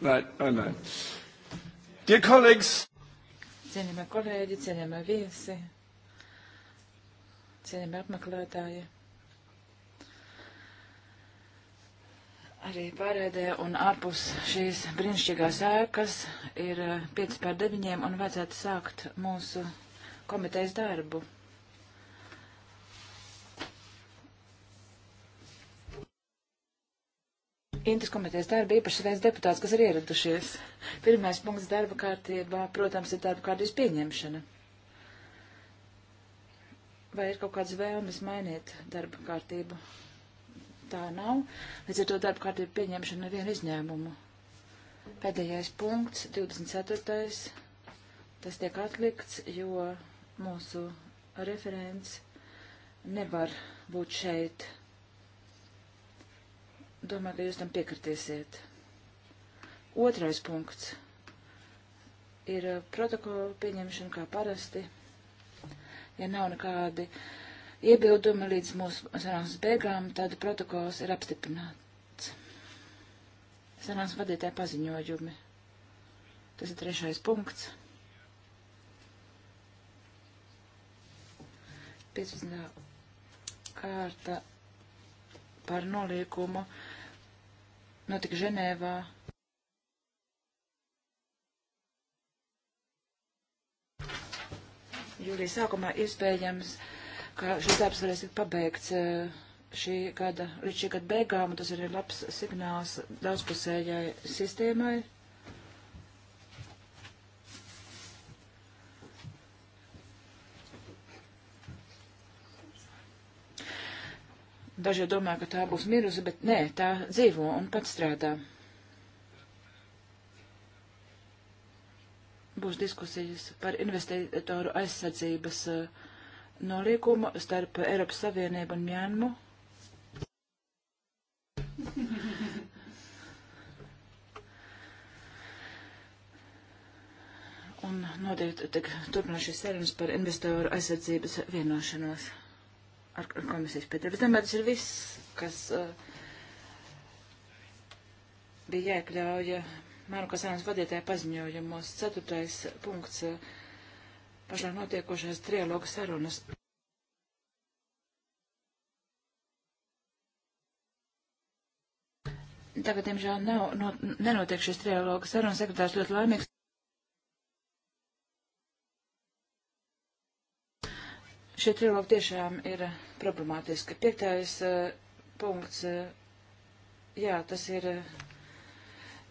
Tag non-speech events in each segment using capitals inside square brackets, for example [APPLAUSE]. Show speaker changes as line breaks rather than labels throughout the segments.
Nein, oh nein. Dear colleagues. Cienījamie kolēģi, cienījamie viesi, cienījamie apmeklētāji. Arī pārēdē un ārpus šīs brīnišķīgās ēkas ir 5 eh, pār 9 un vajadzētu sākt mūsu komitejas darbu. Intas komitejas darba īpaši sveic deputāts, kas ir ieradušies. Pirmais punkts darba kārtībā, protams, ir darba kārtības pieņemšana. Vai ir kaut kāds vēlmes mainīt darba kārtību? Tā nav. Līdz ar to darba kārtību pieņemšana ir viena izņēmuma. Pēdējais punkts, 24. Tas tiek atlikts, jo mūsu referents nevar būt šeit Domāju, ka jūs tam piekritīsiet. Otrais punkts ir eh, protokola pieņemšana kā parasti. Ja nav nekādi iebildumi līdz mūsu sanāksmes beigām, tad protokols ir apstiprināts. Sanāksmes vadītāja paziņojumi. Tas ir trešais punkts. 15. kārta par noliekumu notika Ženēvā. Jūlijas sākumā iespējams, ka šis darbs varēs tikt pabeigts eh, šī gada, līdz šī gada beigām, un tas ir labs signāls daudzpusējai sistēmai, Daži jau domā, ka tā būs mirusi, bet nē, tā dzīvo un pat strādā. Būs diskusijas par investitoru aizsardzības eh, nolīkumu starp Eiropas Savienību un Mjānmu. Un noteikti turpināšu sarunas par investoru aizsardzības vienošanos ar, ar komisijas piedarbu. Tomēr tas ir viss, kas uh, bija jāiekļauja Mēru Kasānas vadītāja paziņojumos. Ceturtais punkts uh, eh, pašlaik notiekošais trialoga sarunas. Tagad, diemžēl, nav, no, nenotiek šis trialoga sarunas. Sekretārs ļoti laimīgs. Šie trilogi tiešām ir problemātiski. Piektais uh, punkts, uh, jā, tas ir uh,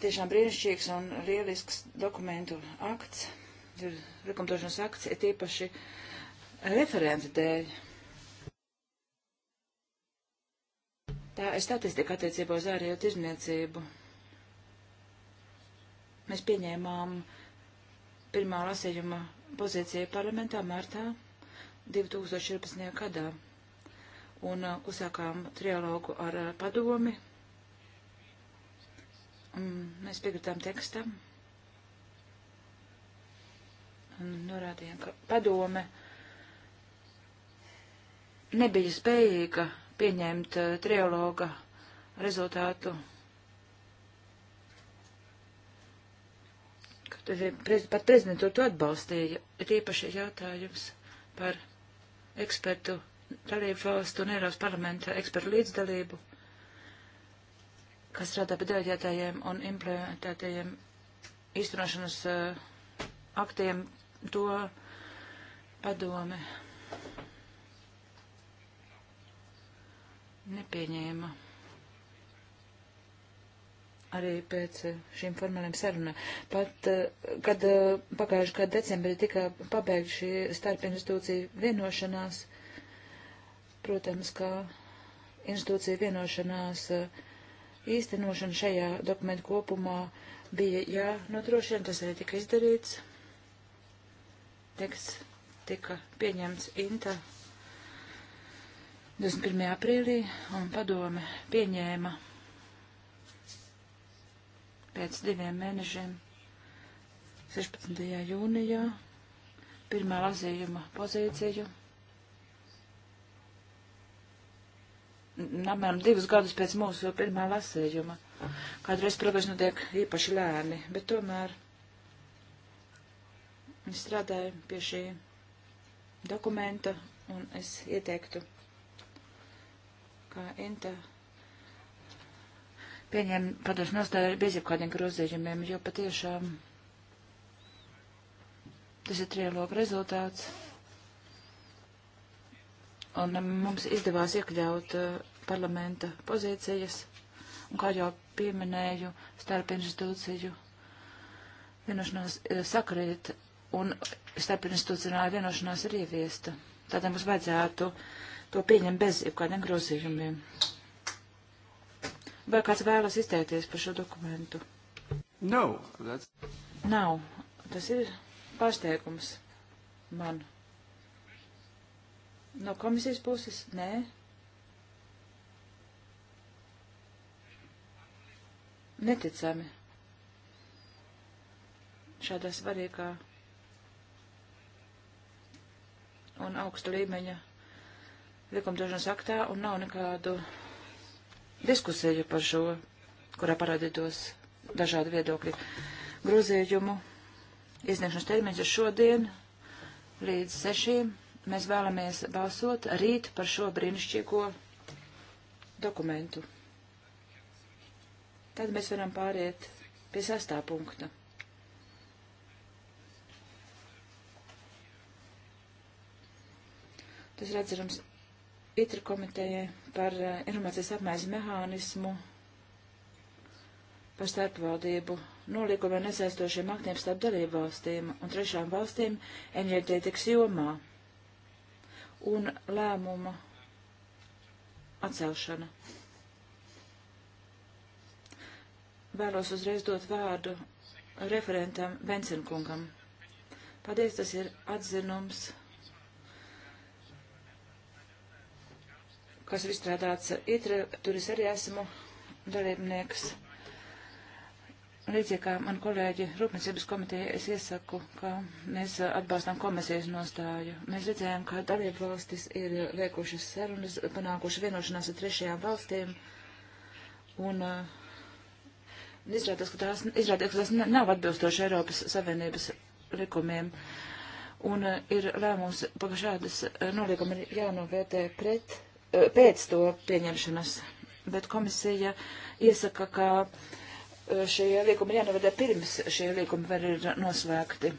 tiešām brīnišķīgs un lielisks dokumentu akts, ir likumdošanas akts, ir tīpaši referenta dēļ. Tā ir statistika attiecībā uz ārējo tirzniecību. Mēs pieņēmām pirmā lasījuma pozīciju parlamentā martā. 2014. gadā un uh, uzsākām trialogu ar uh, padomi. Un mēs piekritām tekstam un norādījām, ka padome nebija spējīga pieņemt uh, trialoga rezultātu. Pat prezidents to atbalstīja, ir īpaši jautājums par ekspertu dalību valstu un Eiropas parlamenta ekspertu līdzdalību, kas strādā pie deleģētājiem un implementētajiem īstenošanas uh, aktiem, to padome nepieņēma arī pēc eh, šīm formāliem sarunām. Pat, eh, kad eh, pagājuši gadu decembrī tika pabeigta šī starpinstitūcija vienošanās, protams, ka institūcija vienošanās īstenošana šajā dokumentu kopumā bija jānodrošina, nu, tas arī tika izdarīts. Teksts tika pieņemts INTA 21. aprīlī un padome pieņēma pēc diviem mēnešiem, 16. jūnijā, pirmā lazījuma pozīciju. Apmēram divus gadus pēc mūsu pirmā lasījuma. Kādreiz, protams, notiek īpaši lēni, bet tomēr es strādāju pie šī dokumenta un es ieteiktu, kā Inta pieņem padodas nostāju bez jebkādiem grozījumiem, jo patiešām tas ir trialoga rezultāts. Un um, mums izdevās iekļaut uh, parlamenta pozīcijas, un kā jau pieminēju, starp institūciju vienošanās uh, sakrīt, un starp institucionāla vienošanās ir ieviesta. Tādēļ mums vajadzētu to pieņemt bez jebkādiem grozījumiem. Vai kāds vēlas izteikties par šo dokumentu? No, that's... Nav. Tas ir pārsteigums man. No komisijas puses? Nē. Neticami. Šādā svarīgā un augsta līmeņa likumdošanas aktā un nav nekādu diskusiju par šo, kurā parādītos dažādi viedokļi. Grozījumu iesniegšanas termiņš ir šodien līdz sešiem. Mēs vēlamies balsot rīt par šo brīnišķīgo dokumentu. Tad mēs varam pāriet pie sastā punkta. Tas ir atcerams ITRI komitejai par eh, informācijas apmaiņas mehānismu par starpvaldību noliekumiem nesaistošiem aktiem starp dalībvalstīm un trešām valstīm enerģētikas jomā un lēmuma atcelšana. Vēlos uzreiz dot vārdu referentam Bensenkungam. Paldies, tas ir atzinums kas ir izstrādāts ITRE, tur es arī esmu dalībnieks. Līdzīgi kā man kolēģi Rūpniecības komiteja, es iesaku, ka mēs atbalstām komisijas nostāju. Mēs redzējām, ka dalību valstis ir veikušas sarunas, panākušas vienošanās ar trešajām valstīm. Un uh, izrādās, ka tās, izrādās, ka tās nav atbilstoši Eiropas Savienības likumiem. Un uh, ir lēmums, ka šādas uh, nolikumi ir jānovērtē pret pēc to pieņemšanas, bet komisija iesaka, ka e, šie līgumi jānovada pirms šie līgumi var ir noslēgti.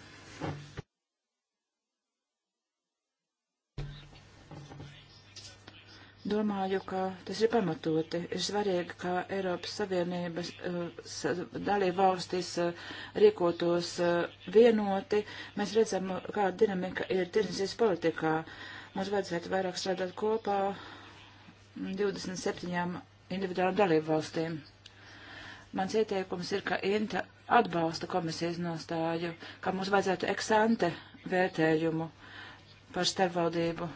Domāju, ka tas ir pamatoti. Ir svarīgi, ka Eiropas Savienības uh, e, dalībvalstis uh, e, rīkotos uh, vienoti. Mēs redzam, kāda dinamika ir tirdzniecības politikā. Mums vajadzētu vairāk strādāt kopā, 27 individuālām dalību valstīm. Mans ieteikums ir, ka INTA atbalsta komisijas nostāju, ka mums vajadzētu eksante vērtējumu par starpvaldību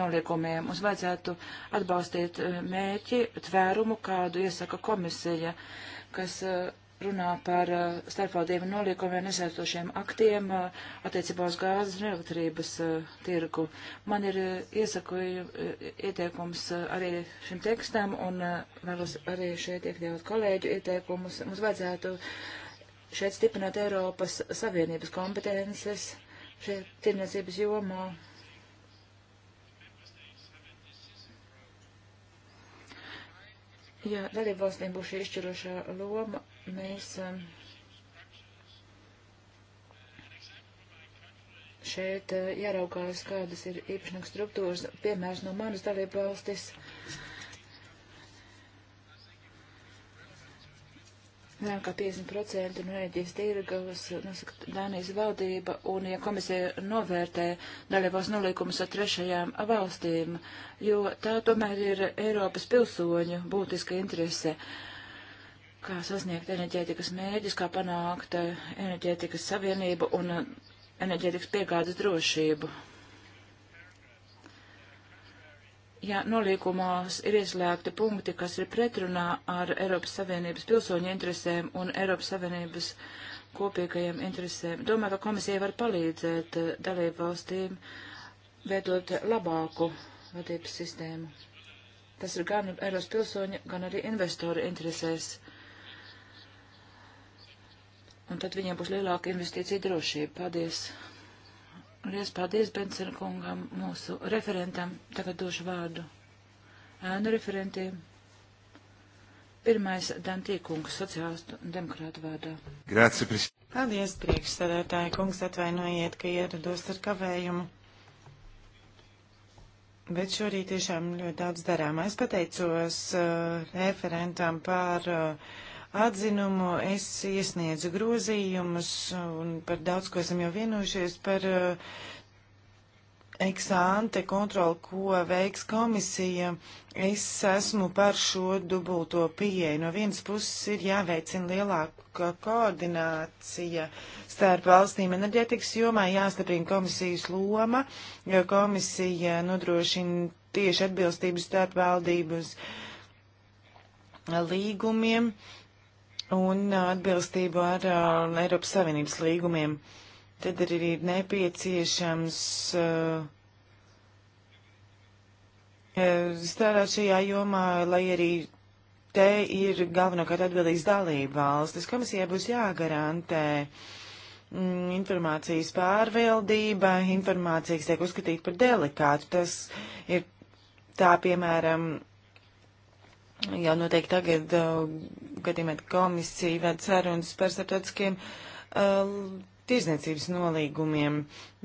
noliekumiem. Mums vajadzētu atbalstīt eh, mērķi, tvērumu, kādu iesaka komisija, kas uh, runā par uh, starpvaldību noliekumiem nesaistošiem aktiem uh, attiecībā uz gāzes un elektrības uh, tirgu. Man ir uh, iesaku uh, ieteikums uh, arī šim tekstam un vēlos arī šeit iekļaut kolēģu ieteikumus. Mums vajadzētu šeit stiprināt Eiropas Savienības kompetences šeit tirniecības jomā. Jā, dalībvalstīm būs šī izšķirošā loma Mēs um, šeit uh, jāraugās, kādas ir īpašnieku struktūras. Piemērs no manas dalība valstis. Vairāk kā 50% no enerģijas tirgus nosaka Dānijas valdība, un ja komisija novērtē dalībās nolīkumus ar trešajām valstīm, jo tā tomēr ir Eiropas pilsoņu būtiska interese. Uh, kā sasniegt enerģētikas mērķus, kā panākt eh, enerģētikas savienību un eh, enerģētikas piegādes drošību. Ja nolīkumos ir ieslēgti punkti, kas ir pretrunā ar Eiropas Savienības pilsoņu interesēm un Eiropas Savienības kopīgajiem interesēm, domāju, ka komisija var palīdzēt eh, dalību valstīm veidot labāku vadības sistēmu. Tas ir gan Eiropas pilsoņu, gan arī investoru interesēs un tad viņiem būs lielāka investīcija drošība. Paldies! Lies paldies Bensena kungam, mūsu referentam. Tagad došu vārdu ēnu referentiem. Pirmais Dantī kungs, sociālistu un demokrātu vārdā. Grāci, pris. Paldies, priekšsēdētāji
kungs, atvainojiet, ka ierados ar kavējumu. Bet šorīt tiešām ļoti daudz darām. Es pateicos uh, referentam par uh, atzinumu. Es iesniedzu grozījumus un par daudz ko esam jau vienojušies par uh, eh, eksāante kontroli, ko veiks komisija. Es esmu par šo dubulto pieeju. No vienas puses ir jāveicina lielāka koordinācija starp valstīm enerģetikas jomā, jāstaprina komisijas loma, jo komisija nodrošina tieši atbilstību starp valdības līgumiem. Uh, un atbilstību ar uh, Eiropas Savienības līgumiem. Tad arī ir nepieciešams uh, uh, strādāt šajā jomā, lai arī te ir galvenokārt atbildīgs dalība valstis. Komisijai būs jāgarantē mm, informācijas pārvildība, informācijas tiek uzskatīta par delikātu. Tas ir tā, piemēram, jau noteikti tagad gadījumā komisija ved sarunas par starptautiskiem uh, tirzniecības nolīgumiem.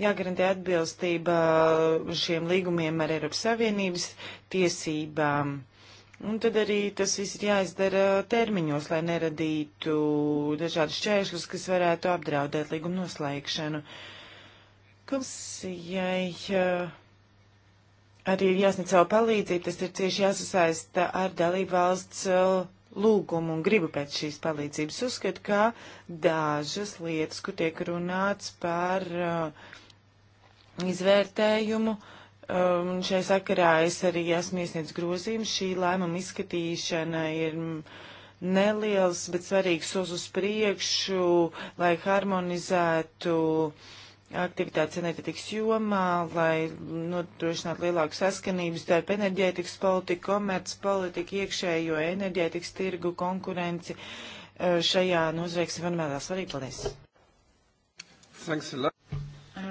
Jāgarantē atbilstība šiem līgumiem ar Eiropas Savienības tiesībām. Un tad arī tas viss ir jāizdara termiņos, lai neradītu dažādas šķēršļus, kas varētu apdraudēt līgumu noslēgšanu. Komisijai uh, arī ir jāsniedz savu palīdzību, tas ir cieši jāsasaista ar dalību valsts uh, lūgumu un gribu pēc šīs palīdzības. Uzskatu, ka dažas lietas, kur tiek runāts par uh, izvērtējumu, um, šai sakarā es arī esmu iesniedz grozījums, šī lēmuma izskatīšana ir neliels, bet svarīgs solis uz priekšu, lai harmonizētu uh, aktivitātes enerģetikas jomā, lai nodrošinātu lielāku saskanību starp enerģētikas politiku, komerc politiku, iekšējo enerģētikas tirgu konkurenci šajā nu, nozveiks fundamentāli svarīgi. Paldies!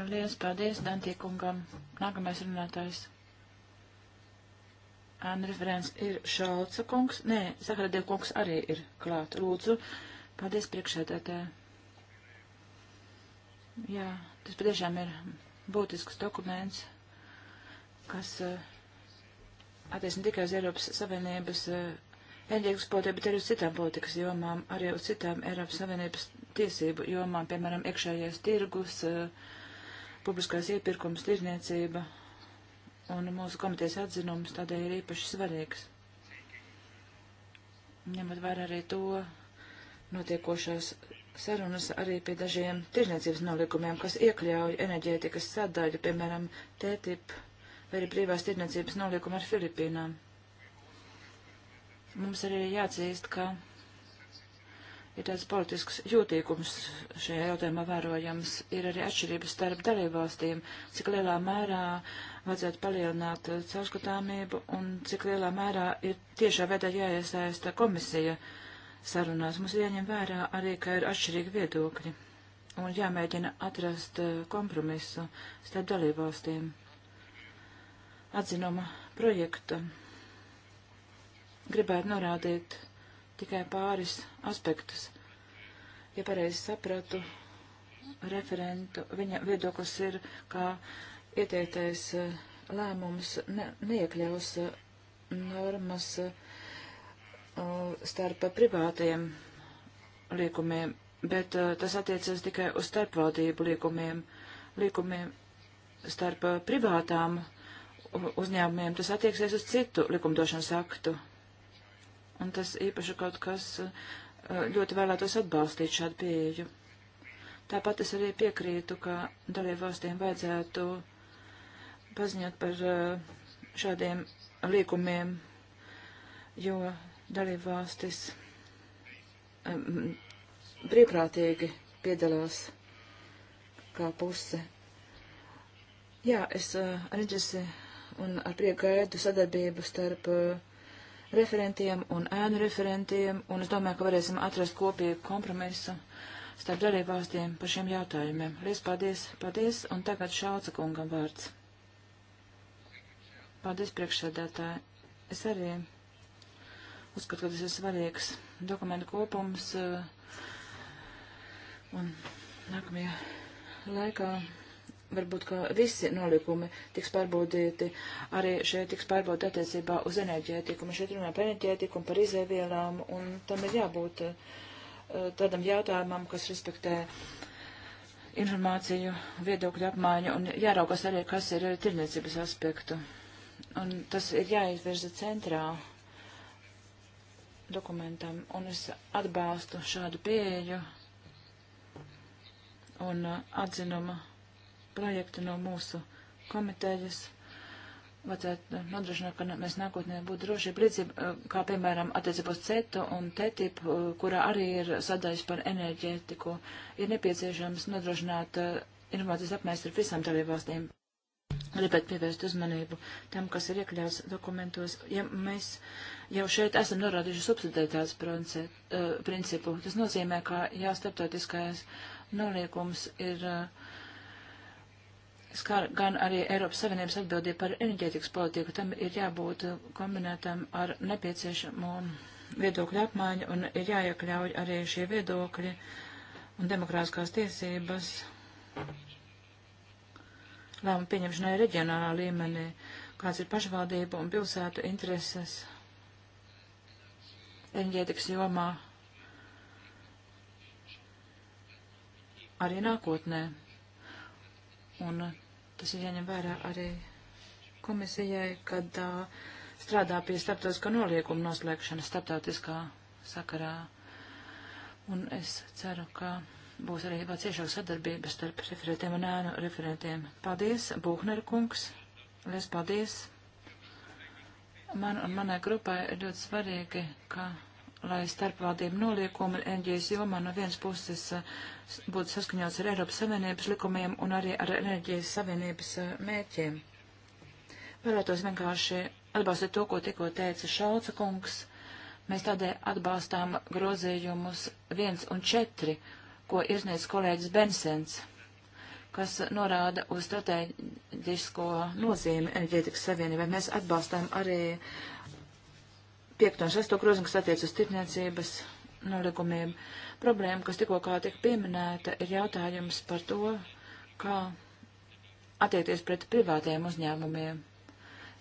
Lielas paldies Dantie kungam. Nākamais runātājs. Anreferents ir Šalca kungs. Nē, Zahradie kungs arī ir klāt. Lūdzu, paldies priekšētētē. Jā. Yeah. Tas patiešām ir būtisks dokuments, kas eh, attiecas ne tikai uz Eiropas Savienības eh, enerģētikas politiku, bet arī uz citām politikas jomām, arī uz citām Eiropas Savienības tiesību jomām, piemēram, iekšējais tirgus, eh, publiskais iepirkums, tirniecība un mūsu komitejas atzinums tādēļ ir īpaši svarīgs. Ņemot vērā arī to notiekošās sarunas arī pie dažiem tirzniecības nolikumiem, kas iekļauj enerģētikas sadaļu, piemēram, TTIP vai arī brīvās tirzniecības nolikumu ar Filipīnām. Mums arī jāatzīst, ka ir tāds politisks jūtīgums šajā jautājumā vērojams. Ir arī atšķirības starp dalībvalstīm, cik lielā mērā vajadzētu palielināt caurskatāmību un cik lielā mērā ir tiešā veidā jāiesaista komisija sarunās. Mums ir jāņem vērā arī, ka ir atšķirīgi viedokļi un jāmēģina atrast eh, kompromisu starp dalībvalstīm. Atzinuma projekta gribētu norādīt tikai pāris aspektus. Ja pareizi sapratu referentu, viņa viedoklis ir, kā ieteiktais eh, lēmums ne, neiekļaus eh, normas uh, Uh, starp privātiem līkumiem, bet uh, tas attiecas tikai uz starpvaldību līkumiem, līkumiem starp uh, privātām uzņēmumiem, tas attieksies uz citu likumdošanas aktu. Un tas īpaši kaut kas ļoti vēlētos atbalstīt šādu pieeju. Tāpat es arī piekrītu, ka dalībvalstīm vajadzētu paziņot par šādiem līkumiem, jo dalībvalstis um, brīvprātīgi piedalās kā puse. Jā, es uh, ar interesi un ar prieku gaidu sadarbību starp uh, referentiem un ēnu referentiem, un es domāju, ka varēsim atrast kopīgu kompromisu starp dalībvalstiem par šiem jautājumiem. Lies paldies, paldies, un tagad šauca kungam vārds. Paldies, priekšsēdētāji. Es arī Uzskatu, ka tas ir svarīgs dokumentu kopums. Eh, un nākamajā laikā varbūt, ka visi nolikumi tiks pārbaudīti, arī šeit tiks pārbaudīti attiecībā uz enerģētiku. Mēs šeit runājam par enerģētiku un par izēvielām, un tam ir jābūt eh, tādam jautājumam, kas respektē informāciju, viedokļu apmaiņu un jāraugas arī, kas ir tirniecības aspektu. Un tas ir jāizvirza centrā dokumentam, un es atbalstu šādu pieeju un uh, atzinuma projektu no mūsu komitejas. Vajadzētu nodrošināt, ka mēs nākotnē būtu droši priecība, uh, kā piemēram attiecībos CETU un TETIP, uh, kurā arī ir sadaļas par enerģētiku. Ir nepieciešams nodrošināt informācijas apmērs ar visām dalībvalstīm gribētu pievērst uzmanību tam, kas ir iekļauts dokumentos. Ja mēs jau šeit esam norādījuši subsidētās eh, principu, tas nozīmē, ka jā, starptautiskais noliekums ir eh, skar gan arī Eiropas Savienības atbildība par enerģētikas politiku, tam ir jābūt eh, kombinētam ar nepieciešamo viedokļu apmaiņu un ir jāiekļauj arī šie viedokļi un demokrātiskās tiesības. Thank you lēmumu pieņemšanai reģionālā līmenī, kāds ir pašvaldību un pilsētu intereses enerģētikas jomā arī nākotnē. Un tas ir jāņem vērā arī komisijai, kad tā uh, strādā pie starptautiskā noliekuma noslēgšanas starptautiskā sakarā. Un es ceru, ka būs arī vēl ciešāk sadarbība starp referentiem un ēnu referentiem. Paldies, Būhner kungs. Lies paldies. Man un manai grupai ir ļoti svarīgi, ka, lai starpvaldību noliekumi enerģijas jomā no vienas puses būtu saskaņots ar Eiropas Savienības likumiem un arī ar enerģijas savienības eh, mērķiem. Vēlētos vienkārši atbalstīt to, ko tikko teica Šauca kungs. Mēs tādēļ atbalstām grozījumus 1 un 4 ko iesniedz kolēģis Bensens, kas norāda uz strateģisko nozīmi enerģētikas savienībai. Mēs atbalstām arī 5. un 6. grozījumu, kas attiec uz tirniecības nolikumiem. Problēma, kas tikko kā tika pieminēta, ir jautājums par to, kā attiekties pret privātiem uzņēmumiem.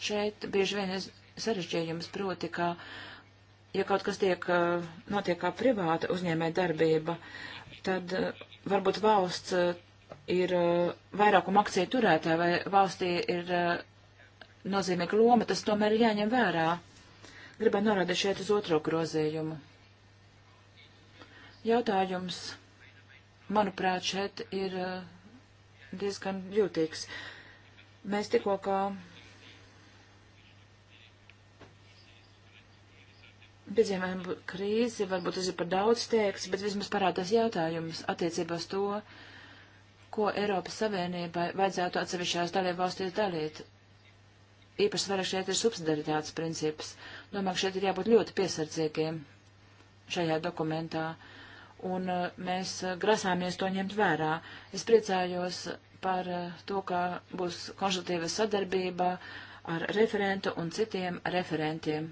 Šeit bieži vien ir sarežģījums proti, ka, ja kaut kas tiek, eh, notiek kā privāta uzņēmē darbība, uh, tad eh, varbūt valsts eh, ir eh, vairākuma akciju turētāja vai valstī ir nozīmīga loma, tas tomēr ir jāņem vērā. Gribētu norādīt šeit uz otro grozījumu. Jautājums, manuprāt, šeit ir diezgan jūtīgs. Mēs tikko kā piedzīvojam krīzi, varbūt tas ir par daudz teiks, bet vismaz parādās jautājums attiecībā uz to, ko Eiropas Savienībai vajadzētu atsevišķās dalībvalstīs darīt. Īpaši svarīgi šeit ir subsidaritātes princips. Domāju, ka šeit ir jābūt ļoti piesardzīgiem šajā dokumentā, un uh, mēs uh, grasāmies to ņemt vērā. Es priecājos par uh, to, ka būs konsultīva sadarbība ar referentu un citiem referentiem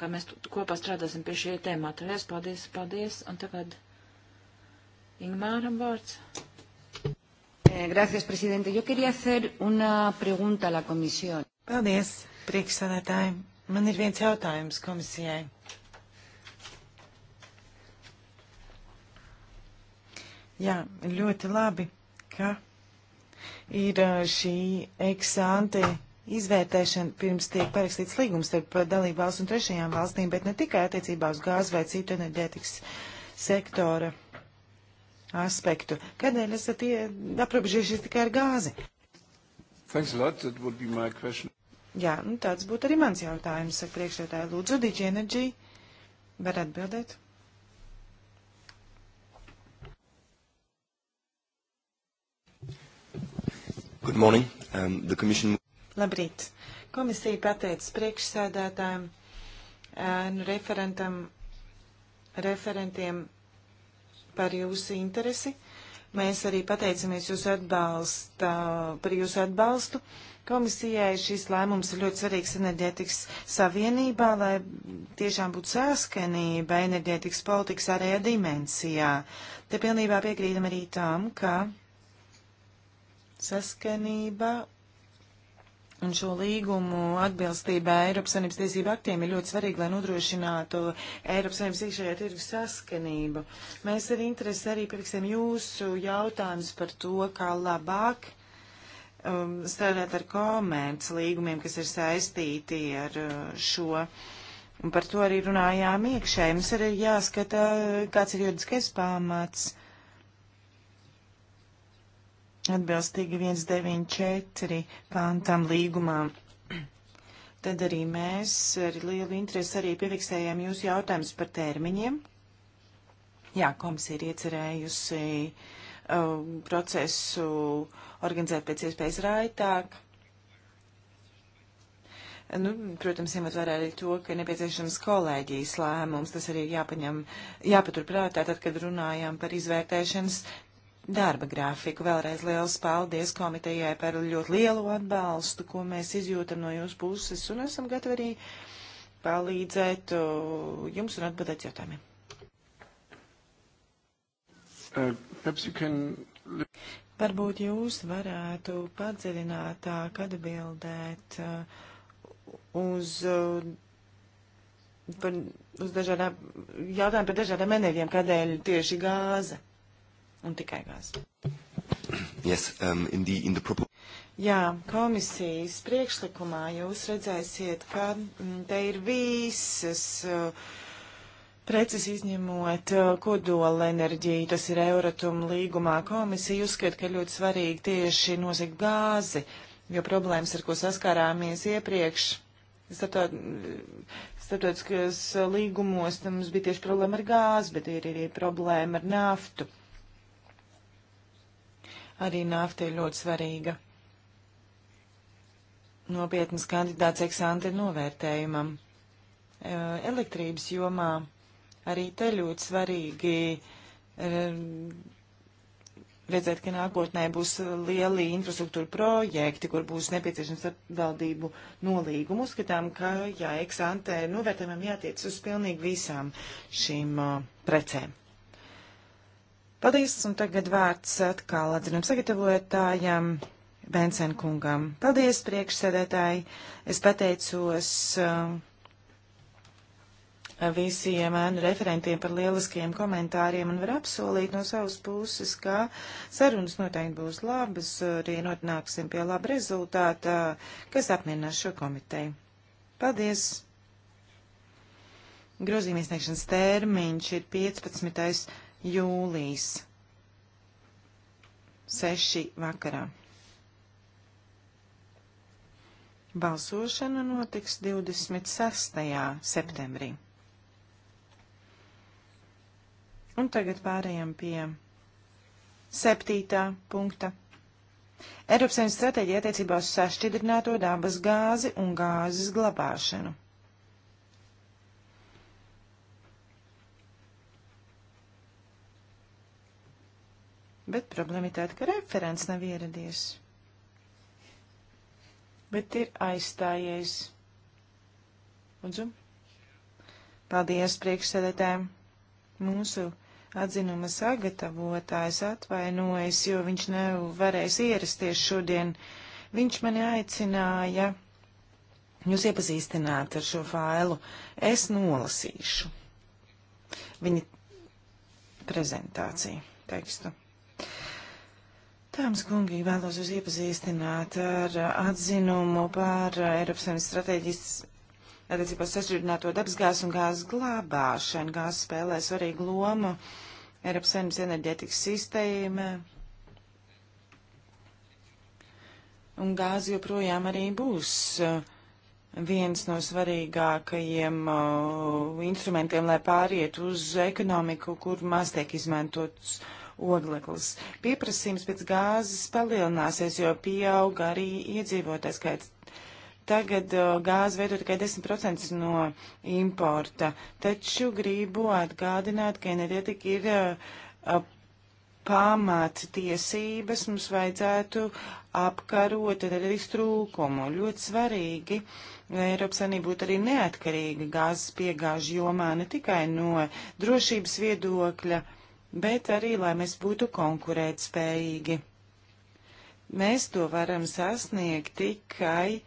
kā mēs kopā strādāsim pie šī tēmata. Lies, paldies, paldies. Un tagad Ingmāram vārds. Eh, gracias, presidente. Yo quería hacer una pregunta a la comisión. Paldies,
priekšsādātāji. Man ir viens jautājums komisijai. Jā, ļoti labi, ka ir eh, šī eksante izvērtēšana pirms tiek parakstīts līgums starp dalību valsts un trešajām valstīm, bet ne tikai attiecībā uz gāzi vai citu enerģētikas sektora aspektu. Kādēļ esat aprobežojušies tikai ar gāzi? Thanks a lot. That would be my question. Jā, nu tāds būtu arī mans jautājums. Saka priekšētāji, lūdzu, Digi Energy, var atbildēt?
Good morning. Um, the commission...
Labrīt! Komisija pateica priekšsēdētājiem, referentam, referentiem par jūsu interesi. Mēs arī pateicamies jūsu atbalstu, par jūsu atbalstu. Komisijai šis lēmums ir ļoti svarīgs enerģētikas savienībā, lai tiešām būtu saskanība enerģētikas politikas ārējā dimensijā. Te pilnībā piekrītam arī tam, ka saskanība Un šo līgumu atbilstībā Eiropas Savienības tiesību aktiem ir ļoti svarīgi, lai nodrošinātu Eiropas Savienības iekšējā tirgus saskanību. Mēs ar interesi arī pieliksim jūsu jautājumus par to, kā labāk um, strādāt ar komerc līgumiem, kas ir saistīti ar uh, šo. Un par to arī runājām iekšēji. Mums arī jāskata, kāds ir juridiskais pamats. Uh, atbilstīgi 194 pantam līgumām. [CLEARS THROAT] Tad arī mēs ar lielu interesi arī piefiksējām jūsu jautājumus par termiņiem. Jā, komisija ir iecerējusi uh, procesu organizēt pēc iespējas raitāk. Nu, protams, ņemot vērā arī to, ka ir nepieciešams kolēģijas lēmums, tas arī ir jāpaņem, jāpaturprātā, tad, kad runājām par izvērtēšanas darba grafiku. Vēlreiz liels paldies komitejai par ļoti lielu atbalstu, ko mēs izjūtam no jūsu puses un esam gatavi arī palīdzēt uh, jums un atbildēt jautājumiem. Uh, can... Varbūt jūs varētu padziļinātāk atbildēt uh, uz, uh, par, uz dažādām jautājumiem par dažādiem enerģiem, kādēļ tieši gāze un tikai gāzi.
Yes, um, in the, in the proposal.
Jā, komisijas priekšlikumā jūs redzēsiet, ka mm, te ir visas, uh, precīzi izņemot uh, kodola enerģiju, tas ir Euratum līgumā. Komisija uzskata, ka ļoti svarīgi tieši nozigt gāzi, jo problēmas, ar ko saskārāmies iepriekš, starptautiskajos līgumos, tam mums bija tieši problēma ar gāzi, bet ir arī problēma ar naftu arī nafta ir ļoti svarīga. Nopietnas kandidāts eksante novērtējumam. E, elektrības jomā arī te ļoti svarīgi e, redzēt, ka nākotnē būs lieli infrastruktūra projekti, kur būs nepieciešams atbildību nolīgumu. Uzskatām, ka jā, eksantē novērtējumam jātiec uz pilnīgi visām šīm uh, precēm. Paldies, un tagad vārds atkal atzinam sagatavotājam Bensen kungam. Paldies, priekšsēdētāji. Es pateicos uh, visiem ēnu referentiem par lieliskajiem komentāriem un var apsolīt no savas puses, ka sarunas noteikti būs labas, arī nonāksim pie laba rezultāta, kas apmierinās šo komiteju. Paldies! Grozījuma iesniegšanas termiņš ir 15 jūlijas 6 vakarā. Balsošana notiks 26. septembrī. Un tagad pārējām pie septītā punkta. Eiropas Savienības stratēģija attiecībā uz sašķidrināto dabas gāzi un gāzes glabāšanu. Bet problēma ir tāda, ka referents nav ieradies. Bet ir aizstājies. Lūdzu. Paldies priekšsēdētājiem. Mūsu atzinuma sagatavotājs atvainojas, jo viņš nav varējis ierasties šodien. Viņš mani aicināja jūs iepazīstināt ar šo failu. Es nolasīšu viņa prezentāciju tekstu. Tāms kungi, vēlos jūs iepazīstināt ar atzinumu par Eiropas Savienības stratēģijas attiecībā sasrūdināto dabasgāzes un gāzes glābāšanu. Gāze spēlē svarīgu lomu Eiropas Savienības enerģētikas sistēmē. Un gāze joprojām arī būs uh, viens no svarīgākajiem uh, instrumentiem, lai pāriet uz ekonomiku, kur maz tiek izmantots uh, ogleklis. Pieprasījums pēc gāzes palielināsies, jo pieauga arī iedzīvotājs skaits. Tagad uh, gāze veido tikai 10% no importa, taču gribu atgādināt, ka enerģetika ir uh, pamattiesības, mums vajadzētu apkarot arī trūkumu. Ļoti svarīgi, lai Eiropas Savienība būtu arī neatkarīga gāzes piegāžu jomā, ne tikai no drošības viedokļa bet arī, lai mēs būtu konkurētspējīgi. Mēs to varam sasniegt tikai,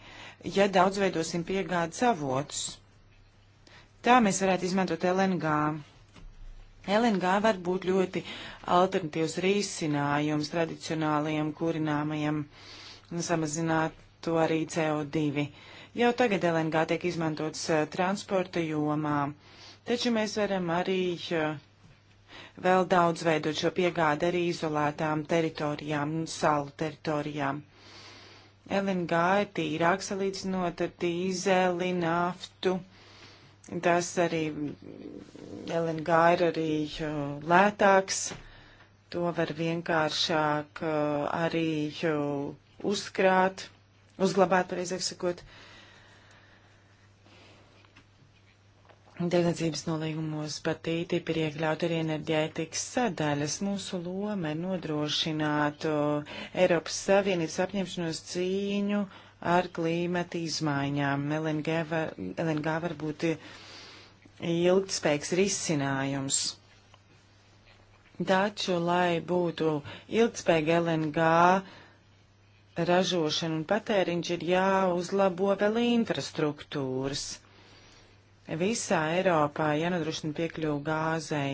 ja daudz veidosim piegādes avotus. Tā mēs varētu izmantot LNG. LNG var būt ļoti alternatīvs risinājums tradicionālajiem kurināmajiem, samazināt to arī CO2. Jau tagad LNG tiek izmantots eh, transporta jomā, taču mēs varam arī uh, vēl daudz veidot šo piegādi arī izolētām teritorijām un salu teritorijām. LNG ir tīrāk salīdzinot ar dīzeli, naftu. Tas arī LNG ir arī uh, lētāks. To var vienkāršāk uh, arī uh, uzkrāt, uzglabāt, pareizāk sakot. Uh, Tirdzniecības nolīgumos par TTIP ir iekļaut arī enerģētikas sadaļas. Mūsu loma ir nodrošināt Eiropas Savienības apņemšanos cīņu ar klīmata izmaiņām. LNG var, LNG var būt ilgspējīgs risinājums. Taču, lai būtu ilgspējīga LNG ražošana un patēriņš, ir jāuzlabo vēl infrastruktūras Visā Eiropā jānodrošina piekļuvu gāzei.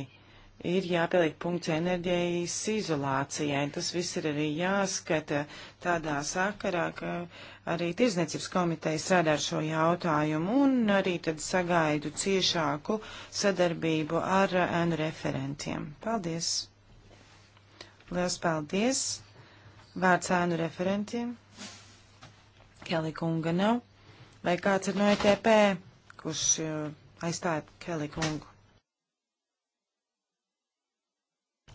Ir jāpieliek punkts enerģijas izolācijai. Tas viss ir arī jāskata tādā sakarā, ka arī Tirzniecības komiteja strādā ar šo jautājumu un arī tad sagaidu ciešāku sadarbību ar ēnu referentiem. Paldies! Liels paldies! Vārds ēnu referentiem. Kelly kunga nav. Vai kāds ir no ETP? kurš eh, aizstāja Kelly kungu.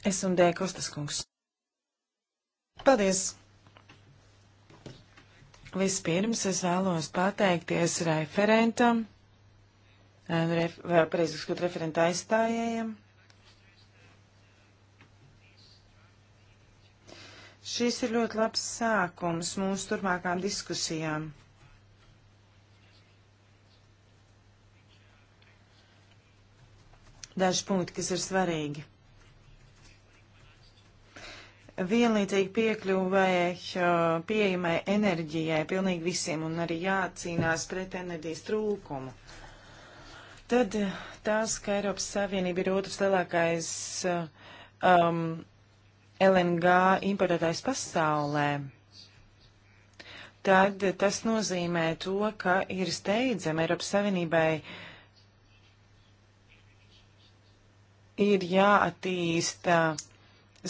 Es un D. Kostas kungs. Paldies! Vispirms es vēlos pateikties referentam, eh, ref, pareizāk sakot, referenta aizstājējiem. Šis ir ļoti labs sākums mūsu turpmākām diskusijām. daži punkti, kas ir svarīgi. Vienlīdzīgi piekļuvēja uh, pieejamai enerģijai pilnīgi visiem un arī jācīnās pret enerģijas trūkumu. Tad uh, tās, ka Eiropas Savienība ir otrs lielākais uh, um, LNG importētājs pasaulē tad tas nozīmē to, ka ir steidzami Eiropas Savienībai ir jāattīsta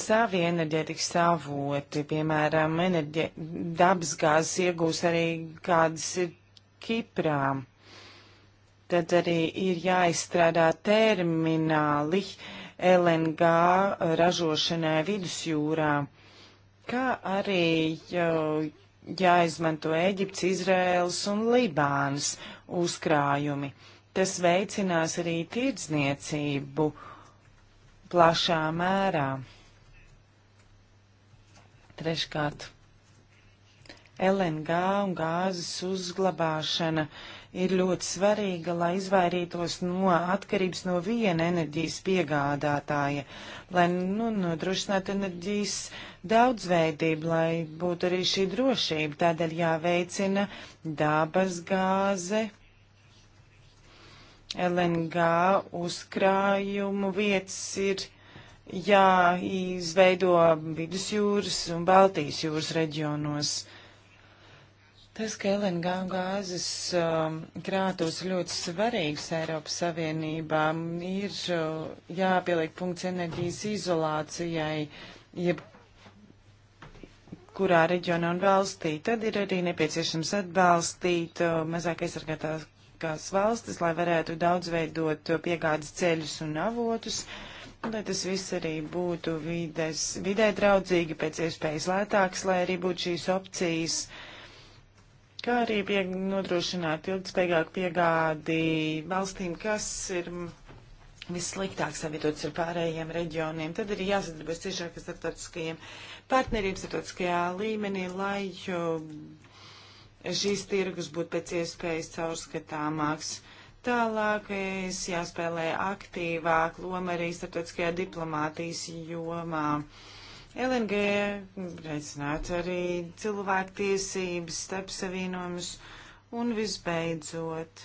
savi enerģētikas avoti, piemēram, enerģē, dabasgāzes iegūs arī kādas ir Kiprā. Tad arī ir jāizstrādā termināli LNG ražošanai vidusjūrā, kā arī jau jāizmanto Eģipts, Izraels un Libānas uzkrājumi. Tas veicinās arī tirdzniecību plašā mērā. Treškārt, LNG un gāzes uzglabāšana ir ļoti svarīga, lai izvairītos no atkarības no viena enerģijas piegādātāja, lai nu, nodrošinātu enerģijas daudzveidību, lai būtu arī šī drošība. Tādēļ jāveicina dabas gāze, LNG uzkrājumu vietas ir jāizveido Vidusjūras un Baltijas jūras reģionos. Tas, ka LNG gāzes um, krātos ļoti svarīgs Eiropas Savienībām, ir uh, jāpieliek punkts enerģijas izolācijai, jeb kurā reģionā un valstī. Tad ir arī nepieciešams atbalstīt uh, mazāk aizsargātās vairākās valstis, lai varētu daudz veidot piegādes ceļus un avotus, lai tas viss arī būtu vides, vidē draudzīgi, pēc iespējas lētāks, lai arī būtu šīs opcijas, kā arī pie, nodrošināt ilgspējīgāku piegādi valstīm, kas ir vissliktāk savietots ar pārējiem reģioniem. Tad arī jāsadarbojas ciešāk ar starptautiskajiem partneriem, starptautiskajā līmenī, lai šīs tirgus būtu pēc iespējas caurskatāmāks. Tālāk es jāspēlē aktīvāk loma arī starptautiskajā diplomātijas jomā. LNG reicināt arī cilvēktiesības, starpsavienojumus un visbeidzot.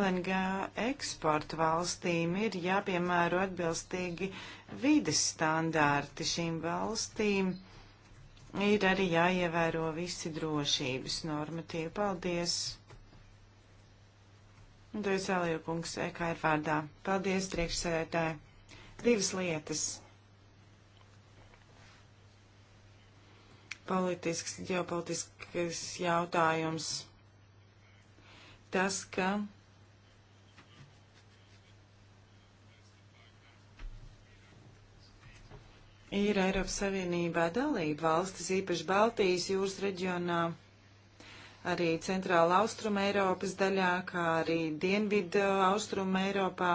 LNG eksporta valstīm ir jāpiemēro atbilstīgi vides standārti šīm valstīm ir arī jāievēro visi drošības normatīvi. Paldies! Dojas Elija kungs, EKR vārdā. Paldies, priekšsēdētāji. Divas lietas. Politisks, ģeopolitisks jautājums. Tas, ka ir Eiropas Savienībā dalība valstis, īpaši Baltijas jūras reģionā, arī centrāla austruma Eiropas daļā, kā arī dienvidu austruma Eiropā.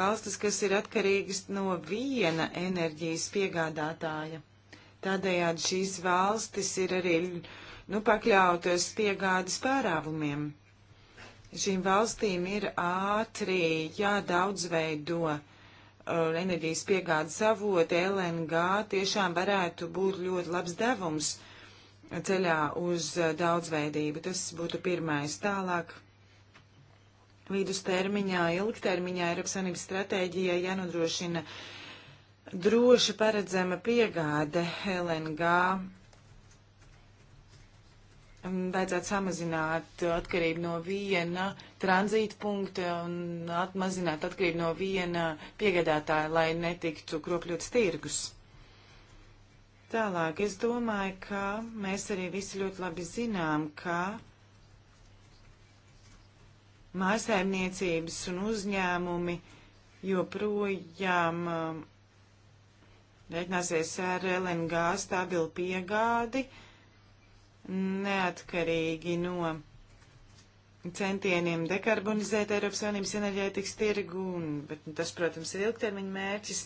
Valstis, kas ir atkarīgas no viena enerģijas piegādātāja. Tādējādi šīs valstis ir arī nu, pakļautas piegādes pārāvumiem. Šīm valstīm ir ātri jādaudzveido. Ja, Uh, enerģijas piegādes avoti, LNG, tiešām varētu būt ļoti labs devums ceļā uz uh, daudzveidību. Tas būtu pirmais. Tālāk vidustermiņā, ilgtermiņā Eiropas Savienības stratēģijai jānodrošina droši paredzama piegāde LNG vajadzētu samazināt atkarību no viena tranzīta punkta un atmazināt atkarību no viena piegādātāja, lai netiktu kropļots tirgus. Tālāk, es domāju, ka mēs arī visi ļoti labi zinām, ka mājasēmniecības un uzņēmumi joprojām rēķināsies ar LNG stabilu piegādi. Uh, neatkarīgi no centieniem dekarbonizēt Eiropas Savienības enerģētikas tirgu, un, bet tas, protams, ir ilgtermiņa mērķis.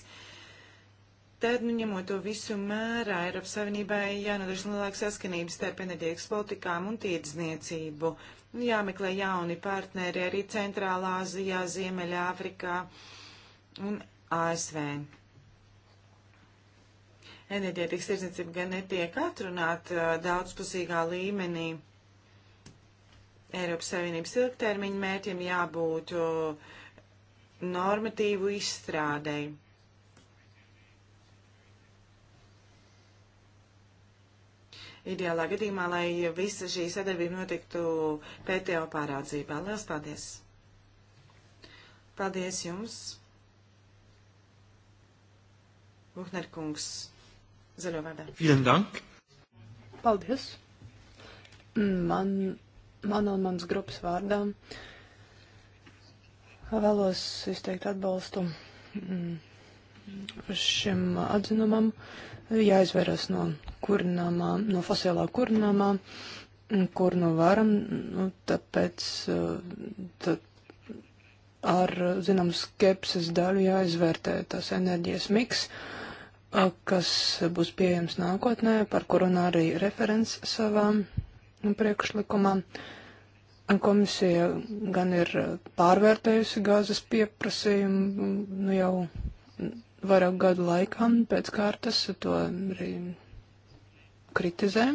Tad, nu, ņemot to visu mērā, Eiropas Savienībai jānodrošina lielāka saskanība starp enerģētikas politikām un tirdzniecību. Jāmeklē jauni partneri arī Centrālā Azijā, Ziemeļā Afrikā un ASV enerģētikas tirdzniecība gan netiek atrunāta uh, daudzpusīgā līmenī. Eiropas Savienības ilgtermiņa mērķiem jābūt uh, normatīvu izstrādēji. ideālā gadījumā, lai visa šī sadarbība notiktu PTO pārādzībā. Lielas paldies! Paldies jums! Buhner kungs! zaļo vārdā. Vielen dank. Paldies.
Man, man un manas grupas vārdā vēlos izteikt atbalstu mm, šim atzinumam. Jāizvērās no kurināmā, no fosilā kurināmā, kur nu varam, nu, tāpēc eh, tad ar, zinām, skepses daļu jāizvērtē tas enerģijas miks. Uh, kas būs pieejams nākotnē, par kuru runā arī referents savā priekšlikumā. Komisija gan ir pārvērtējusi gāzes pieprasījumu nu, jau vairāk gadu laikā pēc kārtas, to arī kritizē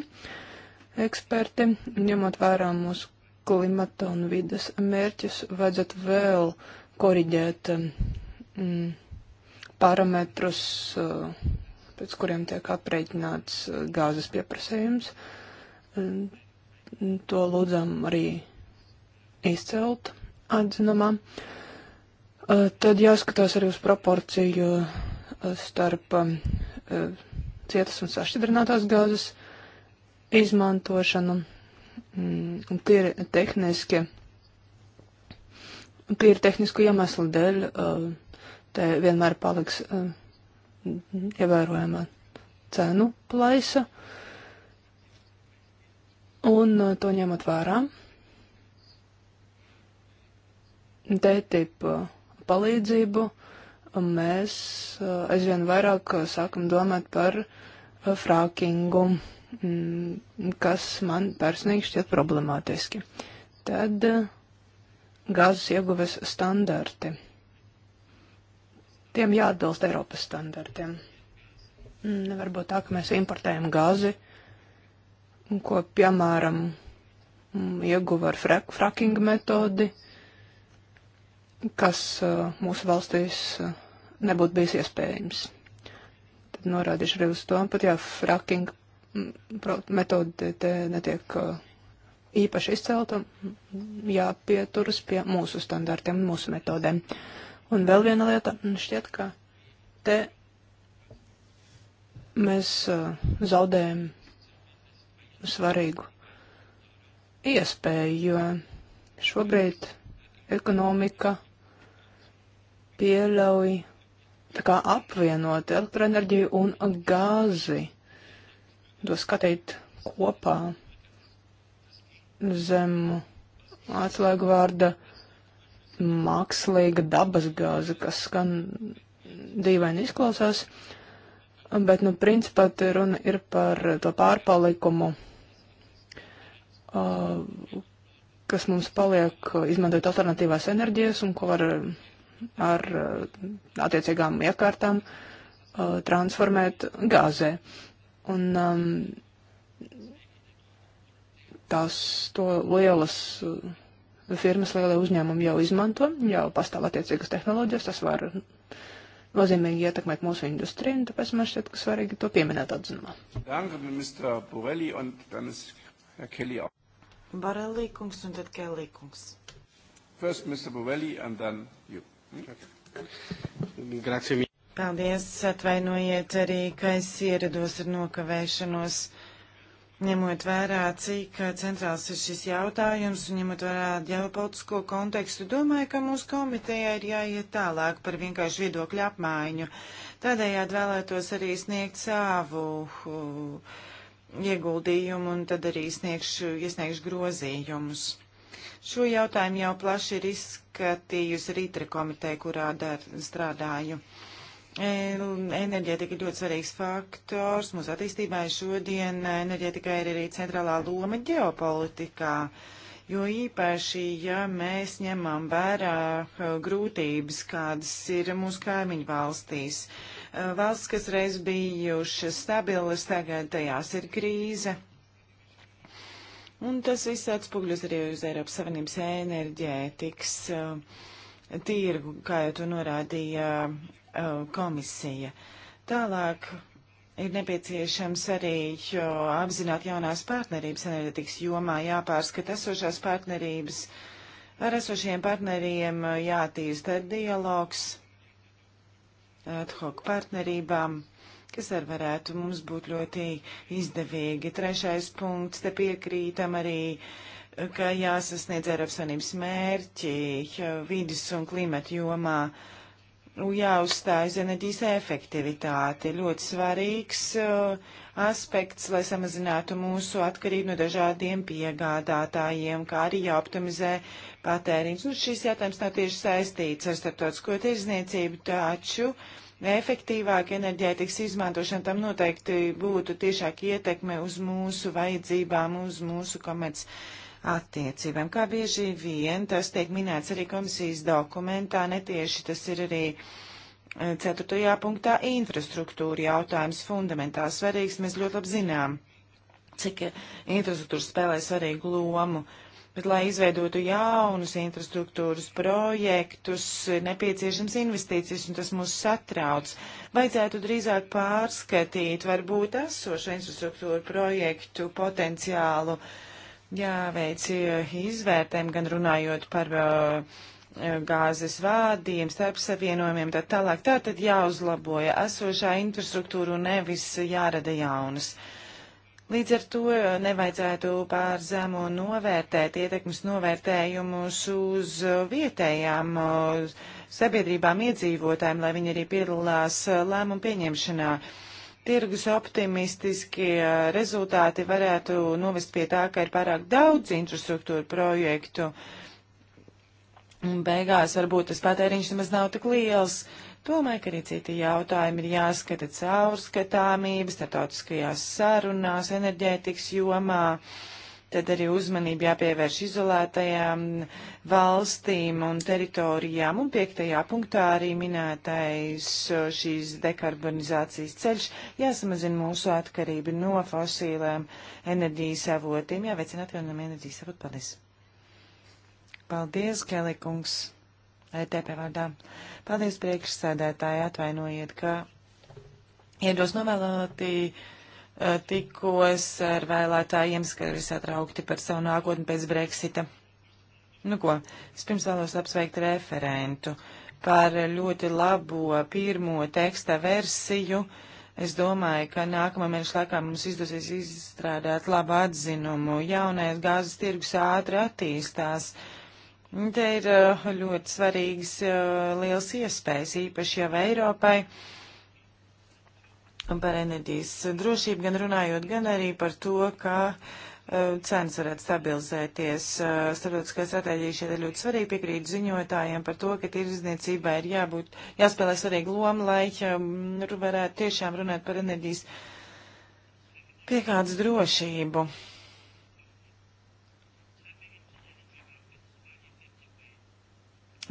eksperti, ņemot vērā mūsu klimata un vidas mērķus, vajadzētu vēl koriģēt mm, parametrus, eh, pēc kuriem tiek aprēķināts eh, gāzes pieprasējums. To lūdzam arī izcelt atzinumā. Eh, tad jāskatās arī uz proporciju starp cietas un sašķidrinātās gāzes izmantošanu. Mm, tie ir tehniski, tie ir tehnisku iemeslu dēļ uh, te vienmēr paliks uh, ievērojama cenu plaisa. Un uh, to ņemot vērā, tētipu uh, palīdzību um, mēs uh, aizvien vairāk uh, sākam domāt par uh, frākingu, mm, kas man personīgi šķiet problemātiski. Tad gāzes ieguves standarti Tiem jāatbilst Eiropas standartiem. Mm, nevar būt tā, ka mēs importējam gāzi, ko, piemēram, mm, ieguva ar frak fracking metodi, kas uh, mūsu valstīs uh, nebūtu bijis iespējams. Tad norādīšu arī uz to, pat jā, fracking mm, metode te netiek uh, īpaši izcelta, jāpieturas pie mūsu standartiem, mūsu metodēm. Uh, Un vēl viena lieta, šķiet, ka te mēs uh, zaudējam svarīgu iespēju, jo šobrīd ekonomika pieļauj tā kā apvienot elektroenerģiju un gāzi, to skatīt kopā zem atslēgu vārda uh, mākslīga dabasgāze, kas gan dīvaini izklausās, bet, nu, principā te runa ir par to pārpalikumu, uh, kas mums paliek izmantojot alternatīvās enerģijas un ko var ar attiecīgām iekārtām uh, transformēt gāzē. Un um, tās to lielas. Uh, firmas, lielie uzņēmumi jau izmanto, jau pastāv attiecīgas tehnoloģijas, tas var nozīmīgi ietekmēt mūsu industriju, un tāpēc man šķiet, ka svarīgi to pieminēt atzinumā.
Borelī kungs un tad Kelly kungs. First Mr. Borelli and then you. Grazie. Paldies, atvainojiet arī, ka es ierados ar nokavēšanos ņemot vērā, cik eh, centrāls ir šis jautājums un ņemot vērā ģeopolitisko kontekstu, domāju, ka mūsu komitejai ir jāiet tālāk par vienkāršu viedokļu apmaiņu. Tādējādi vēlētos arī sniegt savu uh, ieguldījumu un tad arī sniegšu, iesniegšu grozījumus. Šo jautājumu jau plaši ir izskatījusi Rītra komiteja, kurā dar, strādāju. Uh, Enerģētika ir ļoti svarīgs faktors mūsu attīstībai. Šodien enerģētikai ir arī centrālā loma ģeopolitikā, jo īpaši, ja mēs ņemam vērā eh, grūtības, kādas ir mūsu kaimiņu valstīs. Eh, valsts, kas reiz bijušas stabilas, tagad tajās ir krīze. Un tas viss atspūgļus arī uz Eiropas Savienības enerģētikas eh, tirgu, kā jau to norādīja Uh, komisija. Tālāk ir nepieciešams arī uh, apzināt jaunās partnerības enerģetikas jomā, jāpārskata esošās partnerības, ar esošiem partneriem uh, jātīsta dialogs ad hoc partnerībām kas arī varētu mums būt ļoti izdevīgi. Trešais punkts, te piekrītam arī, ka jāsasniedz Eiropas Savienības mērķi vidas un klimata jomā. Uh, Nu, jāuzstājas enerģijas efektivitāte. Ļoti svarīgs uh, aspekts, lai samazinātu mūsu atkarību no dažādiem piegādātājiem, kā arī jāoptimizē patēriņš. Nu, šis jautājums nav tieši saistīts ar starptautisko tirzniecību, taču efektīvāk enerģētikas izmantošana tam noteikti būtu tiešāk ietekme uz mūsu vajadzībām, uz mūsu komets attiecībām. Kā bieži vien tas tiek minēts arī komisijas dokumentā, netieši tas ir arī e, ceturtajā punktā infrastruktūra jautājums fundamentāli svarīgs. Mēs ļoti labi zinām, cik infrastruktūra spēlē svarīgu lomu. Bet, lai izveidotu jaunus infrastruktūras projektus, ir nepieciešams investīcijas, un tas mūs satrauc. Vajadzētu drīzāk pārskatīt varbūt esošu infrastruktūru projektu potenciālu uh, jāveic eh, izvērtēm, gan runājot par uh, gāzes vādiem, starp savienojumiem, tā tālāk. Tā tad jāuzlaboja esošā infrastruktūra un nevis jārada jaunas. Līdz ar to nevajadzētu pār zemu novērtēt ietekmes novērtējumus uz vietējām sabiedrībām iedzīvotājiem, lai viņi arī piedalās lēmumu pieņemšanā. Uh, tirgus optimistiskie rezultāti varētu novest pie tā, ka ir pārāk daudz infrastruktūra projektu. Un beigās varbūt tas patēriņš nemaz nav tik liels. Domāju, ka arī citi jautājumi ir jāskata caurskatāmība, startautiskajās sarunās, enerģētikas jomā. Uh, Tad arī uzmanība jāpievērš izolētajām valstīm un teritorijām. Un piektajā punktā arī minētais šīs dekarbonizācijas ceļš jāsamazina mūsu atkarību no fosīlēm enerģijas avotiem, jāveicina atjaunojama enerģijas avot. Paldies! Paldies, Kelikungs! ETP vārdā. Paldies priekšsēdētāji, atvainojiet, ka iedos novēloti. Ja Eh, tikos ar vēlētājiem, ka ir satraukti par savu nākotni pēc Brexita. Nu ko, es pirms vēlos apsveikt referentu par ļoti labo pirmo teksta versiju. Es domāju, ka nākamā mēneša laikā mums izdosies izstrādāt labu atzinumu. Jaunais gāzes tirgus ātri attīstās. Te ir eh, ļoti svarīgas eh, liels iespējas, īpaši jau Eiropai. Uh, par enerģijas drošību, gan runājot, gan arī par to, ka uh, cenas varētu stabilizēties. Uh, Starptautiskā stratēģija šeit ir ļoti svarīga, piekrīt ziņotājiem par to, ka tirdzniecībai ir jābūt, jāspēlē svarīga loma, lai um, varētu tiešām runāt par enerģijas piekādas drošību.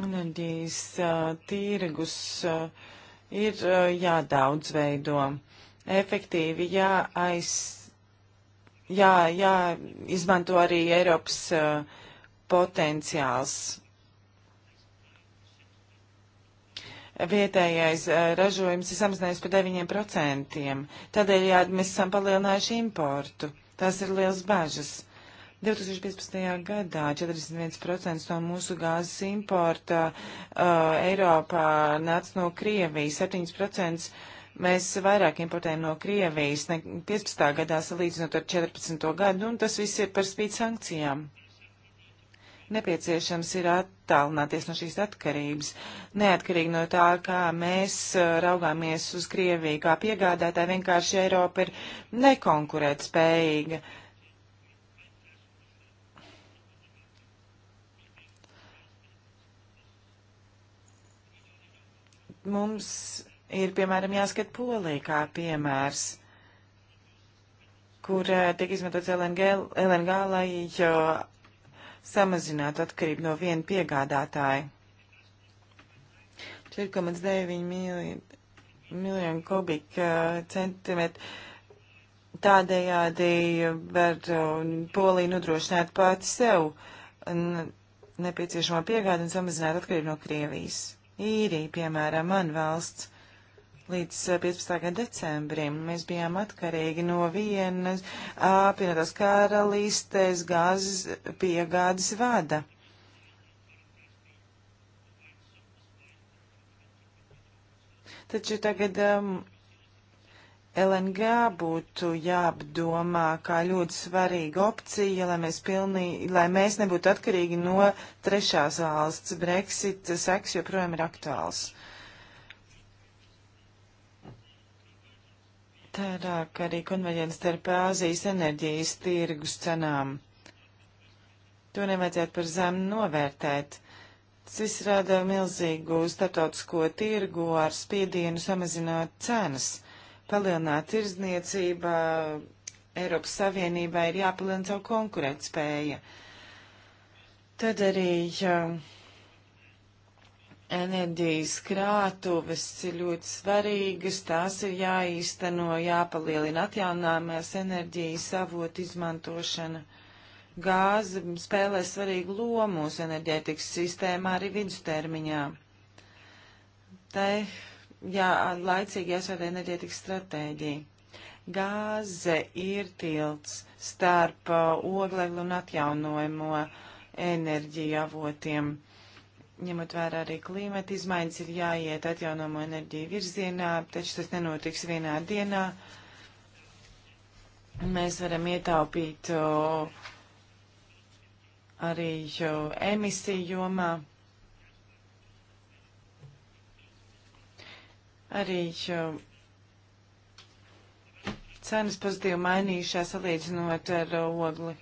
Enerģijas uh, tirgus uh, ir uh, jādaudzveido efektīvi jāaiz, jā, jāizmanto jā, arī Eiropas uh, potenciāls. Vietējais uh, ražojums ir samazinājies par 9%. Tādēļ jā, mēs esam palielinājuši importu. Tas ir liels bažas. 2015. gadā 41% no mūsu gāzes importa uh, Eiropā nāca no Krievijas, 7% Mēs vairāk importējam no Krievijas, ne 15. gadā salīdzinot ar 14. gadu, un tas viss ir par spīti sankcijām. Nepieciešams ir attālināties no šīs atkarības, neatkarīgi no tā, kā mēs uh, raugāmies uz Krieviju, kā piegādātāji, vienkārši Eiropa ir nekonkurēt spējīga. Mums Ir, piemēram, jāskat Polija kā piemērs, kur eh, tiek izmantots LNG, LNG lai samazinātu atkarību no viena piegādātāja. 4,9 miljonu, miljonu kubika eh, centimetru. Tādējādi var eh, Polija nodrošināt pati sev nepieciešamo piegādi un samazināt atkarību no Krievijas. Īrija, piemēram, man valsts līdz 15. Eh, decembrim. Mēs bijām atkarīgi no vienas apvienotās karalistēs gāzes piegādes vada. Taču tagad um, ehm, LNG būtu jāapdomā kā ļoti svarīga opcija, lai mēs, pilnī, lai mēs nebūtu atkarīgi no trešās valsts. Brexit seks joprojām ir aktuāls. Uh, Tērāk arī konveģents starp Āzijas enerģijas tirgus cenām. To nevajadzētu par zemu novērtēt. Tas viss rada milzīgu starptautisko tirgu ar spiedienu samazināt cenas. Palielināt tirzniecība Eiropas Savienībā ir jāpalielina savu konkurētspēju. Tad arī uh, enerģijas krātuves ir ļoti svarīgas, tās ir jāīsteno, jāpalielina atjaunāmās enerģijas avotu izmantošana. Gāze spēlē svarīgu lomu mūsu enerģētikas sistēmā arī vidustermiņā. Tai jā, laicīgi jāsvērt enerģētikas stratēģija. Gāze ir tilts starp uh, oglekli un atjaunojamo enerģiju avotiem. Uh, ņemot vērā arī klimata izmaiņas, ir jāiet atjaunomo enerģiju virzienā, taču tas nenotiks vienā dienā. Mēs varam ietaupīt arī emisiju jomā. Arī cenas pozitīvi mainījušās salīdzinot ar ogli.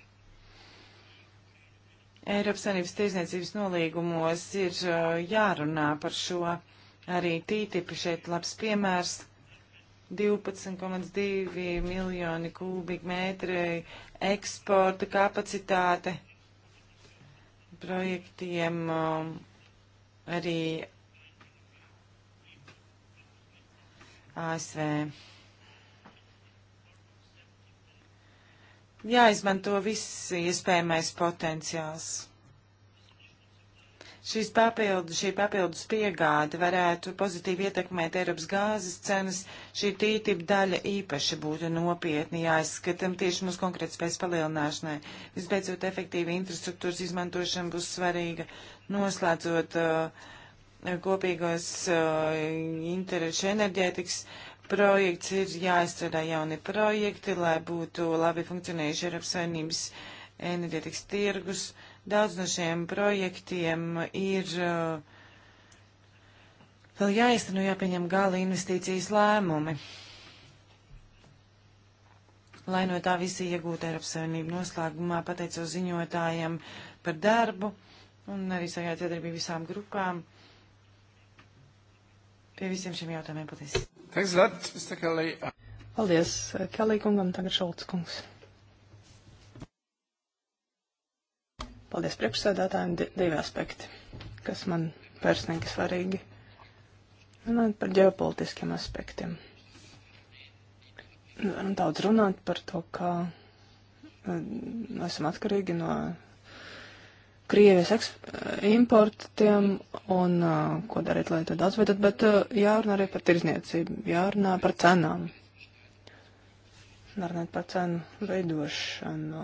Eiropas Savienības tirzniecības nolīgumos ir uh, jārunā par šo arī tītipi. Šeit labs piemērs 12,2 miljoni kubikmetri eksporta kapacitāte projektiem um, arī ASV. Jāizmanto viss iespējamais potenciāls. Šīs papildu, šī papildus piegāde varētu pozitīvi ietekmēt Eiropas gāzes cenas. Šī tītība daļa īpaši būtu nopietni jāizskatam tieši mūsu konkrētas spējas palielināšanai. Visbeidzot, efektīva infrastruktūras izmantošana būs svarīga, noslēdzot uh, kopīgos uh, interešu enerģētikas uh, projekts, ir jāizstrādā jauni projekti, lai būtu labi funkcionējuši Eiropas Savienības enerģetikas tirgus. Daudz no šiem projektiem ir uh, vēl jāizteno, jāpieņem gala investīcijas lēmumi. Lai no tā visi iegūtu Eiropas Savienību noslēgumā, pateicos ziņotājiem par darbu un arī sagādāt sadarbību visām grupām. Pie visiem šiem jautājumiem patiesi.
Thanks a lot, Mr. Kelly.
Paldies, eh, Kelly
kungam, tagad Šolts kungs. Paldies priekšsēdētājiem, di divi aspekti, kas man personīgi svarīgi. Runājot par ģeopolitiskiem aspektiem. Varam daudz runāt par to, ka eh, esam atkarīgi no Krievijas importiem un uh, ko darīt, lai to daudz veidot, bet uh, jārunā arī par tirzniecību, jārunā par cenām. Runāt par cenu veidošanu,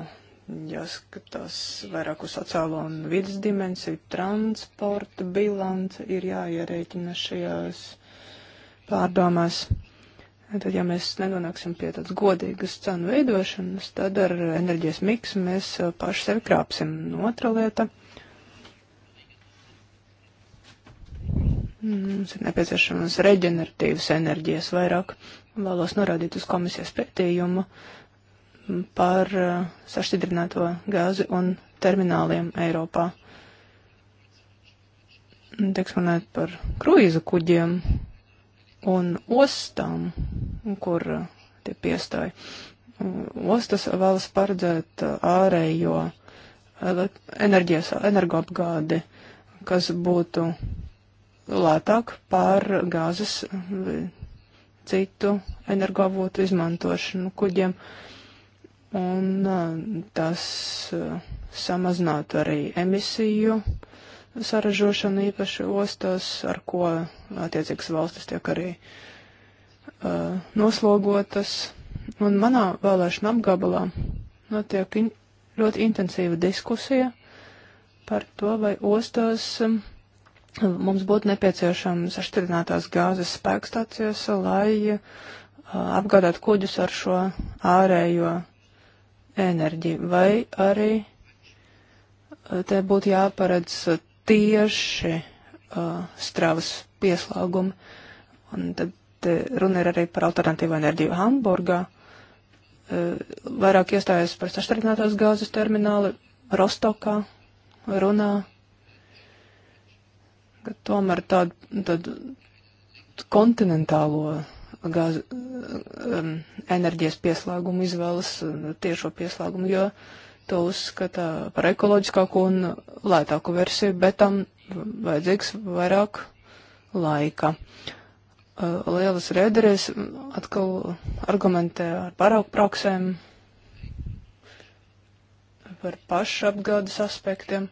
jāskatās vairāk uz sociālo un vidas dimensiju, transporta bilanci ir jāierēķina šajās pārdomās. Tad, ja mēs nenonāksim pie tādas godīgas cenu veidošanas, tad ar enerģijas miksu mēs eh, paši sevi krāpsim. Otra lieta. Mm, mums ir nepieciešamas reģeneratīvas enerģijas vairāk. Vēlos norādīt uz komisijas pētījumu par eh, sašķidrināto gāzi un termināliem Eiropā. Tiek runāt par kruīza kuģiem un ostām, kur uh, tie piestāji. Uh, ostas vēlas paredzēt uh, ārējo enerģijas, energoapgādi, kas būtu lētāk pār gāzes vai citu energoavotu izmantošanu kuģiem. Un tas samazinātu arī emisiju uh, saražošanu, īpaši ostos, ar ko attiecīgas valstis tiek arī uh, noslogotas. Un manā vēlēšana apgabalā notiek in ļoti intensīva diskusija par to, vai ostos um, mums būtu nepieciešams sašķirinātās gāzes spēkstācijas, lai uh, apgādāt kuģus ar šo ārējo enerģiju, vai arī uh, te būtu jāparedz tieši uh, strāvas pieslēgumi. Un tad runa ir arī par alternatīvu enerģiju Hamburgā. Uh, vairāk iestājas par sašķelinātās gāzes termināli Rostokā runā. Ka tomēr tādu, tādu kontinentālo gāzi, um, enerģijas pieslēgumu izvēlas uh, tiešo pieslēgumu, jo uh, to uzskata par ekoloģiskāku un lētāku versiju, bet tam vajadzīgs vairāk laika. Uh, lielas rēderies atkal argumentē ar paraugu praksēm, par pašapgādes aspektiem,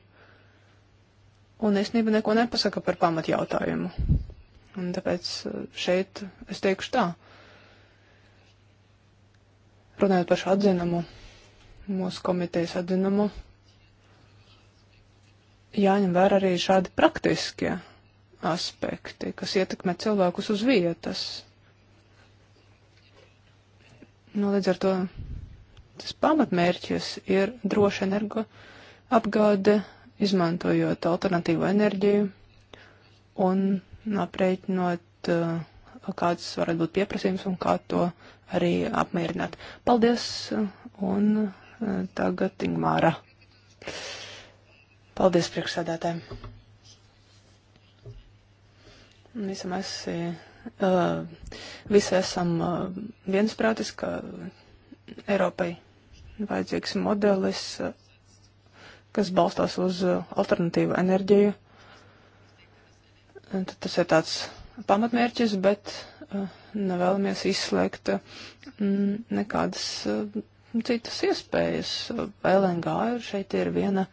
un īstenībā neko nepasaka par pamatjautājumu. Un tāpēc uh, šeit es teikšu tā, runājot par šo atzinumu mūsu komitejas atzinumu, jāņem vērā arī šādi praktiskie aspekti, kas ietekmē cilvēkus uz vietas. Nu, līdz ar to tas pamatmērķis ir droša energo apgāde, izmantojot alternatīvu enerģiju un aprēķinot, uh, kāds varētu būt pieprasījums un kā to arī apmierināt. Paldies uh, un tagad Ingmāra. Paldies priekšsādātājiem. Visam esi, uh, visi esam uh, viensprātis, ka Eiropai vajadzīgs modelis, uh, kas balstās uz uh, alternatīvu enerģiju. Tad tas ir tāds pamatmērķis, bet uh, nevēlamies izslēgt uh, nekādas. Uh, citas iespējas. LNG ir šeit ir viena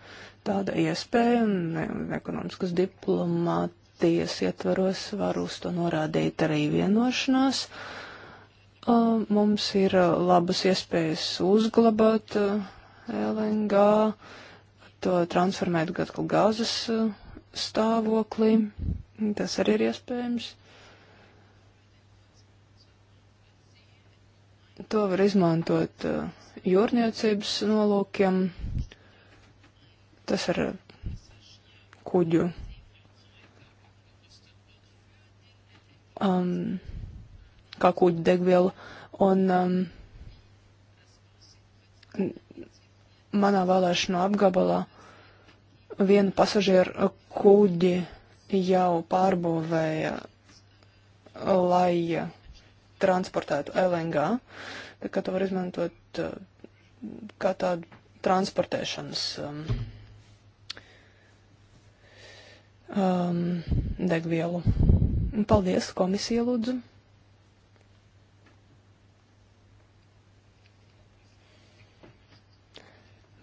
tāda iespēja, un ekonomiskas diplomātijas ietvaros var uz to norādīt arī vienošanās. Mums ir labas iespējas uzglabāt LNG, to transformēt atkal gāzes stāvoklī. Tas arī ir iespējams. To var izmantot uh, jūrniecības nolūkiem. Tas ir kuģu. Um, kā kuģu degviela. Un um, manā vēlēšanu apgabalā viena pasažieru kuģi jau pārbūvēja, lai transportētu LNG. Tā kā to var izmantot uh, kā tādu transportēšanas um, um, degvielu. Paldies, komisija lūdzu.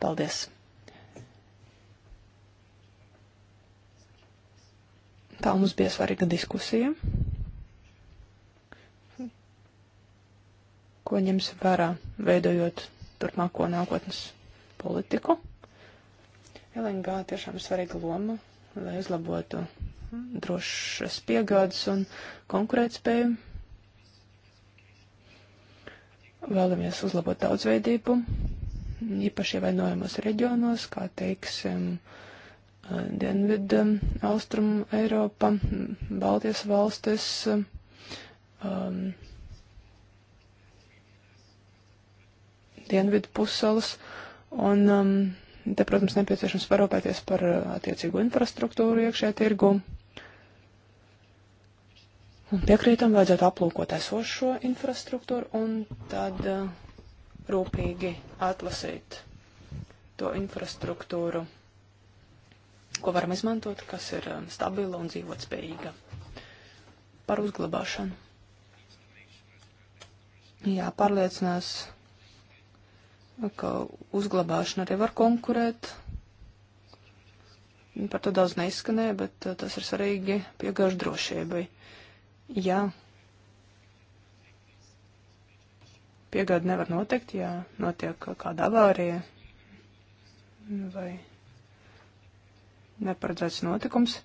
Paldies. Tā mums bija svarīga diskusija. Ko ņemsim vērā, veidojot turpmāko nākotnes politiku. LNG tiešām ir svarīga loma, lai uzlabotu drošas piegādes un konkurētspēju. Vēlamies uzlabot daudzveidību, īpaši ievainojamos reģionos, kā teiksim, Dienvidu, Austrum Eiropa, Baltijas valstis, um, dienvidu pussalas, un um, te, protams, nepieciešams parūpēties par uh, attiecīgo infrastruktūru iekšē tirgu. Un piekrītam, vajadzētu aplūkot esošo infrastruktūru un tad uh, rūpīgi atlasīt to infrastruktūru, ko varam izmantot, kas ir um, stabila un dzīvotspējīga par uzglabāšanu. Jā, pārliecinās ka uzglabāšana arī var konkurēt. Par to daudz neizskanēja, bet uh, tas ir svarīgi piegāžu drošībai. Jā, piegāda nevar notikt, ja notiek kāda avārija vai neparedzēts notikums.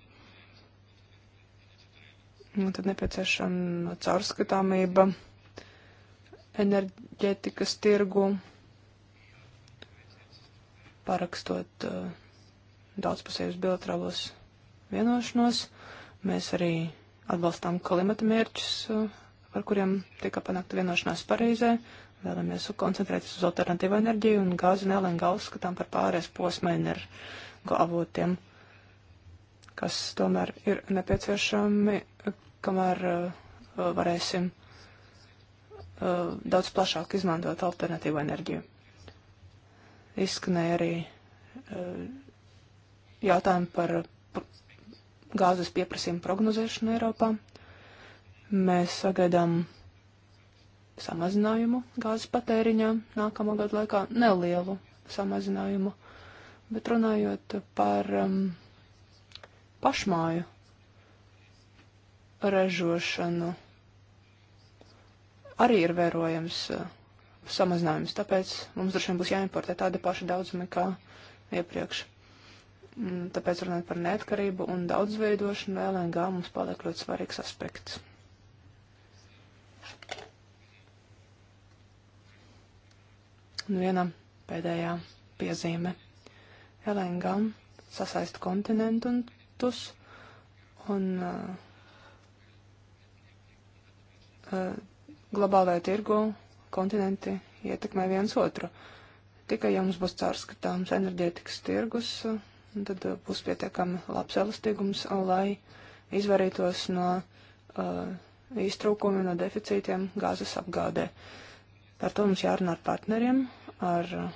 Un nu, tad nepieciešama caurskatāmība enerģētikas tirgu parakstot uh, eh, daudzpusējus bilaterālos vienošanos. Mēs arī atbalstām klimata mērķus, uh, par kuriem tika panākta vienošanās Parīzē. Vēlamies koncentrēties uz alternatīvu enerģiju un gāzi un LNG uzskatām par pārējais posma energo avotiem, kas tomēr ir nepieciešami, kamēr uh, varēsim uh, daudz plašāk izmantot alternatīvu enerģiju. Izskanēja arī e, jautājumi par gāzes pieprasījumu prognozēšanu Eiropā. Mēs sagaidām samazinājumu gāzes patēriņā nākamā gada laikā, nelielu samazinājumu, bet runājot par um, pašmāju ražošanu, arī ir vērojams uh, samazinājums. Tāpēc mums droši vien būs jāimportē tādi paši daudzumi kā iepriekš. Mm, tāpēc runāt par neatkarību un daudzveidošanu LNG mums paliek ļoti svarīgs aspekts. Un viena pēdējā piezīme. LNG sasaista kontinentu un tus, un uh, uh, globālajā tirgu kontinenti ietekmē viens otru. Tikai, ja mums būs caurskatāms enerģētikas tirgus, tad uh, būs pietiekami labs elastīgums, lai izvarītos no uh, iztrūkumiem, no deficītiem gāzes apgādē. Par to mums jārunā ar partneriem, ar uh,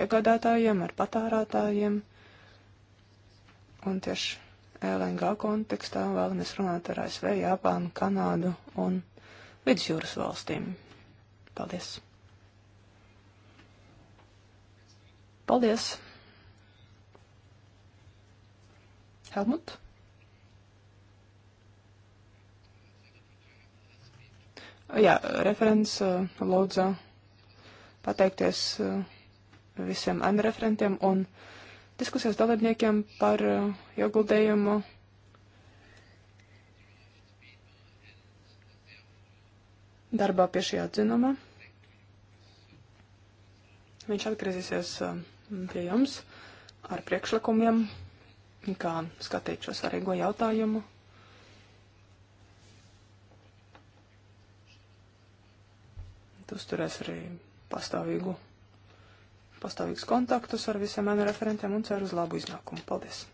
piegādātājiem, ar patārātājiem. Un tieši LNG kontekstā vēlamies runāt ar ASV, Japānu, Kanādu un Vidusjūras valstīm. Paldies! Paldies! Helmut? Jā, referents uh, lūdza pateikties uh, visiem N referentiem un diskusijas dalībniekiem par uh, ieguldījumu darbā pie šī atzinuma. Viņš atgriezīsies um, pie jums ar priekšlikumiem, kā skatīt šo svarīgo jautājumu. Uzturēs arī pastāvīgu, pastāvīgus kontaktus ar visiem mani referentiem un ceru uz labu iznākumu. Paldies!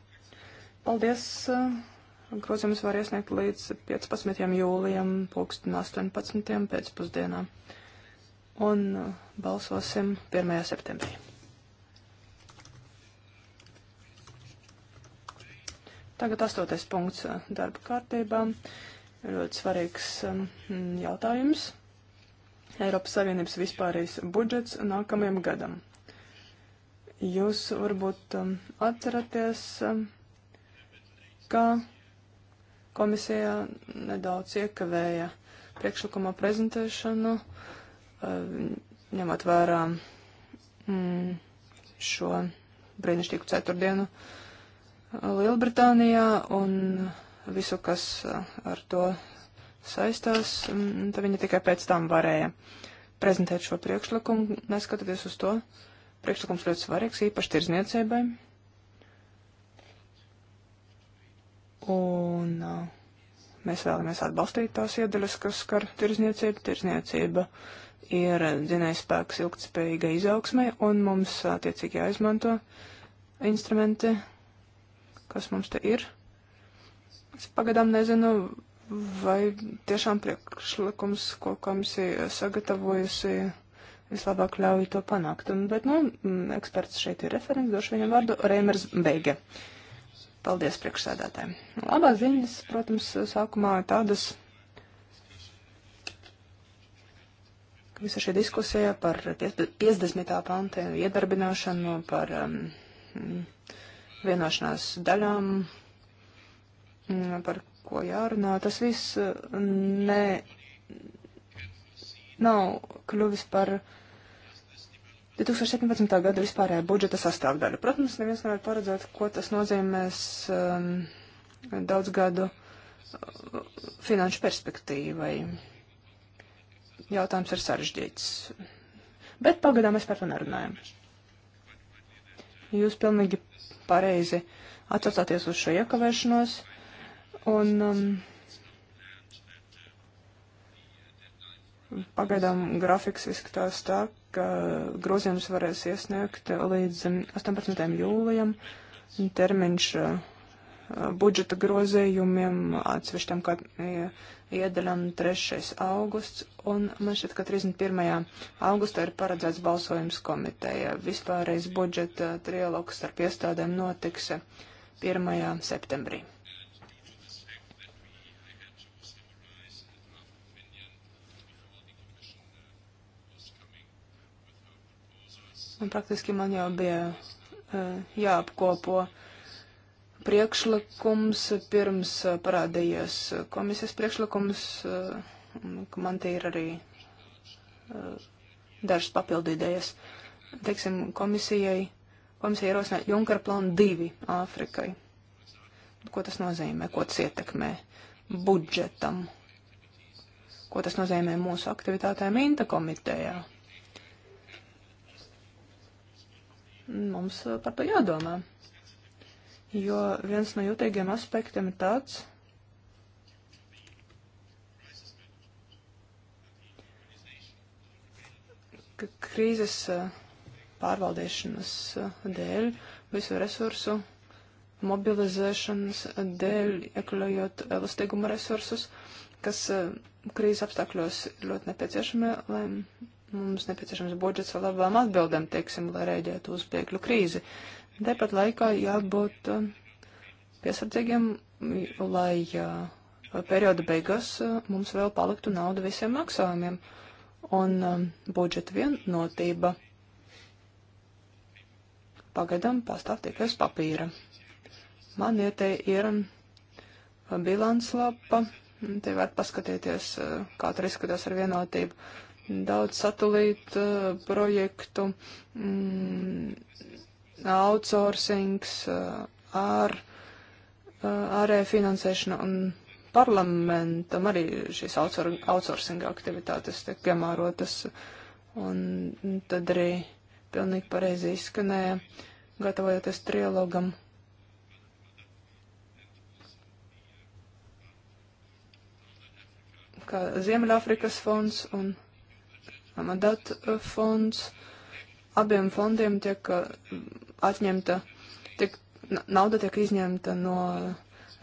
Paldies! Uh, Grozījums var iesniegt līdz 15. jūlijam, 18. pēcpusdienā. Un uh, balsosim 1. septembrī. Tagad astotais punkts uh, darba kārtībā. Ļoti svarīgs um, jautājums. Eiropas Savienības vispārējais budžets nākamajam gadam. Jūs varbūt um, atceraties, um, ka Komisija nedaudz iekavēja priekšlikuma prezentēšanu, eh, ņemot vērā mm, šo brīnišķīgu ceturtdienu eh, Lielbritānijā un visu, kas eh, ar to saistās, mm, tad viņi tikai pēc tam varēja prezentēt šo priekšlikumu, neskatoties uz to. Priekšlikums ļoti svarīgs, īpaši tirzniecībai. Un uh, mēs vēlamies atbalstīt tās iedaļas, kas skar tirzniecību. Tirzniecība ir dzinējspēks ilgtspējīga izaugsmē, un mums attiecīgi jāizmanto instrumenti, kas mums te ir. Es pagadām nezinu, vai tiešām priekšlikums, ko komisija sagatavojusi, vislabāk ļauj to panākt. Un, bet, nu, mm, eksperts šeit ir referents, došu viņam vārdu, Reimers Beige. Uh, Paldies priekšsēdētājiem. Labās ziņas, protams, sākumā ir tādas, ka visa šī diskusija par 50. panta iedarbināšanu, par um, vienošanās daļām, mm, par ko jārunā, tas viss uh, ne, nav kļuvis par. Uh, 2017. gada vispārējā budžeta sastāvdaļa. Protams, neviens nevar paredzēt, ko tas nozīmēs um, daudz gadu uh, finanšu perspektīvai. Jautājums ir sarežģīts. Bet pagaidām mēs par to nerunājam. Jūs pilnīgi pareizi atcaucāties uz šo iekavēšanos. Un um, Pagaidām grafiks izskatās tā, ka grozījumus varēs iesniegt līdz 18. Um, jūlijam. Termiņš uh, budžeta grozījumiem atsevišķam kā uh, iedaļam 3. augusts, un man šķiet, ka 31. augustā ir paredzēts balsojums komiteja. Vispārreiz budžeta trialogs starp iestādēm notiks 1. Uh, septembrī. Un praktiski man jau bija eh, jāapkopo priekšlikums, pirms eh, parādījies komisijas priekšlikums, eh, ka man tie ir arī dažas papildīdējas. Teiksim, komisijai, komisija ierosināja Junkara plānu divi Āfrikai. Ko tas nozīmē, ko tas ietekmē budžetam, ko tas nozīmē mūsu aktivitātēm Inta komitejā? mums eh, par to jādomā. Jo viens no jūtīgiem aspektiem ir tāds, ka krīzes eh, pārvaldīšanas eh, dēļ, visu resursu mobilizēšanas dēļ, iekļaujot elastīguma resursus, kas krīzes apstākļos ļoti nepieciešami, lai Mums nepieciešams budžets ar labām atbildēm, teiksim, lai rēģētu uz bēgļu krīzi. Tāpat laikā jābūt uh, piesardzīgiem, lai uh, perioda beigās uh, mums vēl paliktu nauda visiem maksājumiem. Un um, budžeta vienotība pagaidām pastāv tikai uz papīra. Man ja te ir um, bilants lapa, te var paskatīties, kā tur izskatās ar vienotību daudz satelītu projektu, mm, outsourcings, ar, ārēja finansēšana un parlamentam arī šīs outsourcing aktivitātes tiek piemērotas. Un tad arī pilnīgi pareizi izskanēja, gatavojoties trilogam. Kā Ziemeļāfrikas fonds un mandāta eh, fonds. Abiem fondiem tiek eh, atņemta, tiek, nauda tiek izņemta no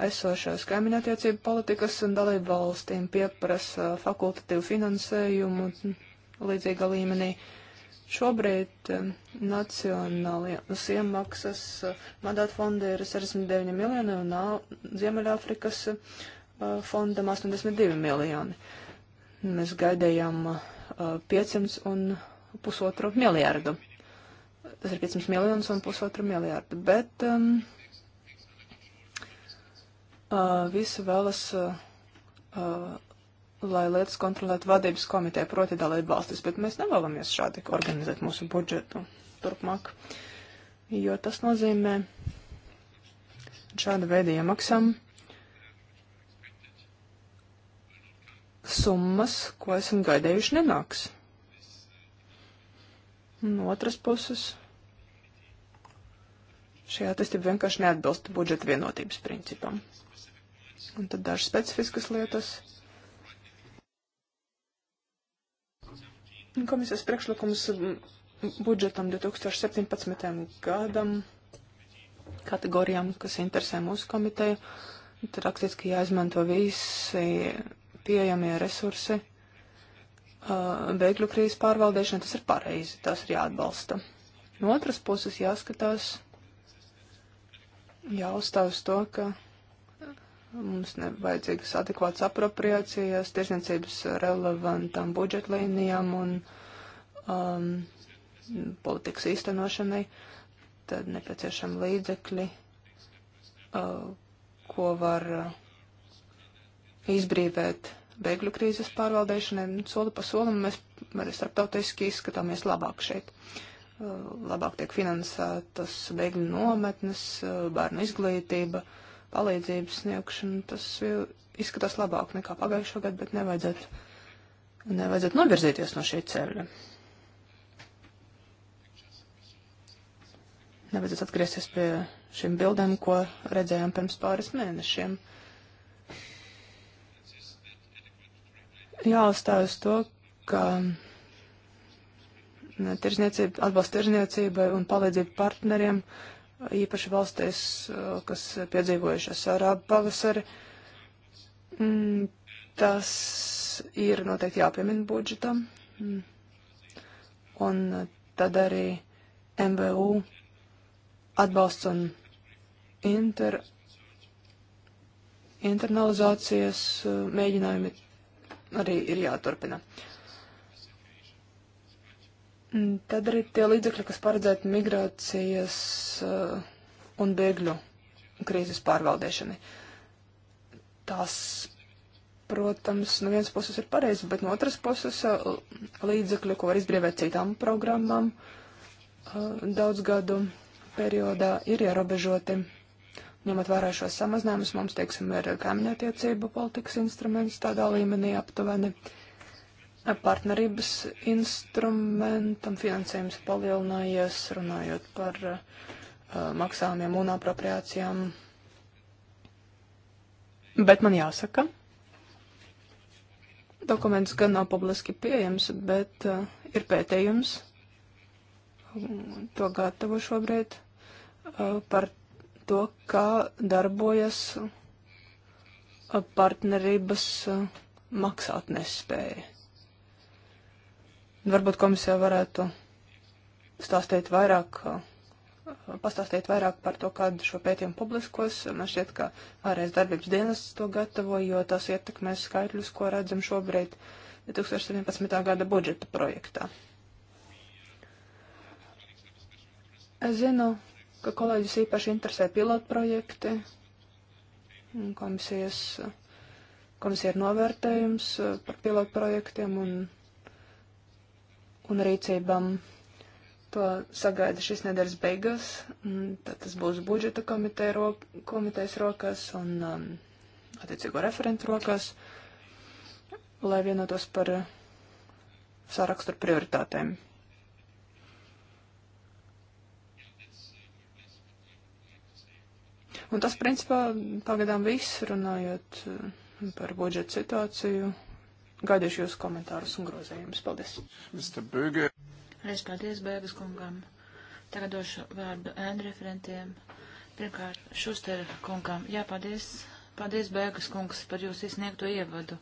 esošās kaimiņattiecību politikas un dalību valstīm pieprasa fakultatīvu finansējumu līdzīga līmenī. Šobrīd eh, nacionālajās iemaksas mandāta fonda ir 69 miljoni un Ziemeļāfrikas fondam 82 miljoni. Mēs gaidījām uh, 500 un pusotru miljārdu. Tas ir 500 miljonus un pusotru miljārdu. Bet um, uh, visu vēlas, uh, uh, lai lietas kontrolētu vadības komiteja, proti dalību valstis, bet mēs nevēlamies šādi organizēt mūsu budžetu turpmāk, jo tas nozīmē šāda veida iemaksām. Ja summas, ko esam gaidējuši, nenāks. No otras puses, šī attīstība vienkārši neatbilst budžeta vienotības principam. Un tad dažas specifiskas lietas. Komisijas priekšlikums budžetam 2017. gadam kategorijām, kas interesē mūsu komiteju. Tur rakstīts, ka jāizmanto visi pieejamie resursi uh, bēgļu krīzes pārvaldēšanai, tas ir pareizi, tas ir jāatbalsta. No otras puses jāskatās, jāuzstāv uz to, ka mums nevajadzīgas adekvātas apropriācijas, tirsniecības relevantām budžetlīnijām un um, politikas īstenošanai, tad nepieciešami līdzekļi, uh, ko var uh, izbrīvēt bēgļu krīzes pārvaldēšanai. Soli pa solim mēs arī starptautiski izskatāmies labāk šeit. Uh, labāk tiek finansētas bēgļu nometnes, uh, bērnu izglītība, palīdzības sniegšana. Tas izskatās labāk nekā pagājušo gadu, bet nevajadzētu, nevajadzētu novirzīties no šī ceļa. Nevajadzētu atgriezties pie šīm bildēm, ko redzējām pirms pāris mēnešiem. Uh, jāuzstāj uz to, ka tirzniecība, atbalsta tirzniecībai un palīdzība partneriem, īpaši valstīs, uh, kas piedzīvojušas arābu pavasari, mm, tas ir noteikti jāpiemina budžetam. Mm. Un tad arī MBU atbalsts un inter, internalizācijas uh, mēģinājumi arī ir jāturpina. Tad arī tie līdzekļi, kas paredzēti migrācijas uh, un bēgļu krīzes pārvaldēšanai. Tas, protams, no vienas puses ir pareizi, bet no otras puses uh, līdzekļi, ko var izbrīvēt citām programmām uh, daudz gadu periodā, ir ierobežoti. Ja Ņemot vērā šos samazinājumus, mums, teiksim, ir kaimiņattiecību politikas instruments tādā līmenī aptuveni partnerības instrumentam finansējums palielinājies, runājot par uh, maksājumiem un apropriācijām. Bet man jāsaka, dokuments gan nav publiski pieejams, bet uh, ir pētījums, to gatavo šobrīd, uh, par to, kā darbojas partnerības maksāt nespēja. Varbūt komisija varētu stāstīt vairāk, pastāstīt vairāk par to, kādu šo pētījumu publiskos. Man šķiet, ka ārējais darbības dienas to gatavo, jo tas ietekmēs skaitļus, ko redzam šobrīd 2017. gada budžeta projektā. Es zinu, ka kolēģis īpaši interesē pilotprojekti, komisijas, komisija ir novērtējums eh, par pilotprojektiem un, un rīcībām. To sagaida šis nedēļas beigas, tad tas būs budžeta komiteja, komitejas rokās un um, attiecīgo referentu rokās, lai vienotos par eh, sarakstu ar prioritātēm. Un tas, principā, pagadām viss runājot eh, par budžeta situāciju.
Gaidīšu jūsu komentārus un grozījumus. Paldies. Es paldies Bēgas kungam. Tagad došu vārdu ēnu referentiem. Pirmkārt, Šuster kungam. Jā, paldies. Paldies Bēgas kungs par jūsu izsniegto ievadu.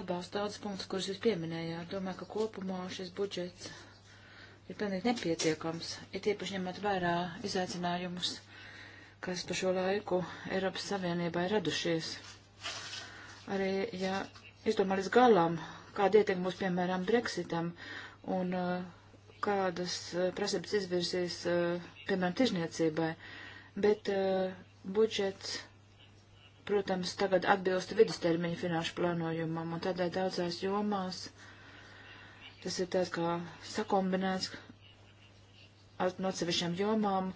Atbalstu daudz punktus, kurus jūs pieminējāt. Domāju, ka kopumā šis budžets ir pilnīgi nepietiekams, ir ja tiepaši ņemot vērā izaicinājumus kas pa šo laiku Eiropas Savienībā ir radušies. Arī, ja izdomā līdz galam, kāda ietekme būs, piemēram, Brexitam un uh, kādas uh, prasības izvirsīs, uh, piemēram, tirzniecībai. Bet budžets protams, tagad atbilst vidustermiņa finanšu plānojumam, un tādēļ daudzās jomās tas ir tāds kā sakombinēts ar nocevišķām jomām.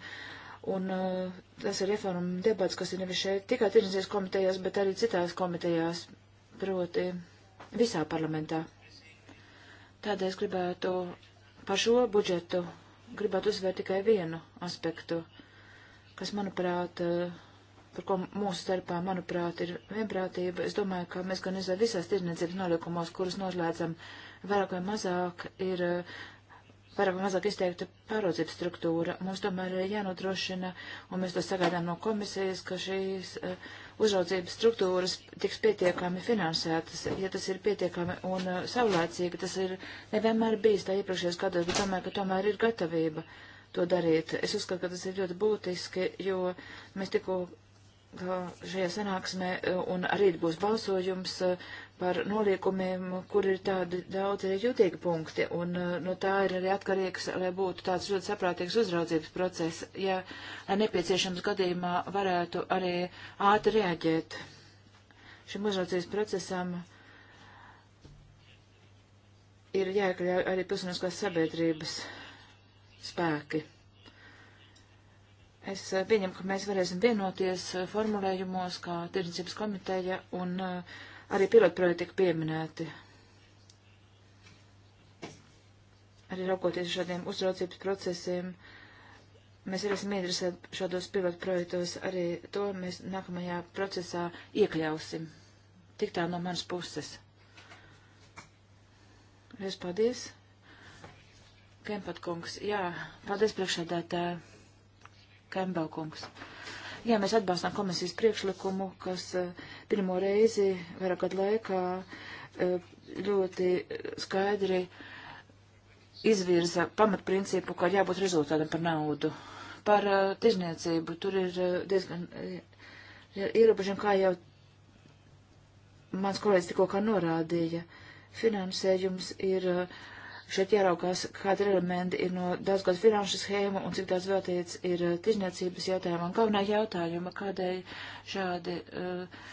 Un uh, tas ir reforma debats, kas ir nevis šeit tikai tirdzniecības komitejās, bet arī citās komitejās, proti visā parlamentā. Tādēļ es gribētu par šo budžetu, gribētu uzsvērt tikai vienu aspektu, kas, manuprāt, uh, par ko mūsu starpā, manuprāt, ir vienprātība. Es domāju, ka mēs gan izvēl visās tirdzniecības nolikumos, kurus noslēdzam, vairāk vai mazāk ir uh, pārāk mazāk izteikta pāraudzības struktūra. Mums tomēr ir jānodrošina, un mēs to sagaidām no komisijas, ka šīs uh, uzraudzības struktūras tiks pietiekami finansētas. Ja tas ir pietiekami un uh, saulēcīgi, tas ir nevienmēr bijis tā iepriekšējos gados, bet tomēr, ka tomēr ir gatavība to darīt. Es uzskatu, ka tas ir ļoti būtiski, jo mēs tikko šajā sanāksmē, eh, un arī būs balsojums, par noliekumiem, kur ir tādi daudz arī jūtīgi punkti, un uh, no tā ir arī atkarīgs, lai būtu tāds ļoti saprātīgs uzraudzības process, ja nepieciešams gadījumā varētu arī ātri reaģēt šim uzraudzības procesam. Ir jāiekļauj arī pilsoniskās sabiedrības spēki. Es uh, pieņemu, ka mēs varēsim vienoties uh, formulējumos kā tirdzniecības komiteja un uh, Arī pilotprojekti tika pieminēti. Arī raugoties šādiem uzraudzības procesiem, mēs arī esam iedresēti šādos pilotprojektos, arī to mēs nākamajā procesā iekļausim. Tik tā no manas puses. Lies paldies. Kempat kungs, jā, paldies priekšādātā Kembel kungs. Jā, mēs atbalstām komisijas priekšlikumu, kas eh, pirmo reizi vairāk gadu laikā eh, ļoti skaidri izvirza pamatprincipu, ka jābūt rezultātam par naudu. Par eh, tirzniecību tur ir diezgan ierobežam, kā jau mans kolēģis tikko norādīja. Finansējums ir uh, Šeit jāraukās, kādi elementi ir no daudzgad finanšu schēma un cik daudz veltīts ir eh, tirzniecības jautājumam. Galvenā jautājuma, kādēļ šādi uh,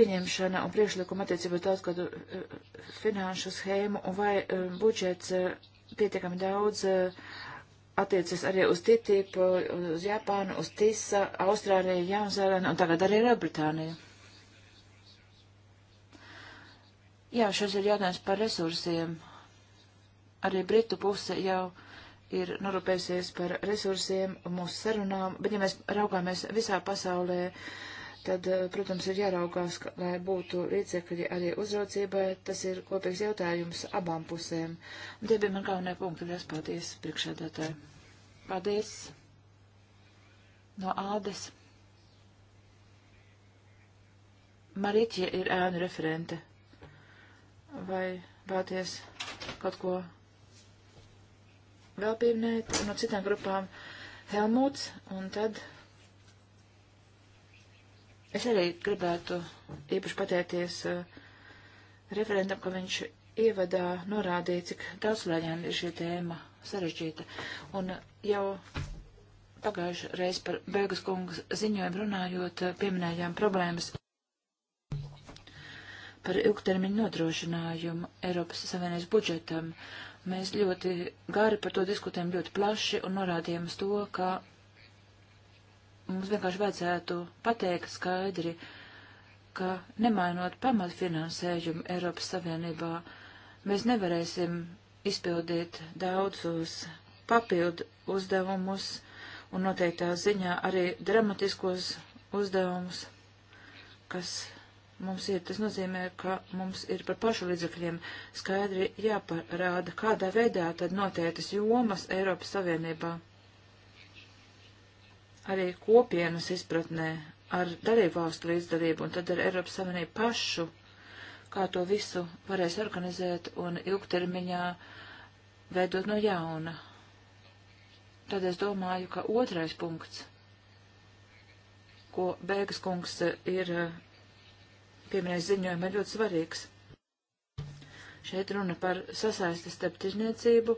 pieņemšana un priekšlikuma attiecībā daudzgad uh, eh, finanšu schēmu un vai uh, budžets pietiekami daudz attiecas arī uz TTIP, uz Japānu, uz TISA, Austrāliju, Jaunzēlēnu un tagad arī Lielbritāniju. Jā, šis ir jautājums par resursiem. Uh, Arī Britu puse jau ir norūpējusies par resursiem un mūsu sarunām, bet ja mēs raugāmies visā pasaulē, tad, eh, protams, ir jāraugās, lai būtu līdzekļi arī uzraucībai. Tas ir kopīgs jautājums abām pusēm. Un tie bija man galvenie punkti. Liels paldies, priekšēdētāji. Paldies no ādes. Marīķie ir ēnu referente. Vai vēlties kaut ko vēl pieminēt, no citām grupām Helmuts, un tad es arī gribētu īpaši pateikties uh, referentam, ka viņš ievadā norādīja, cik daudzslēņām ir šī tēma sarežģīta. Un eh, jau pagājuši reiz par Bēgas kungas ziņojumu runājot, eh, pieminējām problēmas par ilgtermiņu nodrošinājumu Eiropas Savienības budžetam. Uh, Mēs ļoti gari par to diskutējam ļoti plaši un norādījām uz to, ka mums vienkārši vajadzētu pateikt skaidri, ka nemainot pamatfinansējumu Eiropas Savienībā, mēs nevarēsim izpildīt daudzus papildu uzdevumus un noteiktā ziņā arī dramatiskos uzdevumus, kas mums ir, tas nozīmē, ka mums ir par pašu līdzekļiem skaidri jāparāda, kādā veidā tad noteiktas jomas Eiropas Savienībā. Arī kopienas izpratnē ar dalībvalstu līdzdalību un tad ar Eiropas Savienību pašu, kā to visu varēs organizēt un ilgtermiņā veidot no jauna. Tad es domāju, ka otrais punkts, ko Bēgas kungs ir pieminēja ziņojumā, ļoti svarīgs. Šeit runa par sasaisti starp tirzniecību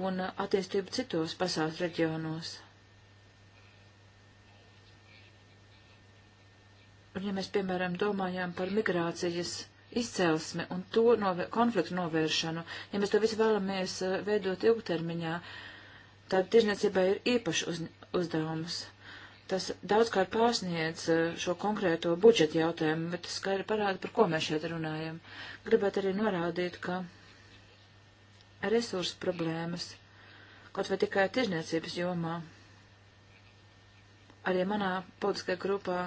un uh, attīstību citos pasaules reģionos. Un ja mēs, piemēram, domājām par migrācijas izcelsmi un to novē, konfliktu novēršanu, ja mēs to visu vēlamies uh, veidot ilgtermiņā, tad tirzniecībai ir īpašs uz, uzdevums tas daudzkārt pārsniedz eh, šo konkrēto budžeta jautājumu, bet tas skaidri parāda, par ko mēs šeit runājam. Gribētu arī norādīt, ka resursu problēmas, kaut vai tikai tirzniecības jomā, arī manā politiskajā grupā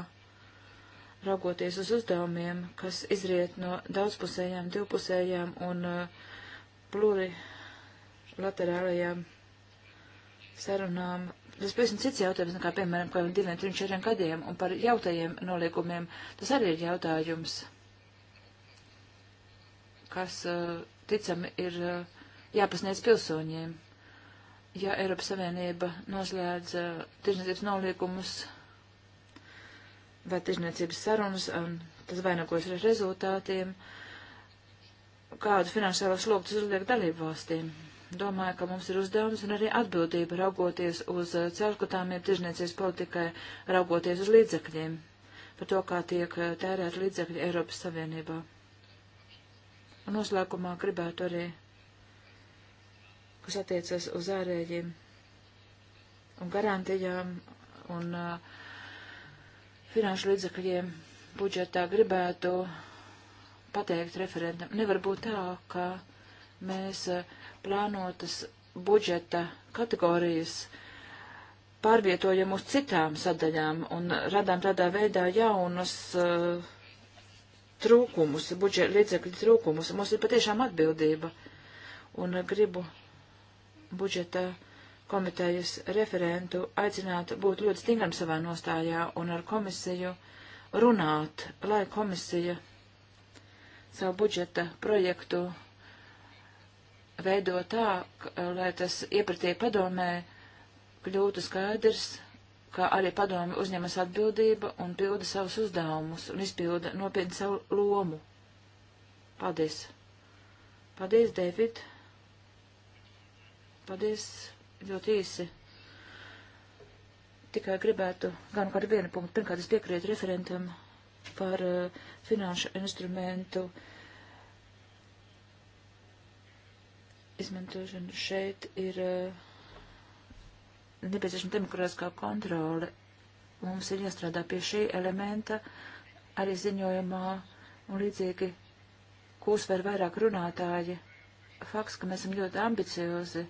raugoties uz uzdevumiem, kas izriet no daudzpusējām, divpusējām un uh, eh, plurilaterālajām sarunām. Tas pavisam cits jautājums, nekā, piemēram, kādiem diviem, trim, četriem gadiem, un par jautajiem noliekumiem. Tas arī ir jautājums, kas, eh, ticami, ir eh, jāpasniedz pilsoņiem. Ja Eiropas Savienība noslēdz eh, tirzniecības noliekumus vai tirzniecības sarunas, un tas vainagojas ar rezultātiem, kādu finansiālo slogu tas uzliek dalību valstīm Domāju, ka mums ir uzdevums un arī atbildība raugoties uz eh, caurskatāmiem tirzniecības politikai, raugoties uz līdzekļiem, par to, kā tiek eh, tērēt līdzekļi Eiropas Savienībā. Un noslēgumā gribētu arī, kas attiecas uz ārējiem un garantijām un uh, finanšu līdzakļiem budžetā gribētu pateikt referentam. Nevar būt tā, ka mēs uh, plānotas budžeta kategorijas pārvietojam uz citām sadaļām un radām tādā veidā jaunus uh, trūkumus, budžeta līdzekļu trūkumus. Mums ir patiešām atbildība. Un uh, gribu budžeta komitejas referentu aicināt būt ļoti stingram savā nostājā un ar komisiju runāt, lai komisija savu budžeta projektu veido tā, ka, lai tas iepratie padomē kļūtu skaidrs, ka arī padomi uzņemas atbildība un pilda savus uzdevumus un izpilda nopietni savu lomu. Paldies. Paldies, David. Paldies ļoti īsi. Tikai gribētu gan kādu vienu punktu. Pirmkārt, es piekrītu referentam par uh, finanšu instrumentu uh, izmantošanu šeit ir eh, nepieciešama demokrātiskā kontrole. Mums ir jāstrādā pie šī elementa arī ziņojumā un līdzīgi, ko uzsver vairāk runātāji. Fakts, ka mēs esam ļoti ambiciozi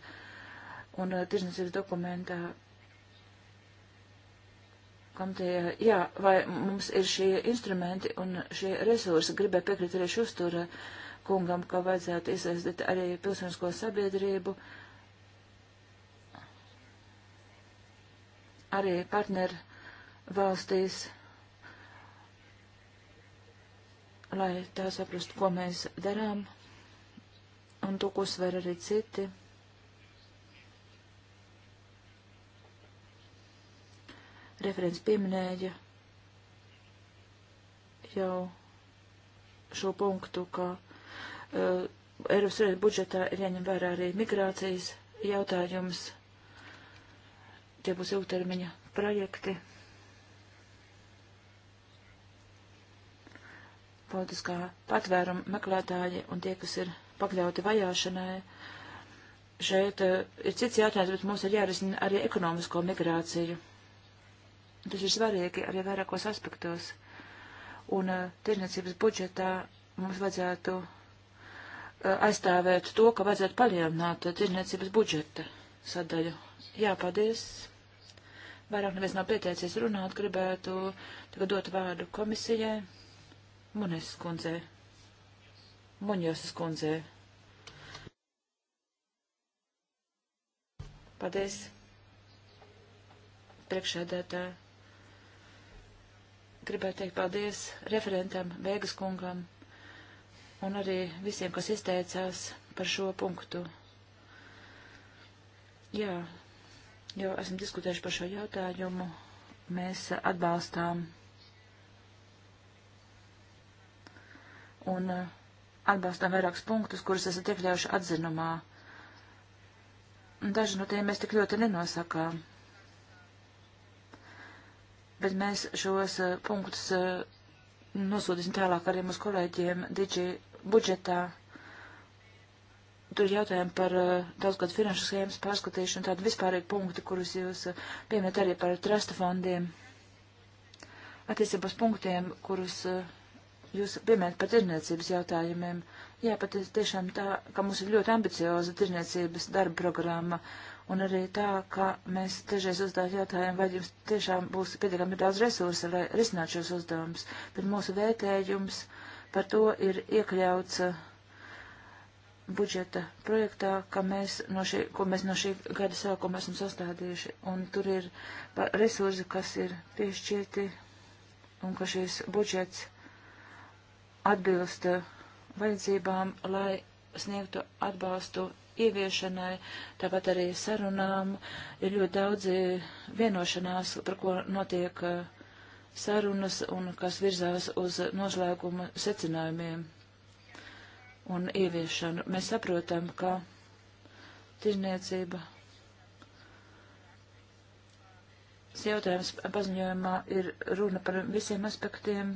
un uh, eh, tirsniecības dokumentā, kam tie, jā, vai mums ir šie instrumenti un šie resursi, gribēju piekrīt arī šustura. Uh, kungam, ka vajadzētu iesaistīt arī pilsonisko sabiedrību, arī partneru valstīs, lai tā saprastu, ko mēs darām, un to, ko sver arī citi. Referents pieminēja jau šo punktu, ka uh, Eiropas budžetā ir jāņem vērā arī migrācijas jautājums. Tie būs ilgtermiņa projekti. Politiskā patvēruma meklētāji un tie, kas ir pakļauti vajāšanai. Šeit uh, ir cits jautājums, bet mums ir jārisina arī ekonomisko migrāciju. Tas ir svarīgi arī vairākos aspektos. Un uh, eh, tirniecības budžetā mums vajadzētu aizstāvēt to, ka vajadzētu palielināt tirniecības budžeta sadaļu. Jā, paldies. Vairāk neviens nav pieteicies runāt, gribētu tagad dot vārdu komisijai. Munes skundzē. Muņos skundzē. Paldies. Priekšēdētāji. Gribētu teikt paldies referentam Vēgas kungam un arī visiem, kas izteicās par šo punktu. Jā, jau esam diskutējuši par šo jautājumu. Mēs atbalstām un uh, atbalstām vairākus punktus, kurus esat iekļaujuši atzinumā. Daži no tiem mēs tik ļoti nenosakām. Bet mēs šos uh, punktus uh, nosūtīsim tālāk arī mūsu kolēģiem Digi budžetā. Tur ir jautājumi par uh, daudzgad finanšu schēmas pārskatīšanu, tādi vispārīgi punkti, kurus jūs uh, pieminat arī par trasta fondiem. Attiecībos punktiem, kurus uh, jūs pieminat par tirniecības jautājumiem. Jā, pat tiešām tā, ka mums ir ļoti ambicioza tirniecības darba programma, un arī tā, ka mēs dažreiz uzdāt jautājumu, vai jums tiešām būs pietiekami daudz resursa, lai risinātu šos uzdevumus. Bet mūsu vērtējums. Uh, Par to ir iekļauts uh, budžeta projektā, ka mēs no šī, ko mēs no šī gada sākuma esam sastādījuši. Un tur ir resursi, kas ir piešķirti un ka šis budžets atbilst uh, vajadzībām, lai sniegtu atbalstu ieviešanai, tāpat arī sarunām. Ir ļoti daudzi vienošanās, par ko notiek uh, sarunas un kas virzās uz noslēguma secinājumiem un ieviešanu. Mēs saprotam, ka tirzniecība jautājums paziņojumā ir runa par visiem aspektiem,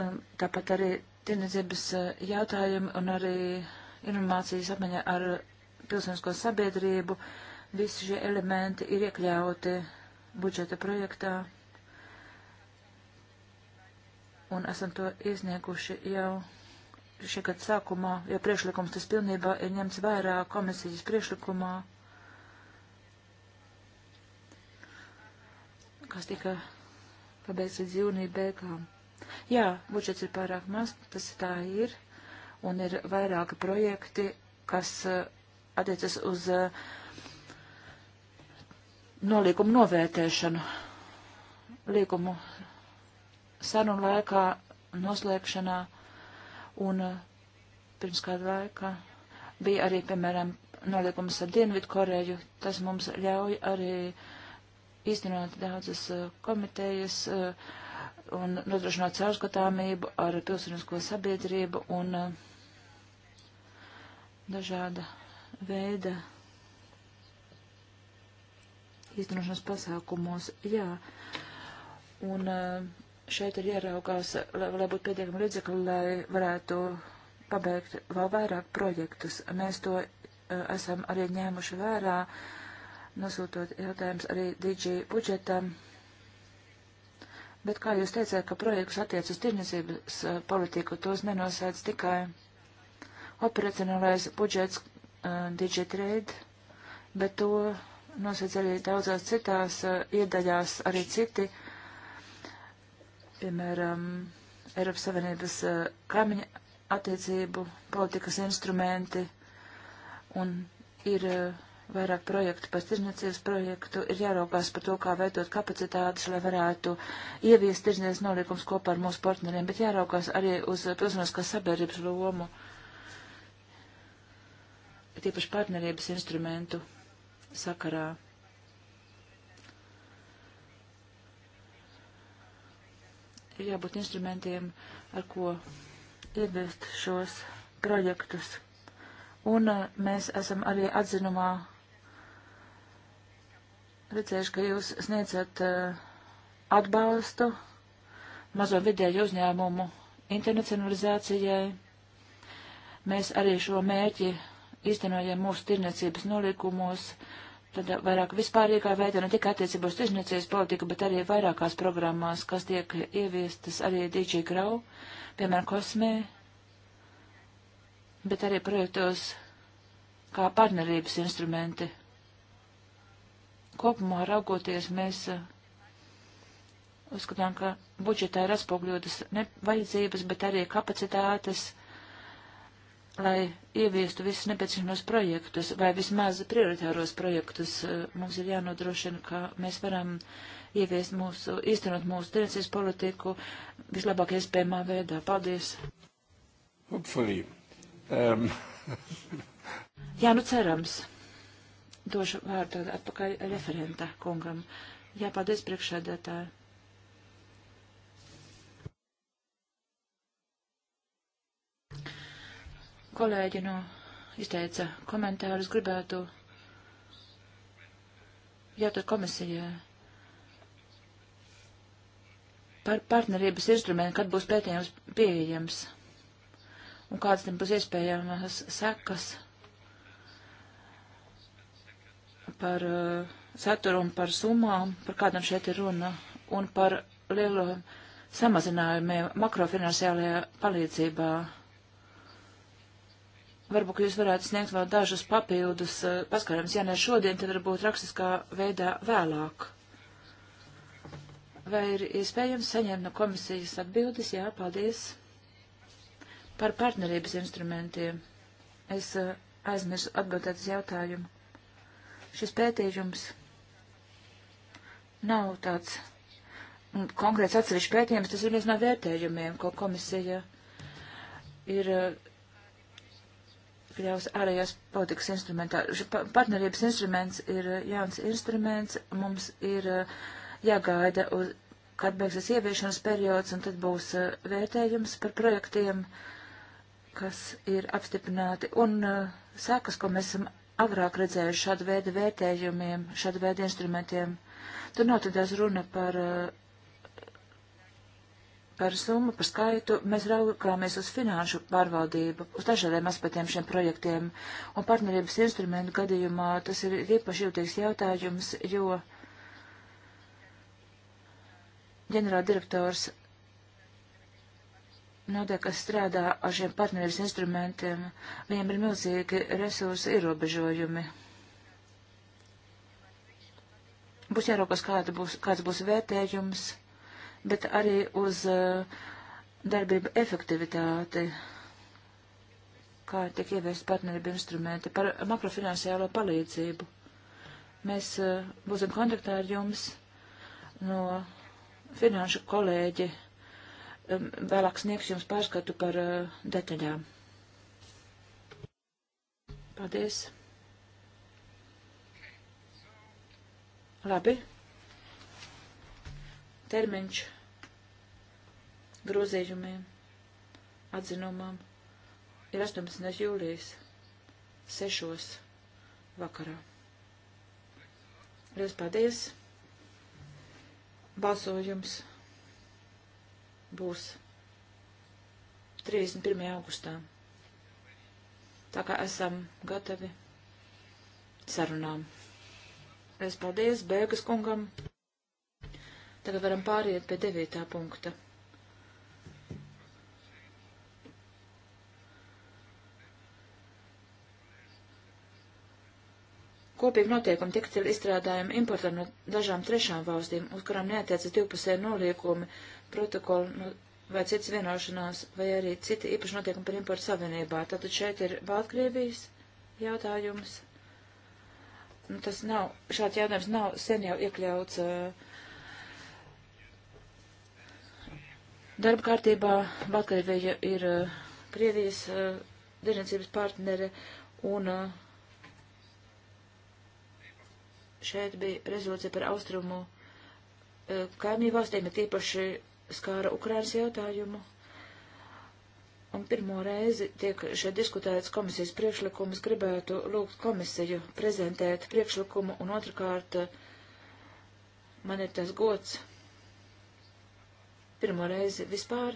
um, tāpat arī tirdzniecības uh, jautājumi un arī informācijas apmaiņa ar pilsonisko sabiedrību. Visi šie elementi ir iekļauti budžeta projektā, un esam to iesnieguši jau šī gada sākumā, jo priekšlikums tas pilnībā ir ņemts vērā komisijas priekšlikumā, kas tika pabeigts līdz jūnija beigām. Jā, budžets ir pārāk maz, tas tā ir, un ir vairāki projekti, kas eh, attiecas uz uh, nolīgumu novērtēšanu. Līgumu sarunu laikā, noslēgšanā un eh, pirms kādu laiku bija arī, piemēram, nolīgums ar Dienvidu Koreju. Tas mums ļauj arī īstenot daudzas eh, komitejas eh, un nodrošināt caurskatāmību ar pilsonisko sabiedrību un dažāda veida īstenošanas pasākumos, jā. Un šeit ir jāraugās, lai, lai būtu pietiekami līdzekļi, lai varētu pabeigt vēl vairāk projektus. Mēs to esam arī ņēmuši vērā, nosūtot jautājums arī DG budžetam. Bet kā jūs teicāt, ka projekts attiec uz tirnesības politiku, tos nenosēdz tikai operacionālais budžets uh, DigiTrade, bet to nosēc arī daudzās citās uh, iedaļās arī citi, piemēram, Eiropas Savienības uh, kaimiņa attiecību politikas instrumenti un ir uh, vairāk projektu par tirzniecības projektu, ir jāraukās par to, kā veidot kapacitātes, lai varētu ieviest tirzniecības nolikums kopā ar mūsu partneriem, bet jāraukās arī uz pilsoniskās sabiedrības lomu, tīpaši partnerības instrumentu sakarā. Ir jābūt instrumentiem, ar ko ieviest šos projektus. Un uh, mēs esam arī atzinumā redzējuši, ka jūs sniedzat uh, atbalstu mazo vidēju uzņēmumu internacionalizācijai. Mēs arī šo mērķi īstenojam mūsu tirniecības noliekumos, tad vairāk vispārīgā veidā, ne tikai attiecībos tirniecības politika, bet arī vairākās programmās, kas tiek ieviestas arī DG Grau, piemēram, Kosmē, bet arī projektos kā partnerības instrumenti. Kopumā raugoties mēs uh, uzskatām, ka budžetā ir atspogļotas vajadzības, bet arī kapacitātes lai ieviestu visus nepieciešamos projektus vai vismaz prioritāros projektus, eh, mums ir jānodrošina, ka mēs varam ieviest mūsu, īstenot mūsu tirdzniecības politiku vislabāk iespējamā veidā. Paldies! Hopefully. Um. [LAUGHS] Jā, nu cerams. Došu vārdu atpakaļ referenta kungam. Jā, paldies priekšsēdētāji. kolēģi no nu, izteica komentārus, gribētu jautāt komisijai par partnerības instrumentu, kad būs pētījums pieejams un kādas tam būs iespējamas sekas par uh, saturu un par summām, par kādam šeit ir runa un par lielu samazinājumu makrofinansiālajā palīdzībā. Varbūt jūs varētu sniegt vēl dažus papildus eh, paskaidrojumus, ja ne šodien, tad varbūt rakstiskā veidā vēlāk. Vai ir iespējams saņemt no komisijas atbildes? Jā, paldies. Par partnerības instrumentiem. Es eh, aizmirsu atbildēt uz jautājumu. Šis pētījums nav tāds mm, konkrēts atsevišķi pētījums, tas ir viens no vērtējumiem, ko komisija ir eh, jāiekļaus ārējās politikas instrumentā. Partnerības instruments ir uh, jauns instruments, mums ir uh, jāgaida, uz, kad beigsies ieviešanas periods, un tad būs uh, vērtējums par projektiem, kas ir apstiprināti, un sākas, ko mēs esam agrāk redzējuši šādu veidu vērtējumiem, šādu veidu instrumentiem. Tur nav tādās runa par uh, par summu, par skaitu, mēs raugāmies uz finanšu pārvaldību, uz dažādiem aspektiem šiem projektiem, un partnerības instrumentu gadījumā tas ir īpaši jūtīgs jautājums, jo ģenerāldirektors Nodē, kas strādā ar šiem partnerības instrumentiem, viņiem ir milzīgi resursu ierobežojumi būs jāraukās, kāda būs, kāds būs vērtējums, bet arī uz eh, darbību efektivitāti, kā tiek ieviest partnerību instrumenti, par makrofinansiālo palīdzību. Mēs eh, būsim kontaktā ar jums no finanšu kolēģi, eh, vēlāk sniegs jums pārskatu par detaļām. Paldies! Labi termiņš grozījumiem, atzinumam ir 18. jūlijas 6. vakarā. Liels paldies! Balsojums būs 31. augustā. Tā kā esam gatavi sarunām. Es paldies Bēgas kungam. Tagad varam pāriet pie devītā punkta. Kopīgi notiekumi tekstili izstrādājumi importam no dažām trešām valstīm, uz kurām neatiecas divpusē noliekumi, protokoli no, nu, vai cits vienošanās, vai arī citi īpaši notiekumi par importu savienībā. Tātad šeit ir Baltkrievijas jautājums. Nu, tas nav, šāds jautājums nav sen jau iekļauts uh, Darba kārtībā Baltkrievija ir uh, Krievijas uh, eh, tirdzniecības partnere un uh, šeit bija rezolūcija par austrumu kaimiņu valstīm, ir tīpaši skāra Ukrainas jautājumu. Un pirmo reizi tiek šeit diskutēts komisijas priekšlikums, gribētu lūgt komisiju prezentēt priekšlikumu un otrkārt man ir tas gods pirmo reizi vispār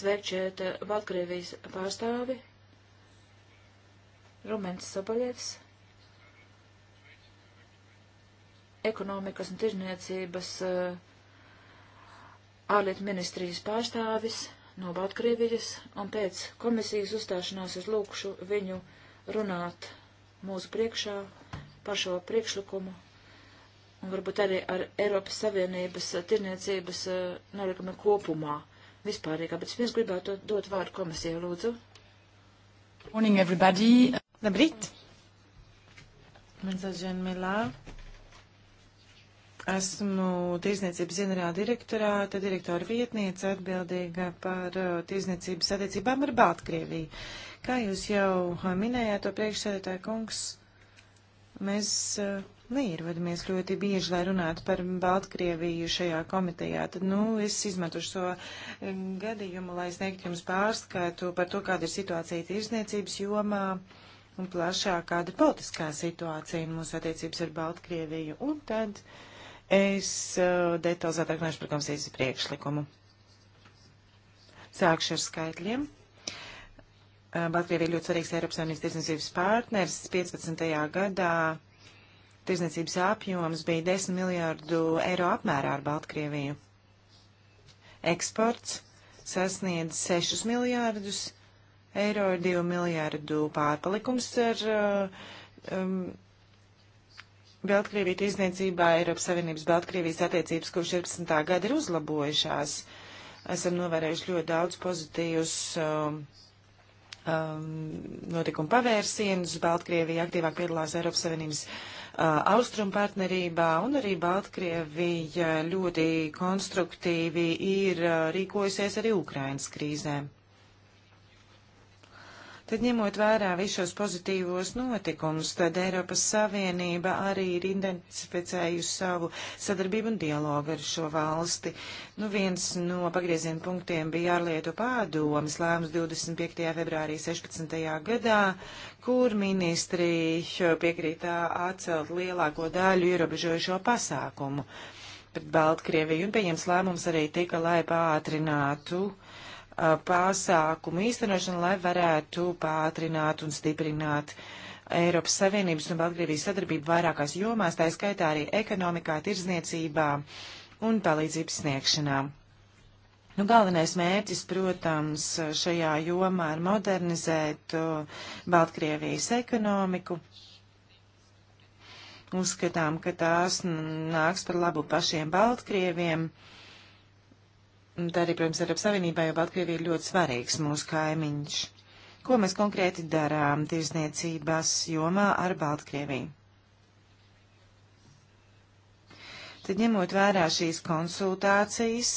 sveikt šeit eh, Baltkrievijas pārstāvi Rumens Sabaļevs, ekonomikas un tirzniecības eh, ārlietu ministrijas pārstāvis no Baltkrievijas, un pēc komisijas uzstāšanās es lūkšu viņu runāt mūsu priekšā par šo priekšlikumu un varbūt arī ar Eiropas Savienības eh, tirniecības eh, nolikumi kopumā, vispārīgā, bet es viens gribētu dot vārdu komisijai, lūdzu. Morning, everybody.
Labrīt. Mensažen Milā. Esmu tirzniecības ģenerāla direktorāta, direktora vietniece atbildīga par eh, tirzniecības attiecībām ar Baltkrieviju. Kā jūs jau minējāt, to priekšsēdētāja kungs, mēs uh, Neierodamies ļoti bieži, lai runātu par Baltkrieviju šajā komitejā. Tad, nu, es izmantošu šo so eh, gadījumu, lai sniegtu jums pārskatu par to, kāda ir situācija tirzniecības jomā un plašāk, kāda ir politiskā situācija un mūsu attiecības ar Baltkrieviju. Un tad es uh, detalizētāk runāšu par komisijas priekšlikumu. Sākšu ar skaitļiem. Eh, Baltkrievija ir ļoti svarīgs Eiropas Savienības tirdzniecības partners. 15. gadā tirzniecības apjoms bija 10 miljārdu eiro apmērā ar Baltkrieviju. Eksports sasniedz 6 miljārdus eiro, 2 miljārdu pārpalikums ar uh, um, Baltkrieviju tirzniecībā Eiropas Savienības Baltkrievijas attiecības kopš 14. gada ir uzlabojušās. Esam novērējuši ļoti daudz pozitīvus um, um, notikumu pavērsienus. Baltkrievija aktīvāk piedalās Eiropas Savienības uh, austrumu partnerībā, un arī Baltkrievija ļoti konstruktīvi ir rīkojusies arī Ukrainas krīzēm. Tad ņemot vērā visos pozitīvos notikumus, tad Eiropas Savienība arī ir identificējusi savu sadarbību un dialogu ar šo valsti. Nu, viens no pagrieziena punktiem bija ārlietu pārdomas lēmums 25. februārī 16. gadā, kur ministri piekrītā atcelt lielāko daļu ierobežojušo pasākumu pret Baltkrieviju un pieņems lēmums arī tika, lai pātrinātu uh, pasākumu īstenošanu, lai varētu pātrināt un stiprināt Eiropas Savienības un Baltkrievijas sadarbību vairākās jomās, tā skaitā arī ekonomikā, tirzniecībā un palīdzības sniegšanā. Nu, galvenais mērķis, protams, šajā jomā ir modernizēt Baltkrievijas ekonomiku. Uzskatām, ka tās nāks par labu pašiem Baltkrieviem. Uh, Un tā arī, protams, Eiropas Savienībā, jo Baltkrievija ir ļoti svarīgs mūsu kaimiņš. Ko mēs konkrēti darām tirsniecības jomā ar Baltkrieviju? Tad ņemot vērā šīs konsultācijas,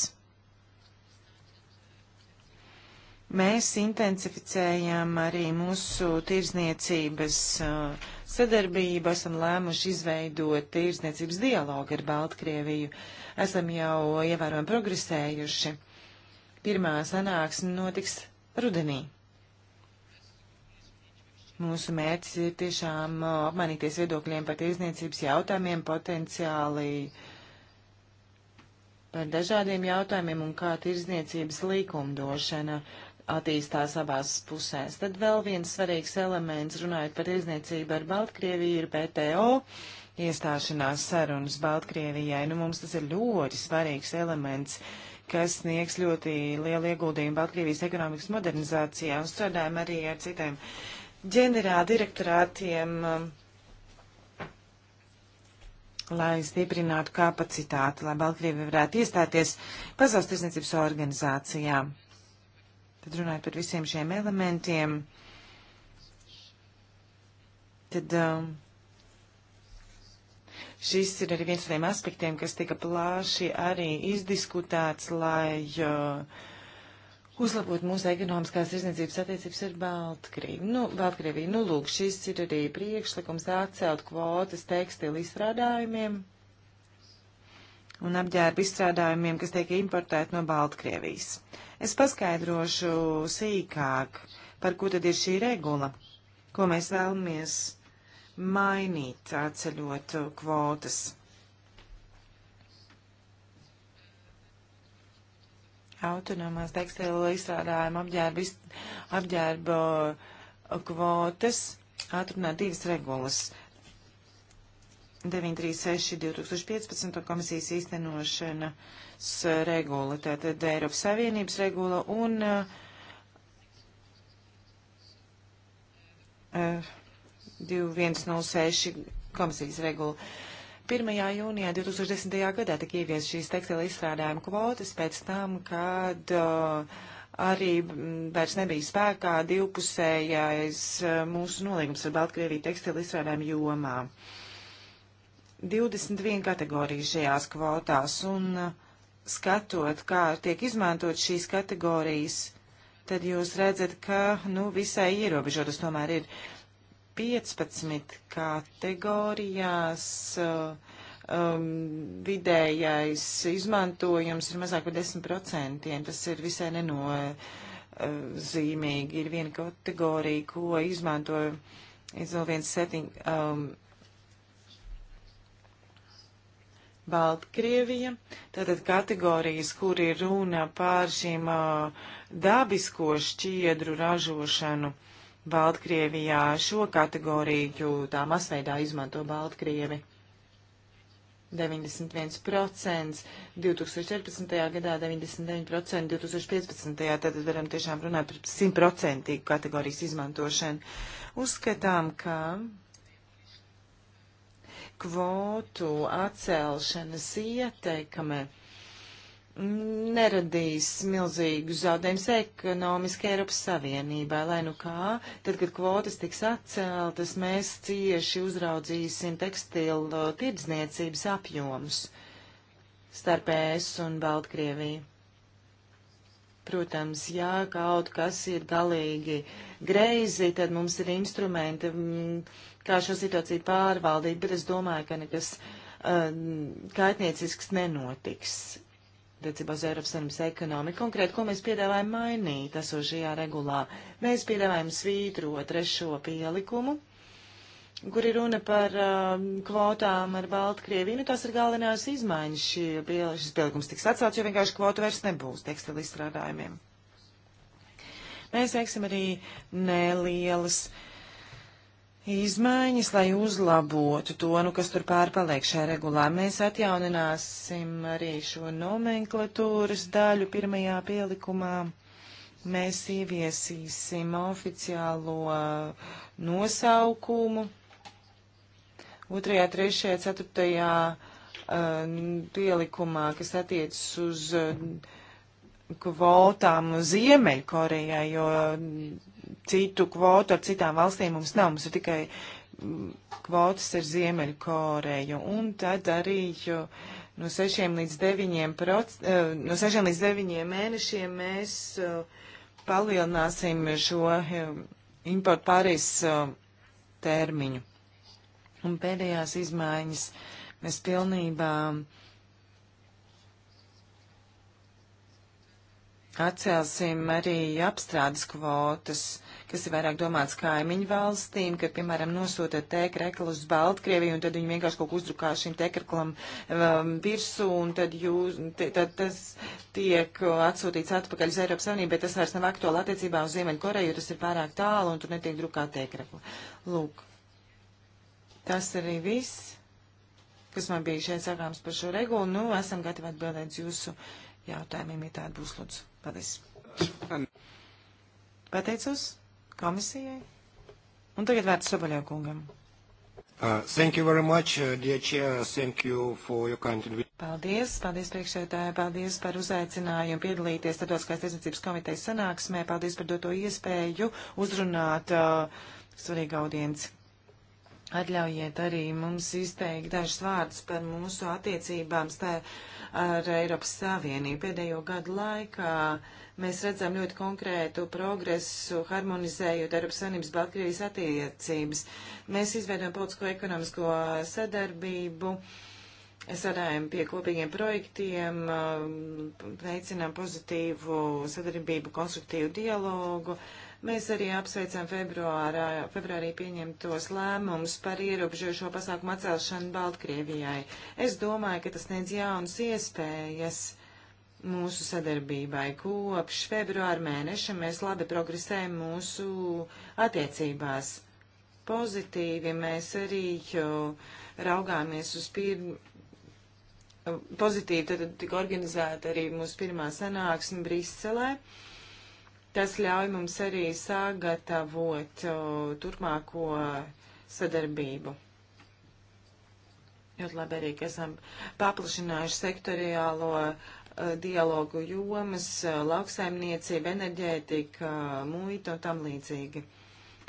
mēs intensificējam arī mūsu tirzniecības uh, sadarbību, esam lēmuši izveidot tirsniecības dialogu ar Baltkrieviju. Esam jau ievērojami progresējuši. Pirmā sanāksme notiks rudenī. Mūsu mērķis ir tiešām uh, apmainīties viedokļiem par tirsniecības jautājumiem, potenciāli par dažādiem jautājumiem un kā tirsniecības līkumdošana attīstās abās pusēs. Tad vēl viens svarīgs elements, runājot par izniecību ar Baltkrieviju, ir PTO iestāšanās sarunas Baltkrievijai. Nu, mums tas ir ļoti svarīgs elements, kas sniegs ļoti lielu ieguldījumu Baltkrievijas ekonomikas modernizācijā un strādājam arī ar citiem ģenerāldirektorātiem. direktorātiem um, lai stiprinātu kapacitāti, lai Baltkrievija varētu iestāties pasaules tirsniecības organizācijā. Tad runājot par visiem šiem elementiem, tad um, šis ir arī viens no tiem aspektiem, kas tika plāši arī izdiskutēts, lai uh, uzlabot mūsu ekonomiskās tirdzniecības attiecības ar Baltkrieviju. Nu, Baltkrieviju, nu lūk, šis ir arī priekšlikums atcelt kvotas tekstilu izstrādājumiem un apģērba izstrādājumiem, kas tiek importēti no Baltkrievijas. Es paskaidrošu sīkāk, par ko tad ir šī regula, ko mēs vēlamies mainīt, atceļot kvotas. Autonomās tekstilo izstrādājumu apģērbu, apģērbu kvotas atrunā divas regulas 936 2015 komisijas īstenošanas eh, regula, tātad Eiropas Savienības regula un uh, eh, 2106 komisijas regula. 1. jūnijā 2010. gadā tika ievies šīs tekstila izstrādājuma kvotas pēc tam, kad uh, arī mm, vairs nebija spēkā divpusējais uh, mūsu nolīgums ar Baltkrieviju tekstila izstrādājumu jomā. Uh, 21 kategorija šajās kvotās, un uh, skatot, kā tiek izmantot šīs kategorijas, tad jūs redzat, ka, nu, visai ierobežotas tomēr ir 15 kategorijās. Uh, um, vidējais izmantojums ir mazāk par 10%. Tas ir visai nenozīmīgi. Uh, ir viena kategorija, ko izmanto 1,7 um, Baltkrievija, tātad kategorijas, kur ir runa pār šīm dabisko šķiedru ražošanu Baltkrievijā, šo kategoriju tā masveidā izmanto Baltkrievi. 91%, 2014. gadā 99%, 2015. tad varam tiešām runāt par simtprocentīgu kategorijas izmantošanu. Uzskatām, ka kvotu atcelšanas ieteikame neradīs milzīgu zaudējumus ekonomiski Eiropas Savienībai, lai nu kā, tad, kad kvotas tiks atceltas, mēs cieši uzraudzīsim tekstilu tirdzniecības apjomus starp ES un Baltkrieviju. Protams, ja kaut kas ir galīgi greizi, tad mums ir instrumenti. Mm, kā šo situāciju pārvaldīt, bet es domāju, ka nekas uh, kaitniecisks nenotiks. Tiecībā uz Eiropas Savienības ekonomiku. Konkrēti, ko mēs piedāvājam mainīt esošajā regulā? Mēs piedāvājam svītrot trešo pielikumu, kur ir runa par uh, kvotām ar Baltkrieviju. Nu, tās ir galvenās izmaiņas. Šī, šis pielikums tiks atsāts, jo vienkārši kvotu vairs nebūs tekstilu izstrādājumiem. Mēs veiksim arī nelielas uh, izmaiņas, lai uzlabotu to, nu, kas tur pārpaliek šajā regulā. Mēs atjaunināsim arī šo nomenklatūras daļu pirmajā pielikumā. Mēs ieviesīsim oficiālo nosaukumu. Otrajā, trešajā, ceturtajā uh, pielikumā, kas attiecas uz uh, kvotām Ziemeļkorejai, jo uh, citu kvotu ar citām valstīm mums nav. Mums ir tikai mm, kvotas ar Ziemeļkoreju. Un tad arī jo, no 6 līdz 9, proc, eh, no 6 līdz 9 mēnešiem mēs eh, palielināsim šo eh, importu pārējais termiņu. Un pēdējās izmaiņas mēs pilnībā atcelsim arī apstrādes kvotas kas ir vairāk domāts kaimiņu valstīm, kad, piemēram, nosūta tēkreklu uz Baltkrieviju, un tad viņi vienkārši kaut ko uzdrukā šim tēkreklam um, virsū, un tad, jūs, tad tas tiek atsūtīts atpakaļ uz Eiropas Savienību, bet tas vairs nav aktuāli attiecībā uz Ziemeņkoreju, jo tas ir pārāk tālu, un tur netiek drukā tēkrekla. Lūk, tas arī viss, kas man bija šeit sakāms par šo regulu. Nu, esam gatavi atbildēt jūsu jautājumiem, ja tāda būs lūdzu. Paldies. Pateicos komisijai. Un tagad vērts Sobaļā kungam.
Uh, thank you very much, uh, dear chair. Thank you for your contribution.
Paldies, paldies priekšētāji, paldies par uzaicinājumu piedalīties Starptautiskās tiesniecības komitejas sanāksmē, paldies par doto iespēju uzrunāt uh, svarīgu audienci. Atļaujiet arī mums izteikt dažus vārdus par mūsu attiecībām ar Eiropas Savienību pēdējo gadu laikā. Uh, Mēs redzam ļoti konkrētu progresu, harmonizējot Eiropas Savienības Baltkrievijas attiecības. Mēs izveidojam politisko ekonomisko sadarbību strādājam pie kopīgiem projektiem, um, veicinām pozitīvu sadarbību, konstruktīvu dialogu. Mēs arī apsveicam februārā, februārī pieņemtos lēmumus par ierobežojušo pasākumu atcelšanu Baltkrievijai. Es domāju, ka tas sniedz jaunas iespējas mūsu sadarbībai. Kopš februāra mēneša mēs labi progresējam mūsu attiecībās. Pozitīvi mēs arī raugāmies uz pirmo pozitīvi tad tika organizēta arī mūsu pirmā sanāksme Briselē. Tas ļauj mums arī sagatavot o, turpmāko sadarbību. Ļoti labi arī, ka esam paplašinājuši sektoriālo Uh, dialogu jomas, uh, lauksaimniecība, enerģētika, uh, muita un tam līdzīgi.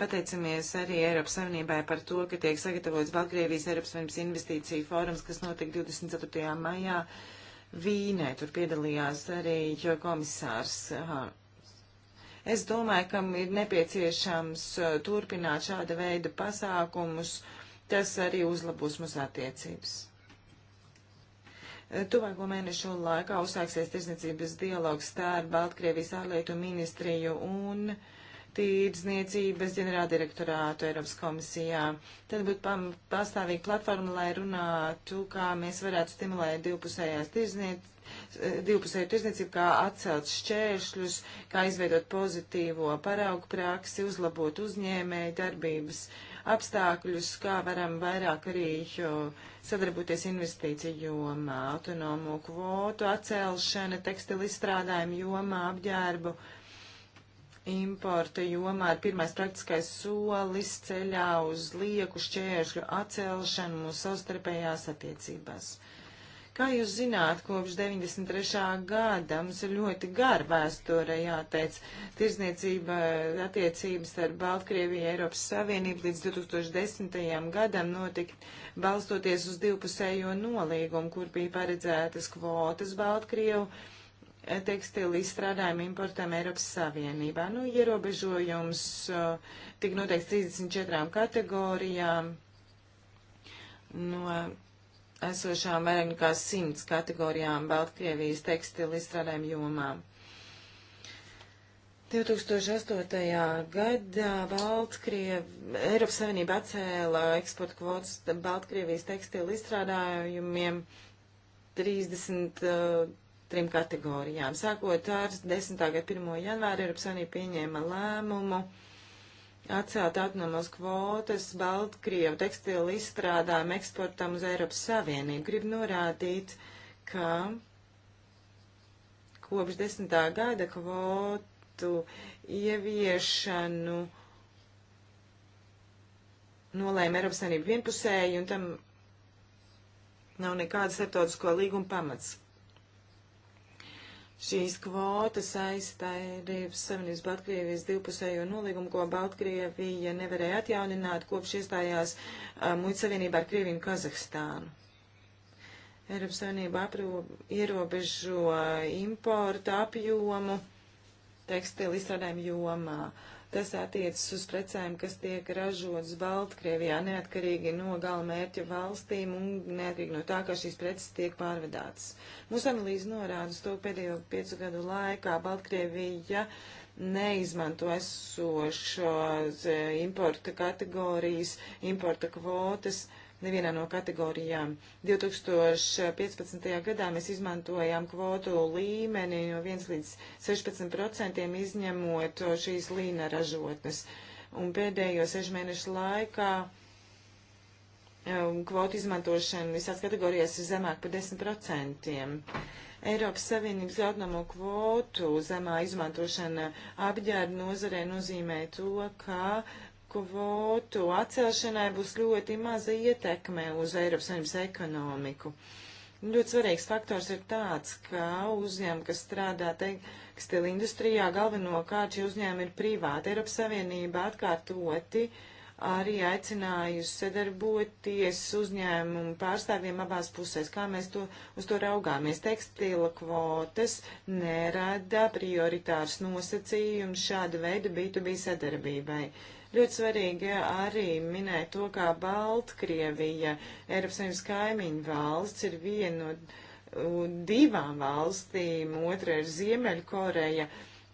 Pateicamies arī Eiropas Savienībai par to, ka tiek sagatavots Baltkrievijas Eiropas Savienības investīciju fórums, kas notiek 24. maijā Vīnē. Tur piedalījās arī komisārs. Aha. Es domāju, ka ir nepieciešams turpināt šāda veida pasākumus. Tas arī uzlabos mūsu attiecības. Tuvāko mēnešu laikā uzsāksies tirsniecības dialogs starp Baltkrievijas ārlietu ministriju un tīrdzniecības ģenerāldirektorātu Eiropas komisijā. Tad būtu pastāvīga platforma, lai runātu, kā mēs varētu stimulēt divpusējās tirzniec, divpusēju tirzniecību, kā atcelt šķēršļus, kā izveidot pozitīvo paraugu praksi, uzlabot uzņēmēju darbības uh, apstākļus, kā varam vairāk arī sadarboties investīciju jomā, autonomu kvotu atcelšana, tekstilu izstrādājumu jomā, apģērbu importa jomā ir pirmais praktiskais solis ceļā uz lieku šķēršļu atcelšanu mūsu savstarpējās attiecībās. Uh, Kā jūs zināt, kopš 93. gada mums ir ļoti gara vēsture, jāteic, tirzniecība attiecības ar Baltkrieviju Eiropas Savienību līdz 2010. gadam notika balstoties uz divpusējo nolīgumu, kur bija paredzētas kvotas Baltkrievu eh, tekstilu izstrādājumu importam Eiropas Savienībā. Nu, ierobežojums eh, tika noteikts 34 kategorijām. No esošām vairāk nekā simts kategorijām Baltkrievijas tekstilu izstrādēm jomām. 2008. gadā Baltkriev, Eiropas Savienība atcēla eksporta kvotas Baltkrievijas tekstilu izstrādājumiem 30 uh, trim kategorijām. Sākot ar 10. gada 1. janvāru Eiropas Savienība pieņēma lēmumu uh, atcelt autonomos kvotas Baltkrievu tekstilu izstrādājumu eksportam uz Eiropas Savienību. Gribu norādīt, ka kopš desmitā gada kvotu ieviešanu nolēma Eiropas Savienība vienpusēji, un tam nav nekāda starptautisko līguma pamats. Šīs kvotas aizstāja Riepas Savienības Baltkrievijas divpusējo nolīgumu, ko Baltkrievija nevarēja atjaunināt kopš iestājās uh, Muitas Savienībā ar Krieviju un Kazahstānu. Eiropas Savienība aprū, ierobežo importu apjomu tekstilu izstrādājumu jomā. Uh, Tas attiecas uz precēm, kas tiek ražotas Baltkrievijā, neatkarīgi no gala mērķa valstīm un neatkarīgi no tā, kā šīs preces tiek pārvedātas. Mūsu analīze norāda uz to pēdējo piecu gadu laikā Baltkrievija neizmanto esošos eh, importa kategorijas, importa kvotas. Uh, nevienā no kategorijām. 2015. gadā mēs izmantojām kvotu līmeni no 1 līdz 16 procentiem izņemot šīs līna ražotnes. Un pēdējo sešu mēnešu laikā um, kvotu izmantošana visās kategorijās ir zemāk par 10%. Eiropas Savienības autonomo kvotu zemā izmantošana apģērba nozarē nozīmē to, ka kvotu atcelšanai būs ļoti maza ietekme uz Eiropas Savienības ekonomiku. Ļoti svarīgs faktors ir tāds, ka uzņēmumi, kas strādā tekstilu industrijā, galvenokārt šie uzņēmumi ir privāti. Eiropas Savienība atkārtoti arī aicinājusi sadarboties uzņēmumu pārstāvjiem abās pusēs, kā mēs to, uz to raugāmies. Tekstila kvotas nerada prioritārs nosacījums šāda veida B2B sadarbībai. Uh, Ļoti svarīgi arī minēt to, kā Baltkrievija, Eiropas Savienības kaimiņu valsts, ir viena no divām valstīm, otra ir Ziemeļkoreja,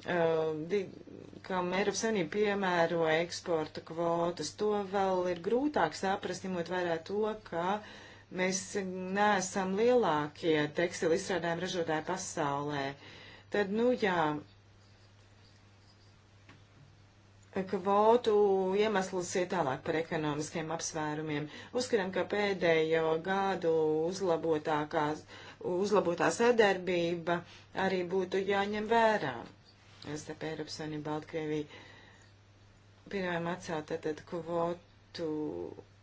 kam Eiropas Savienība piemēro eksporta kvotas. To vēl ir grūtāk saprast, ņemot vērā to, ka mēs neesam lielākie tekstilu izstrādājumu ražotāji pasaulē. Tad, nu jā, kvotu iemesls ir tālāk par ekonomiskiem apsvērumiem. Uzskatām, ka pēdējo gadu uzlabotākās, uzlabotā sadarbība arī būtu jāņem vērā. Starp Eiropas Savienību, Baltkrieviju. Pirmajam atcelt tad kvotu,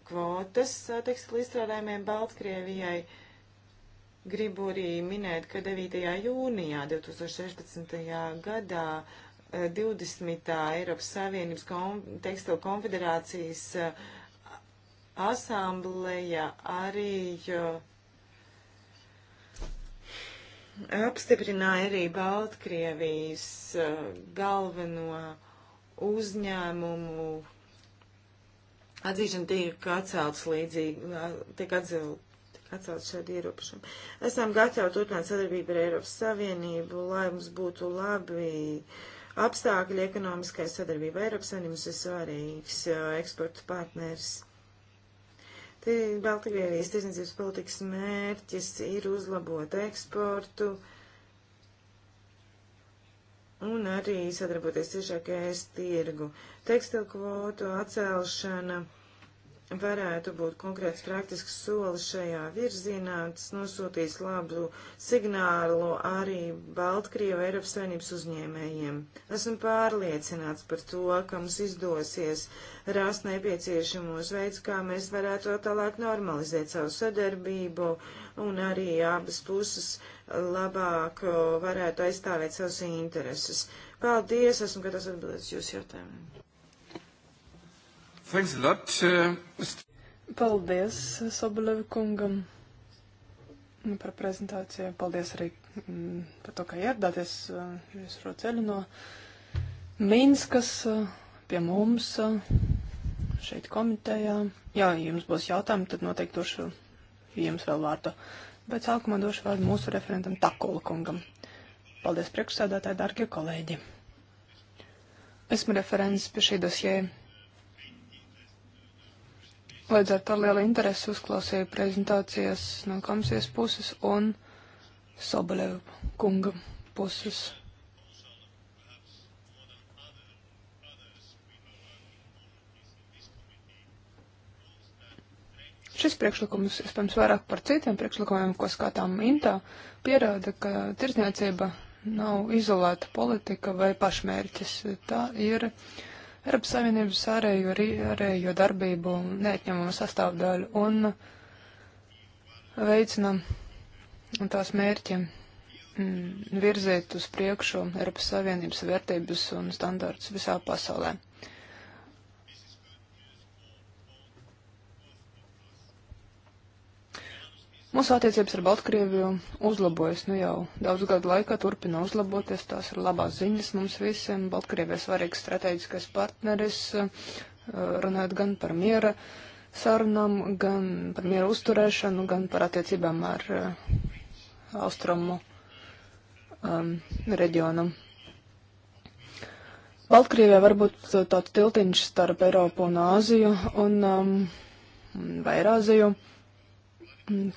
kvotas tekstilu izstrādājumiem Baltkrievijai. Gribu arī minēt, ka 9. jūnijā 2016. gadā 20. Eiropas Savienības kon tekstila konfederācijas eh, asamblēja arī apstiprināja arī Baltkrievijas eh, galveno uzņēmumu atzīšana tiek atcelts līdzīgi, tiek atzilt atcelt šādu ierobežojumu. Esam gatavi turpināt sadarbību ar Eiropas Savienību, lai mums būtu labi uh, apstākļi ekonomiskai sadarbībai. Eiropas Savienības ir svarīgs eksporta partners. Baltkrievijas tirsniecības politikas mērķis ir uzlabot eksportu un arī sadarboties ciešāk ēst tirgu. Tekstilu kvotu atcelšana varētu būt konkrēts praktisks solis šajā virzienā. Tas nosūtīs labu signālu arī Baltkrievu Eiropas Savienības uzņēmējiem. Esmu pārliecināts par to, ka mums izdosies rast nepieciešamos veids, kā mēs varētu tālāk normalizēt savu sadarbību un arī abas puses labāk uh, varētu aizstāvēt savus intereses. Paldies, esmu gatavs atbildēt uz jūsu jautājumiem.
Thanks a lot. Uh,
Paldies Sobolevi kungam par prezentāciju. Paldies arī mm, par to, ka ieradāties visu uh, šo ceļu no Minskas uh, pie mums šeit komitejā. Jā, jums būs jautājumi, tad noteikti došu jums vēl vārdu. Bet sākumā došu vārdu mūsu referentam Takola kungam. Paldies priekšsēdētāji, dārgie kolēģi. Esmu referents pie šī dosieja Līdz ar to liela interesi uzklausīju prezentācijas no komisijas puses un Sobolev kunga puses. Šis priekšlikums, iespējams, vairāk par citiem priekšlikumiem, ko skatām intā, pierāda, ka tirzniecība nav izolēta politika vai pašmērķis. Tā ir uh, Eiropas Savienības ārējo, ārējo darbību neatņemumu sastāvdaļu un veicinam tās mērķi mm, virzīt uz priekšu Eiropas Savienības vērtības un standārts visā pasaulē. Mūsu attiecības ar Baltkrieviju uzlabojas nu jau daudz gadu laikā, turpina uzlaboties, tās ir labās ziņas mums visiem. Baltkrievija svarīgs strateģiskais partneris, eh, runājot gan par miera sarunām, gan par miera uzturēšanu, gan par attiecībām ar eh, austrumu um, ehm, reģionam. Baltkrievijā varbūt eh, tāds tiltiņš starp Eiropu un Āziju un um, Vairāziju. Āziju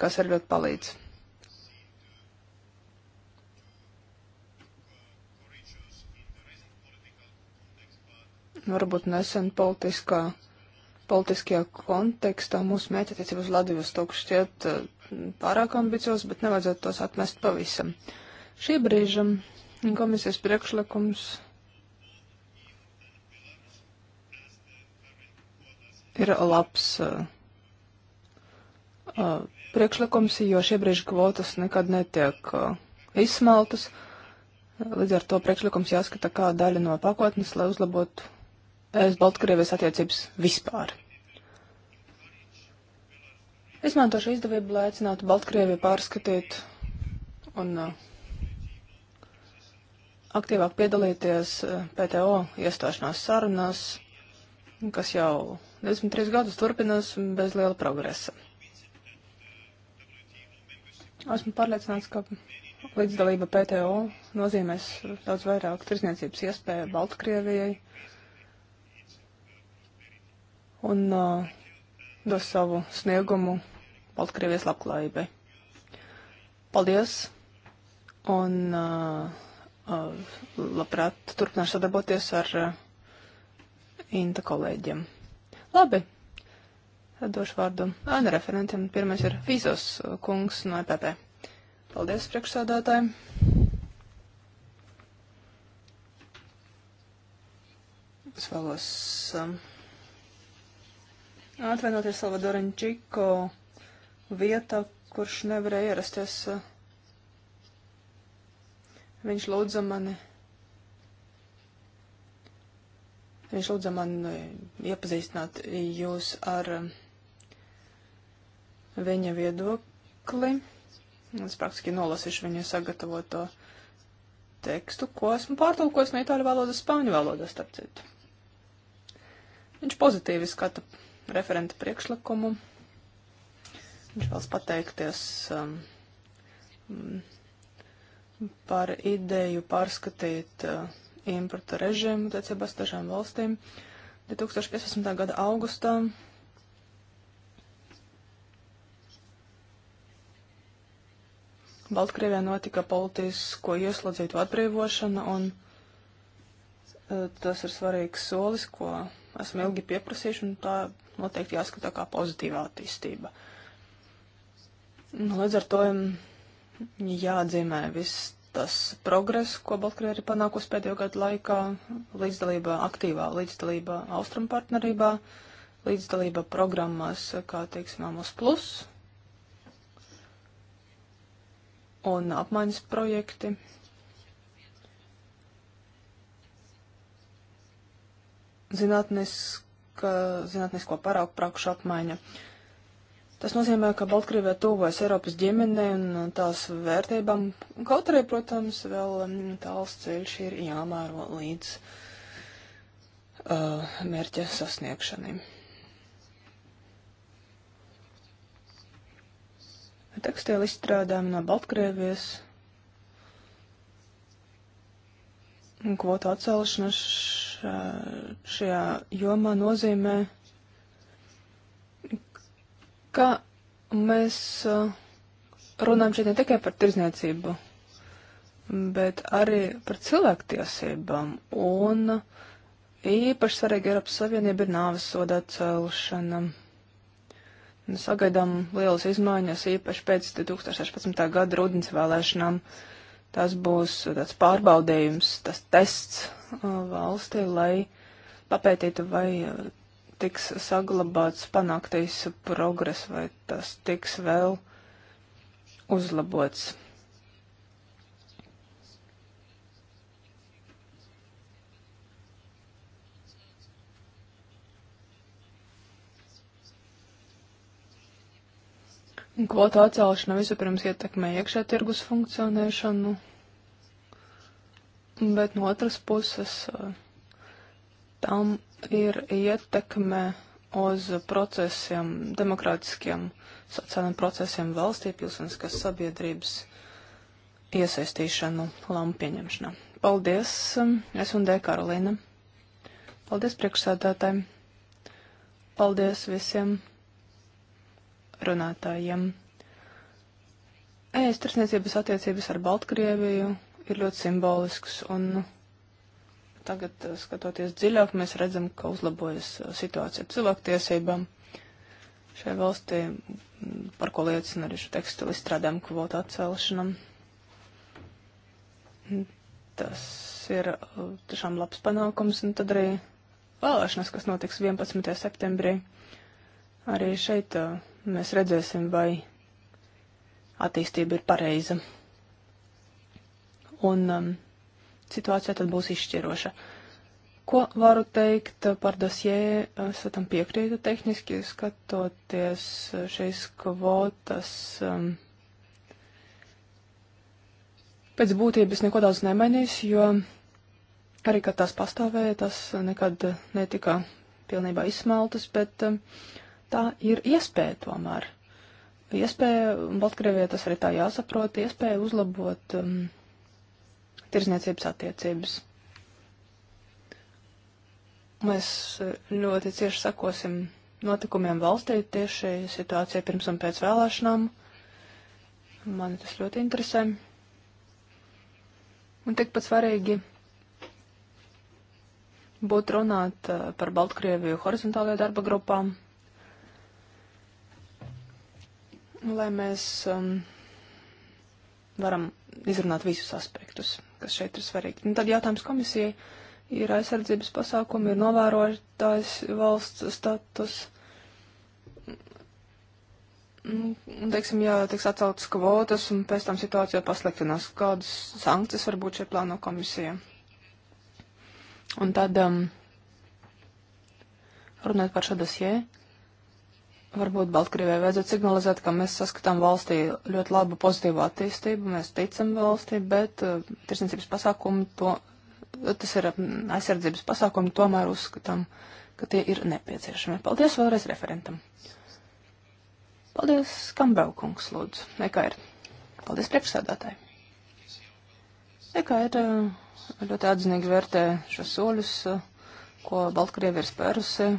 kas arī ļoti palīdz. Varbūt nesen politiskā, politiskajā kontekstā mūsu mēķatiecība uz Latvijas toku šķiet eh, pārāk ambicios, bet nevajadzētu tos atmest pavisam. Šī brīža komisijas priekšlikums ir labs uh, uh, priekšlikums, jo šie brīži kvotas nekad netiek uh, izsmeltas. Līdz ar to priekšlikums jāskata kā daļa no pakotnes, lai uzlabotu ES Baltkrievijas attiecības vispār. Izmanto šo izdevību, lai aicinātu Baltkrieviju pārskatīt un uh, aktīvāk piedalīties uh, PTO iestāšanās sarunās, kas jau 23 gadus turpinās bez liela progresa. Esmu pārliecināts, ka līdzdalība PTO nozīmēs daudz vairāk tirzniecības iespēju Baltkrievijai un uh, dos savu sniegumu Baltkrievijas labklājībai. Paldies un uh, uh, labprāt turpināšu sadarboties ar uh, Inta kolēģiem. Labi! Došu vārdu Āna referentiem. Pirmais ir Vīzos kungs no EPP. Paldies priekšsādātājiem. Es vēlos um, atvainoties Salvadoram Čiko vietā, kurš nevarēja ierasties. Uh, viņš lūdza mani. Viņš lūdza mani iepazīstināt jūs ar. Um, viņa viedokli. Es praktiski nolasīšu viņa sagatavoto tekstu, ko esmu pārtulkojis no itāļu valodas spāņu valodas, starp citu. Viņš pozitīvi skata referenta priekšlikumu. Viņš vēlas pateikties um, mm, par ideju pārskatīt uh, importa režīmu attiecībās dažām valstīm. 2015. gada augustā Baltkrievijā notika politisko ieslodzītu atbrīvošana, un e, tas ir svarīgs solis, ko esmu ilgi pieprasījuši, un tā noteikti jāskatā kā pozitīva attīstība. Nu, līdz ar to jāatzīmē viss tas progress, ko Baltkrievija ir panākusi pēdējo gadu laikā, līdzdalība aktīvā, līdzdalība austrumu partnerībā, līdzdalība programmās, kā teiksim, mums plus, un apmaiņas projekti. Zinātniska, zinātnisko paraugu prakšu apmaiņa. Tas nozīmē, ka Baltkrievē tuvojas Eiropas ģimenei un tās vērtībām, kaut arī, protams, vēl um, tāls ceļš ir jāmēro līdz uh, mērķa sasniegšanai. tekstilu izstrādājumi no Baltkrievijas, kvotu atcelšana šajā jomā nozīmē, ka mēs runājam šeit ne tikai par tirzniecību, bet arī par cilvēktiesībām. Un īpaši svarīgi Eiropas Savienība ir nāves soda atcelšana. Sagaidām lielas izmaiņas, īpaši pēc 2016. gada rudens vēlēšanām. Tas būs tāds pārbaudījums, tas tests uh, valstī, lai papētītu, vai uh, tiks saglabāts panāktais progress, vai tas tiks vēl uzlabots. Kvota atcelšana vispirms ietekmē iekšē tirgus funkcionēšanu, bet no otras puses eh, tam ir ietekme uz procesiem, demokrātiskiem sociālajiem procesiem valstī, pilsoniskas sabiedrības iesaistīšanu lēmumu pieņemšanā. Paldies, es eh, un D. Karolīna. Paldies priekšsēdētājiem. Paldies visiem runātājiem. Ēst tirsniecības attiecības ar Baltkrieviju ir ļoti simbolisks, un tagad, eh, skatoties dziļāk, mēs redzam, ka uzlabojas eh, situācija ar cilvēktiesībām šai valstī, par ko liecina arī šo tekstilu izstrādājumu kvotu atcelšanam. Tas ir eh, tiešām labs panākums, un tad arī vēlēšanas, kas notiks 11. septembrī, arī šeit uh, Mēs redzēsim, vai attīstība ir pareiza. Un um, situācija tad būs izšķiroša. Ko varu teikt par dosie? Es tam piekrītu tehniski, skatoties šīs kvotas. Um, pēc būtības neko daudz nemainīs, jo arī, kad tās pastāvēja, tas nekad netika pilnībā izsmeltas, bet um, tā ir iespēja tomēr. Iespēja, Baltkrievijai tas arī tā jāsaprot, iespēja uzlabot um, tirzniecības attiecības. Mēs uh, ļoti cieši sakosim notikumiem valstī tieši situācija pirms un pēc vēlēšanām. Mani tas ļoti interesē. Un tikpat svarīgi būtu runāt uh, par Baltkrieviju horizontālajā darba grupām lai mēs um, varam izrunāt visus aspektus, kas šeit ir svarīgi. Un nu, tad jautājums komisijai ir aizsardzības pasākumi, ir novērotājs valsts status. Nu, teiksim, jā, tiks atceltas kvotas un pēc tam situācija pasliktinās. Kādas sankcijas varbūt šeit plāno komisija? Un tad um, runāt par šo dosie, Varbūt Baltkrievijai vajadzētu signalizēt, ka mēs saskatām valstī ļoti labu pozitīvu attīstību, mēs ticam valstī, bet uh, tirsniecības pasākumi to, tas ir um, aizsardzības pasākumi, tomēr uzskatām, ka tie ir nepieciešami. Paldies vēlreiz referentam. Paldies, Kambelkungs, lūdzu. Nekā ir. Paldies priekšsēdātāji. Nekā ir uh, ļoti atzinīgi vērtē šos soļus, uh, ko Baltkrievi ir spērusi,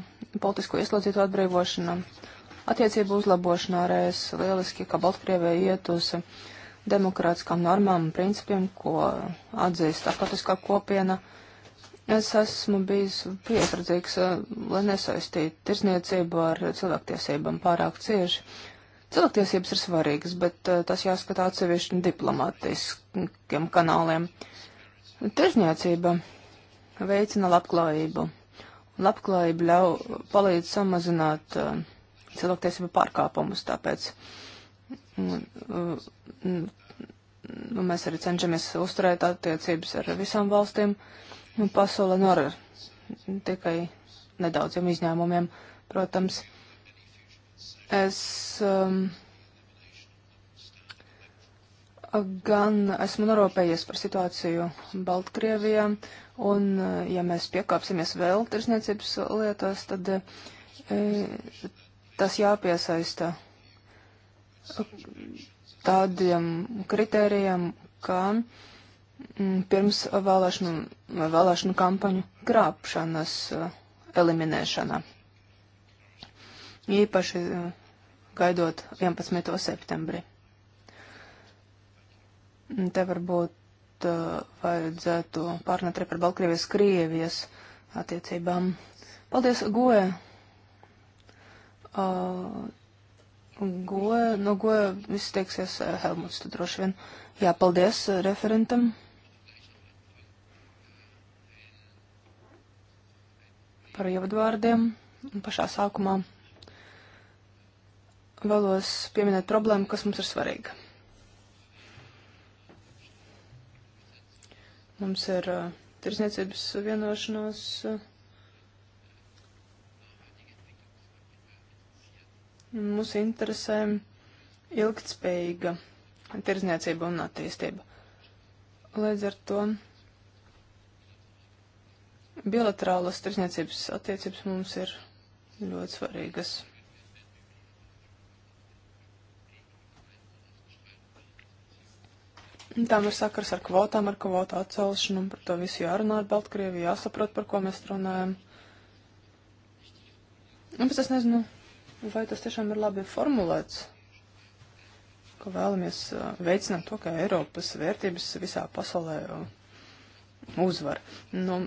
politisko ieslodzītu atbrīvošanu attiecību uzlabošanā ar es lieliski, ka Baltkrievija iet uz demokrātiskām normām un principiem, ko atzīst starptautiskā kopiena. Es esmu bijis piesardzīgs, eh, lai nesaistītu tirsniecību ar cilvēktiesībām pārāk cieši. Cilvēktiesības ir svarīgas, bet eh, tas jāskatā atsevišķi diplomātiskiem kanāliem. Tirzniecība veicina labklājību. Labklājība ļau palīdz samazināt uh, cilvēktiesību pārkāpumus. Tāpēc un, un, un mēs arī cenšamies uzturēt attiecības ar visām valstīm. Pasaulē nu ar tikai nedaudziem izņēmumiem, protams. Es um, gan esmu noropējies par situāciju Baltkrievijā, un ja mēs piekāpsimies vēl tirsniecības lietās, tad e, tas jāpiesaista tādiem kritērijiem, kā mm, pirms vēlēšanu, vēlēšanu kampaņu krāpšanas eh, eliminēšana. Īpaši eh, gaidot 11. septembri. Te varbūt eh, vajadzētu pārnāt arī par Baltkrievijas Krievijas attiecībām. Paldies, Goe! Uh, goja, no goja izteiksies uh, Helmuts, tad droši vien. Jā, paldies uh, referentam. Par ievadvārdiem un pašā sākumā vēlos pieminēt problēmu, kas mums ir svarīga. Mums ir uh, tirsniecības vienošanās. Uh, Mums interesē ilgtspējīga tirzniecība un attīstība. Līdz ar to bilaterālas tirzniecības attiecības mums ir ļoti svarīgas. Tām ir sakars ar kvotām, ar kvotu atcelšanu, par to visu jārunā ar Baltkrieviju, jāsaprot, par ko mēs runājam. Un pēc es nezinu, vai tas tiešām ir labi formulēts, ka vēlamies uh, veicināt to, ka Eiropas vērtības visā pasaulē uh, uzvar. Nu,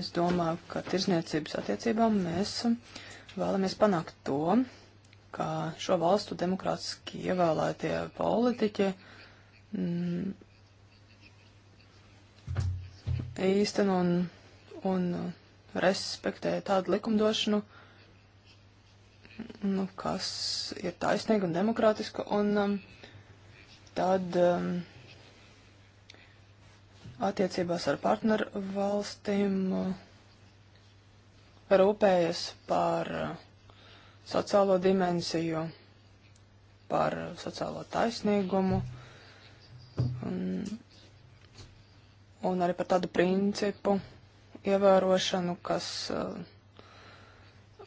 es domāju, ka tirzniecības attiecībām mēs um, vēlamies panākt to, ka šo valstu demokrātiski ievēlētie politiķi mm, īsten un, un uh, respektē tādu likumdošanu, uh, nu, kas ir taisnīga un demokrātiska, un um, tad um, attiecībās ar partneru valstīm uh, rūpējas par uh, sociālo dimensiju, par uh, sociālo taisnīgumu. Un, un arī par tādu principu ievērošanu, kas uh,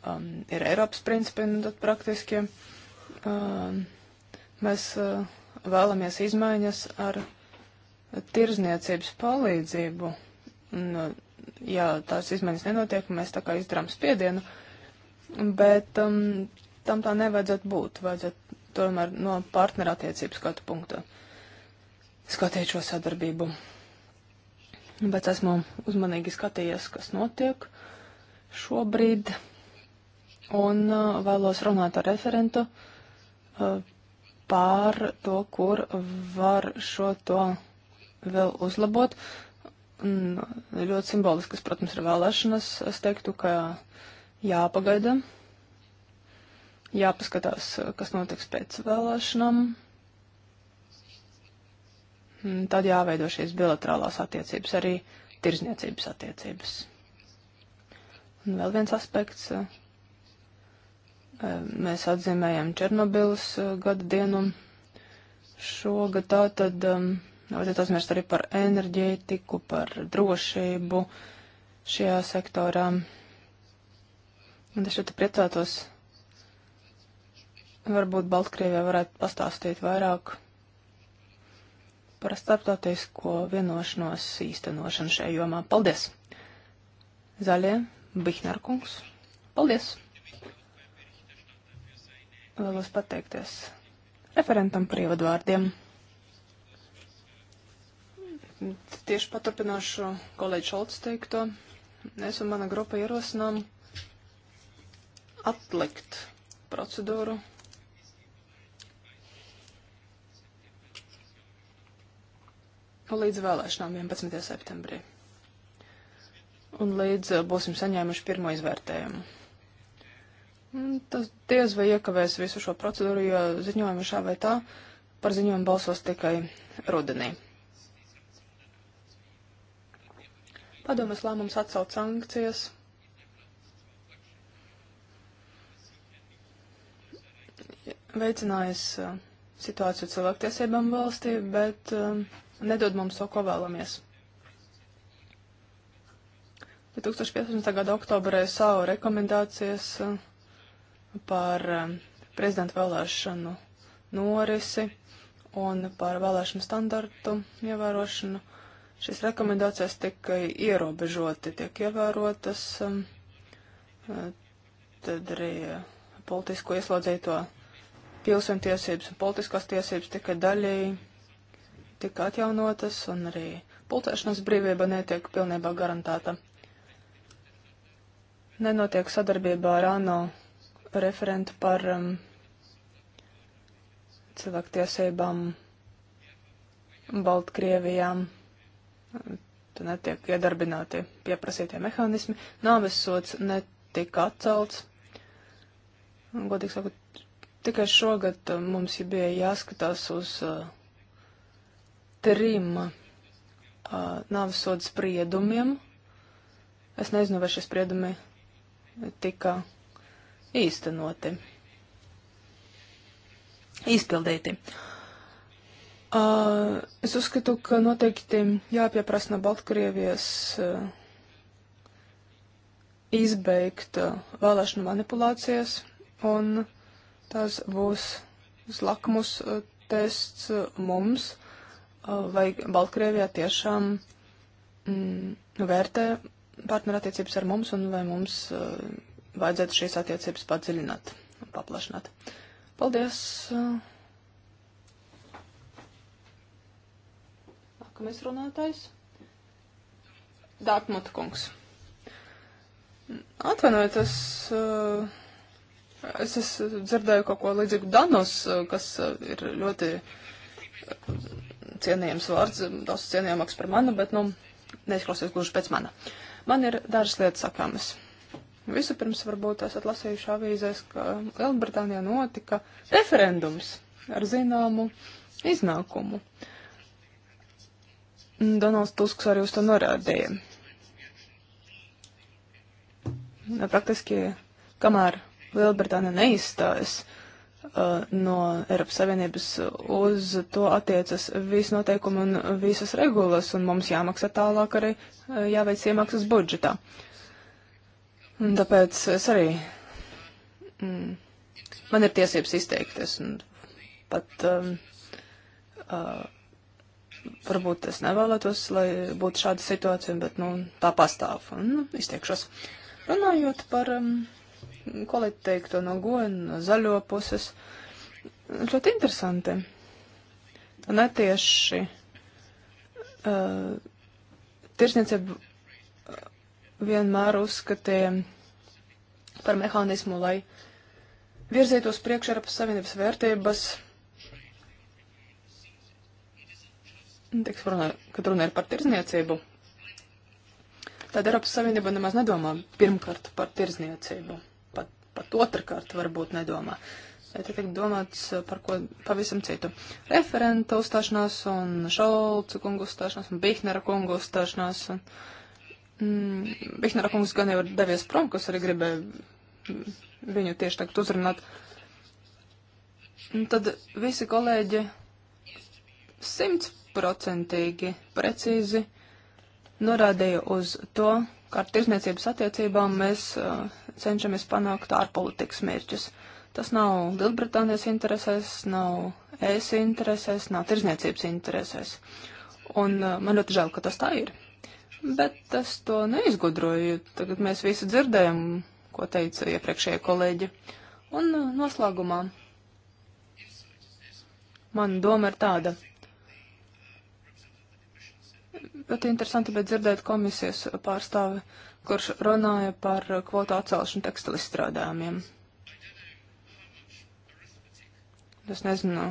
um, ir Eiropas principi, un nu, tad praktiski um, mēs uh, vēlamies izmaiņas ar tirzniecības palīdzību. Un, uh, ja tās izmaiņas nenotiek, mēs tā kā izdarām spiedienu, bet um, tam tā nevajadzētu būt, vajadzētu tomēr no partneru attiecības skatu punktu skatīt šo sadarbību. Bet esmu uzmanīgi skatījies, kas notiek šobrīd un uh, vēlos runāt ar referentu uh, pār to, kur var šo to vēl uzlabot. Un uh, ļoti simboliskas, protams, ir vēlēšanas. Es teiktu, ka jāpagaida, jāpaskatās, kas notiks pēc vēlēšanām. Tad jāveido šīs bilaterālās attiecības, arī tirzniecības attiecības. Un vēl viens aspekts Mēs atzīmējam Černobilas eh, gada dienu šogad, tātad um, vajadzētu aizmirst arī par enerģētiku, par drošību šajā sektorā. Un es ļoti priecātos, varbūt Baltkrievijā varētu pastāstīt vairāk par starptautisko vienošanos īstenošanu šajā jomā. Paldies! Zaļie, Bihnerkungs. Paldies! vēlos pateikties referentam par ievadvārdiem. Tieši paturpināšu kolēģi Šolts teikto. Es un mana grupa ierosinām atlikt procedūru. Līdz vēlēšanām 11. septembrī. Un līdz eh, būsim saņēmuši pirmo izvērtējumu. Nu, tas diez vai iekavēs visu šo procedūru, jo ziņojumi šā vai tā par ziņojumu balsos tikai rudenī. Padomas lēmums atcelt sankcijas. Veicinājis uh, situāciju cilvēktiesībām valstī, bet um, nedod mums to, ko vēlamies. 2015. gada oktobrē savu rekomendācijas uh, par eh, prezidenta vēlēšanu norisi un par vēlēšanu standartu ievērošanu. Šīs rekomendācijas tikai eh, ierobežoti tiek ievērotas, eh, tad arī politisko ieslodzīto pilsoņu tiesības un politiskās tiesības tikai daļēji tika atjaunotas, un arī pulcēšanās brīvība netiek pilnībā garantēta. Nenotiek sadarbībā ar ANO referentu par um, cilvēktiesībām Baltkrievijām. Tur netiek iedarbināti pieprasītie mehānismi. Nāves sots netika atcelts. Godīgi sakot, tikai šogad um, mums bija jāskatās uz uh, trim uh, nāves sodu spriedumiem. Es nezinu, vai šie spriedumi tika īstenoti, izpildīti. Uh, es uzskatu, ka noteikti jāpieprasa no Baltkrievijas uh, izbeigt uh, vēlēšanu manipulācijas, un tas būs slakmus uh, tests uh, mums, uh, vai Baltkrievijā tiešām mm, vērtē partnerattiecības ar mums, un vai mums uh, vajadzētu šīs attiecības padziļināt un paplašināt. Paldies! Nākamais runātājs - Dārtmut kungs. Atvainojiet, es, es, es dzirdēju kaut ko līdzīgu Danos, kas ir ļoti cienījams vārds, daudz cienījamāks par mani, bet, nu, neizklausies gluži pēc mana. Man ir dažas lietas sakāmas. Vispirms varbūt esat lasījuši avīzēs, ka Lielbritānijā notika referendums ar zināmu iznākumu. Donalds Tusks arī uz to norādīja. Praktiski, kamēr Lielbritānija neizstājas uh, no Eiropas Savienības, uz to attiecas visi noteikumi un visas regulas, un mums jāmaksā tālāk arī uh, jāveic iemaksas budžetā. Uh, Un tāpēc es arī. Mm, man ir tiesības izteikties, un pat um, uh, varbūt es nevēlētos, lai būtu šāda situācija, bet nu, tā pastāv. Un nu, izteikšos. Runājot par um, kolēģi teikto no goņa, no zaļo puses, ļoti interesanti. Netieši uh, tirsniecība vienmēr uzskatījām par mehānismu, lai virzītos priekš Eiropas Savienības vērtības. Tiks runā, kad runa ir par tirzniecību, tad Eiropas Savienība nemaz nedomā pirmkārt par tirzniecību, pat, pat otrkārt varbūt nedomā. Bet tiek domāts par ko pavisam citu. Referenta uzstāšanās un Šolcu kungu uzstāšanās un Bihnera kungu uzstāšanās un uh, Mm, Bihner kungs gan jau ir devies prom, kas arī gribēja viņu tieši tagad uzrunāt. Un tad visi kolēģi simtprocentīgi precīzi norādīja uz to, ka ar tirzniecības attiecībām mēs uh, cenšamies panākt ārpolitikas mērķus. Tas nav Lielbritānijas interesēs, nav ES interesēs, nav tirzniecības interesēs. Un uh, man ļoti žēl, ka tas tā ir. Bet tas to neizgudroju. Tagad mēs visu dzirdējam, ko teica iepriekšējie kolēģi. Un uh, noslēgumā man doma ir tāda. Bet interesanti bija dzirdēt komisijas pārstāvi, kurš runāja par kvotu atcelšanu tekstilu izstrādājumiem. Es nezinu,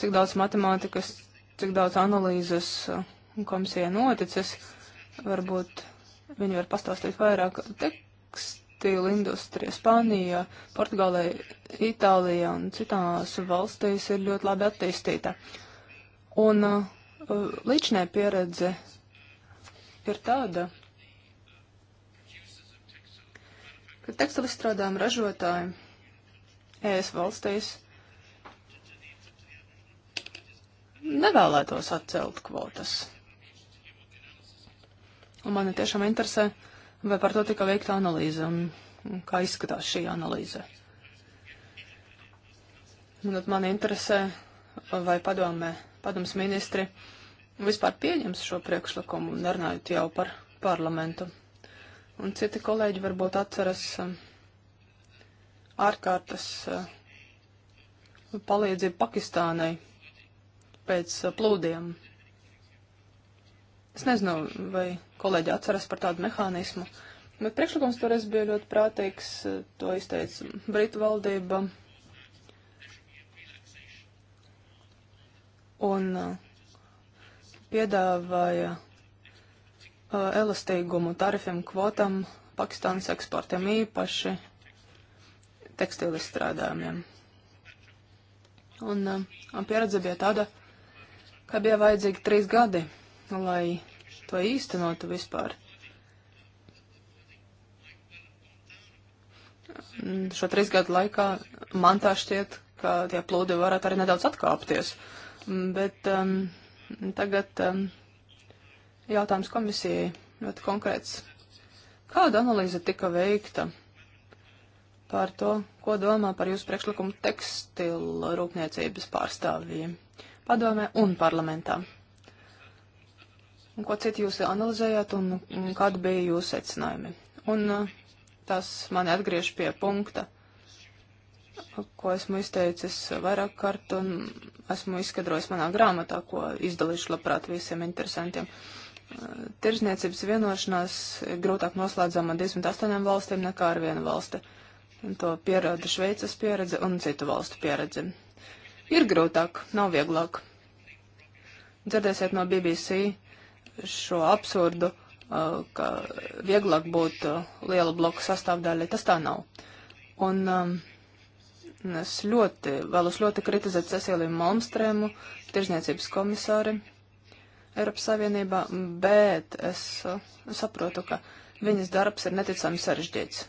cik daudz matemātikas, cik daudz analīzes. Uh, komisijai noticis. Varbūt viņi var pastāstīt vairāk tekstīlu industrija. Spānija, Portugālē, Itālijā un citās valstīs ir ļoti labi attīstīta. Un uh, līdšanai pieredze ir tāda, ka tekstilu izstrādājumu ražotāji ES valstīs nevēlētos atcelt kvotas. Un mani tiešām interesē, vai par to tika veikta analīze un kā izskatās šī analīze. Un tad mani interesē, vai padomē, padoms ministri vispār pieņems šo priekšlikumu, nerunājot jau par parlamentu. Un citi kolēģi varbūt atceras um, ārkārtas uh, palīdzību Pakistānai pēc uh, plūdiem. Es nezinu, vai kolēģi atceras par tādu mehānismu, bet priekšlikums toreiz bija ļoti prātīgs, to izteica Britu valdība. Un uh, piedāvāja uh, elastīgumu tarifiem, kvotam, Pakistānas eksportiem īpaši tekstīlis strādājumiem. Un, uh, un pieredze bija tāda, ka bija vajadzīgi trīs gadi lai to īstenotu vispār. Šo trīs gadu laikā man tā šķiet, ka tie plūdi varētu arī nedaudz atkāpties. Bet um, tagad um, jautājums komisijai ļoti konkrēts. Kāda analīze tika veikta par to, ko domā par jūsu priekšlikumu tekstilu rūpniecības pārstāvjiem padomē un parlamentā? Un ko citu jūs analizējāt un, un kādi bija jūsu secinājumi? Un uh, tas mani atgriež pie punkta, ko esmu izteicis vairāk kārt un esmu izskatrojis manā grāmatā, ko izdalīšu labprāt visiem interesantiem. Uh, tirzniecības vienošanās grūtāk noslēdzama 28 valstīm nekā ar vienu valsti. Un to pierāda Šveices pieredze un citu valstu pieredze. Ir grūtāk, nav vieglāk. Dzirdēsiet no BBC šo absurdu, uh, ka vieglāk būtu uh, liela bloka sastāvdaļa. Tas tā nav. Un um, es ļoti, vēlos ļoti kritizēt Ceciliju Malmstrēmu, tirzniecības komisāri Eiropas Savienībā, bet es uh, saprotu, ka viņas darbs ir neticami sarežģīts.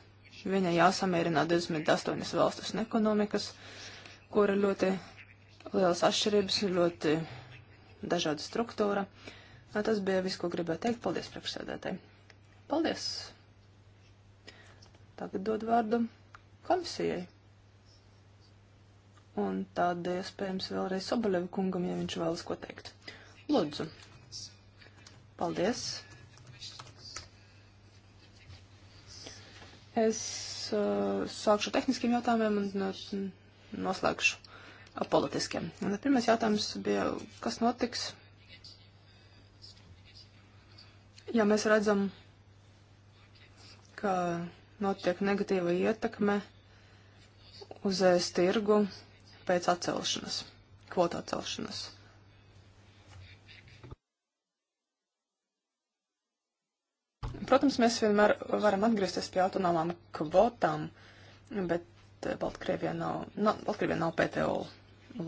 Viņa jāsamierina 28 valstis un ekonomikas, kura ļoti lielas atšķirības, ļoti dažāda struktūra. Uh, Tas bija viss, ko gribēju teikt. Paldies priekšsēdētāji. Paldies. Tagad dod vārdu komisijai. Un tad iespējams vēlreiz Sobolevi kungam, ja viņš vēlas ko teikt. Lūdzu. Paldies. Es uh, sākšu tehniskiem jautājumiem un noslēgšu politiskiem. Un pirmais jautājums bija, kas notiks Ja mēs redzam, ka notiek negatīva ietekme uz ēst tirgu pēc atcelšanas, kvotu atcelšanas. Protams, mēs vienmēr varam atgriezties pie autonomām kvotām, bet eh, Baltkrievija nav, nav, Baltkrievija nav PTO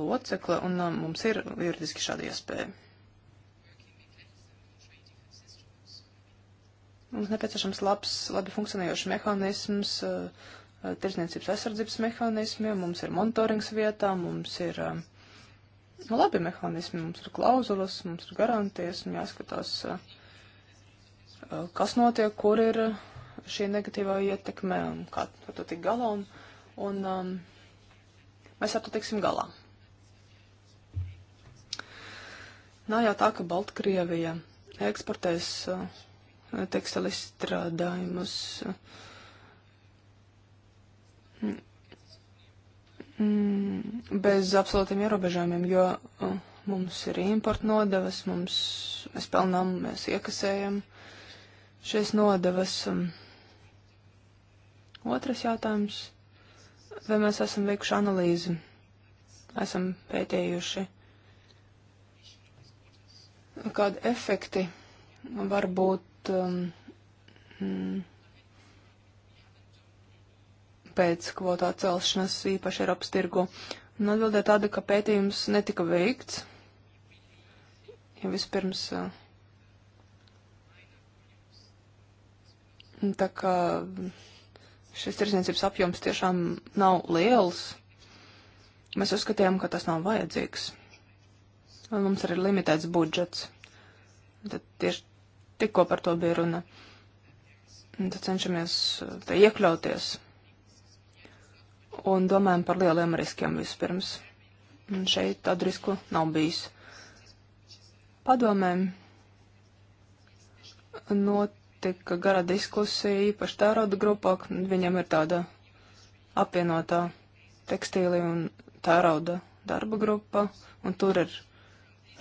locekle, un eh, mums ir juridiski šāda iespēja. Mums nepieciešams labs, labi funkcionējošs mehānisms, eh, eh, tirsniecības aizsardzības mehānismiem, mums ir monitorings vietā, mums ir eh, nu, labi mehānismi, mums ir klauzulas, mums ir garantijas, un jāskatās, kas notiek, kur ir šī negatīvā ietekme un kā ar to tik galā, un, un um, mēs ar to tiksim galā. Nav jau tā, ka Baltkrievija eksportēs uh, tekstilu izstrādājumus. Mm, bez absolūtiem ierobežojumiem, jo uh, mums ir importa nodevas, mums, mēs pelnām, mēs iekasējam šīs nodevas. Otrs jautājums. Vai mēs esam veikuši analīzi? Esam pētējuši, kādi efekti var būt um, mm, pēc kvotu atcelšanas īpaši Eiropas tirgu. Un atbildē tāda, ka pētījums netika veikts, ja vispirms. Uh, Tā kā šis tirsniecības apjoms tiešām nav liels, mēs uzskatījām, ka tas nav vajadzīgs. Un mums arī ir limitēts budžets. Tad tieši Tikko par to bija runa. Un tad cenšamies eh, te iekļauties un domājam par lieliem riskiem vispirms. Un šeit tādu risku nav bijis. Padomēm notika gara diskusija, īpaši tērauda grupā, viņam ir tāda apvienotā tekstīli un tērauda darba grupa, un tur ir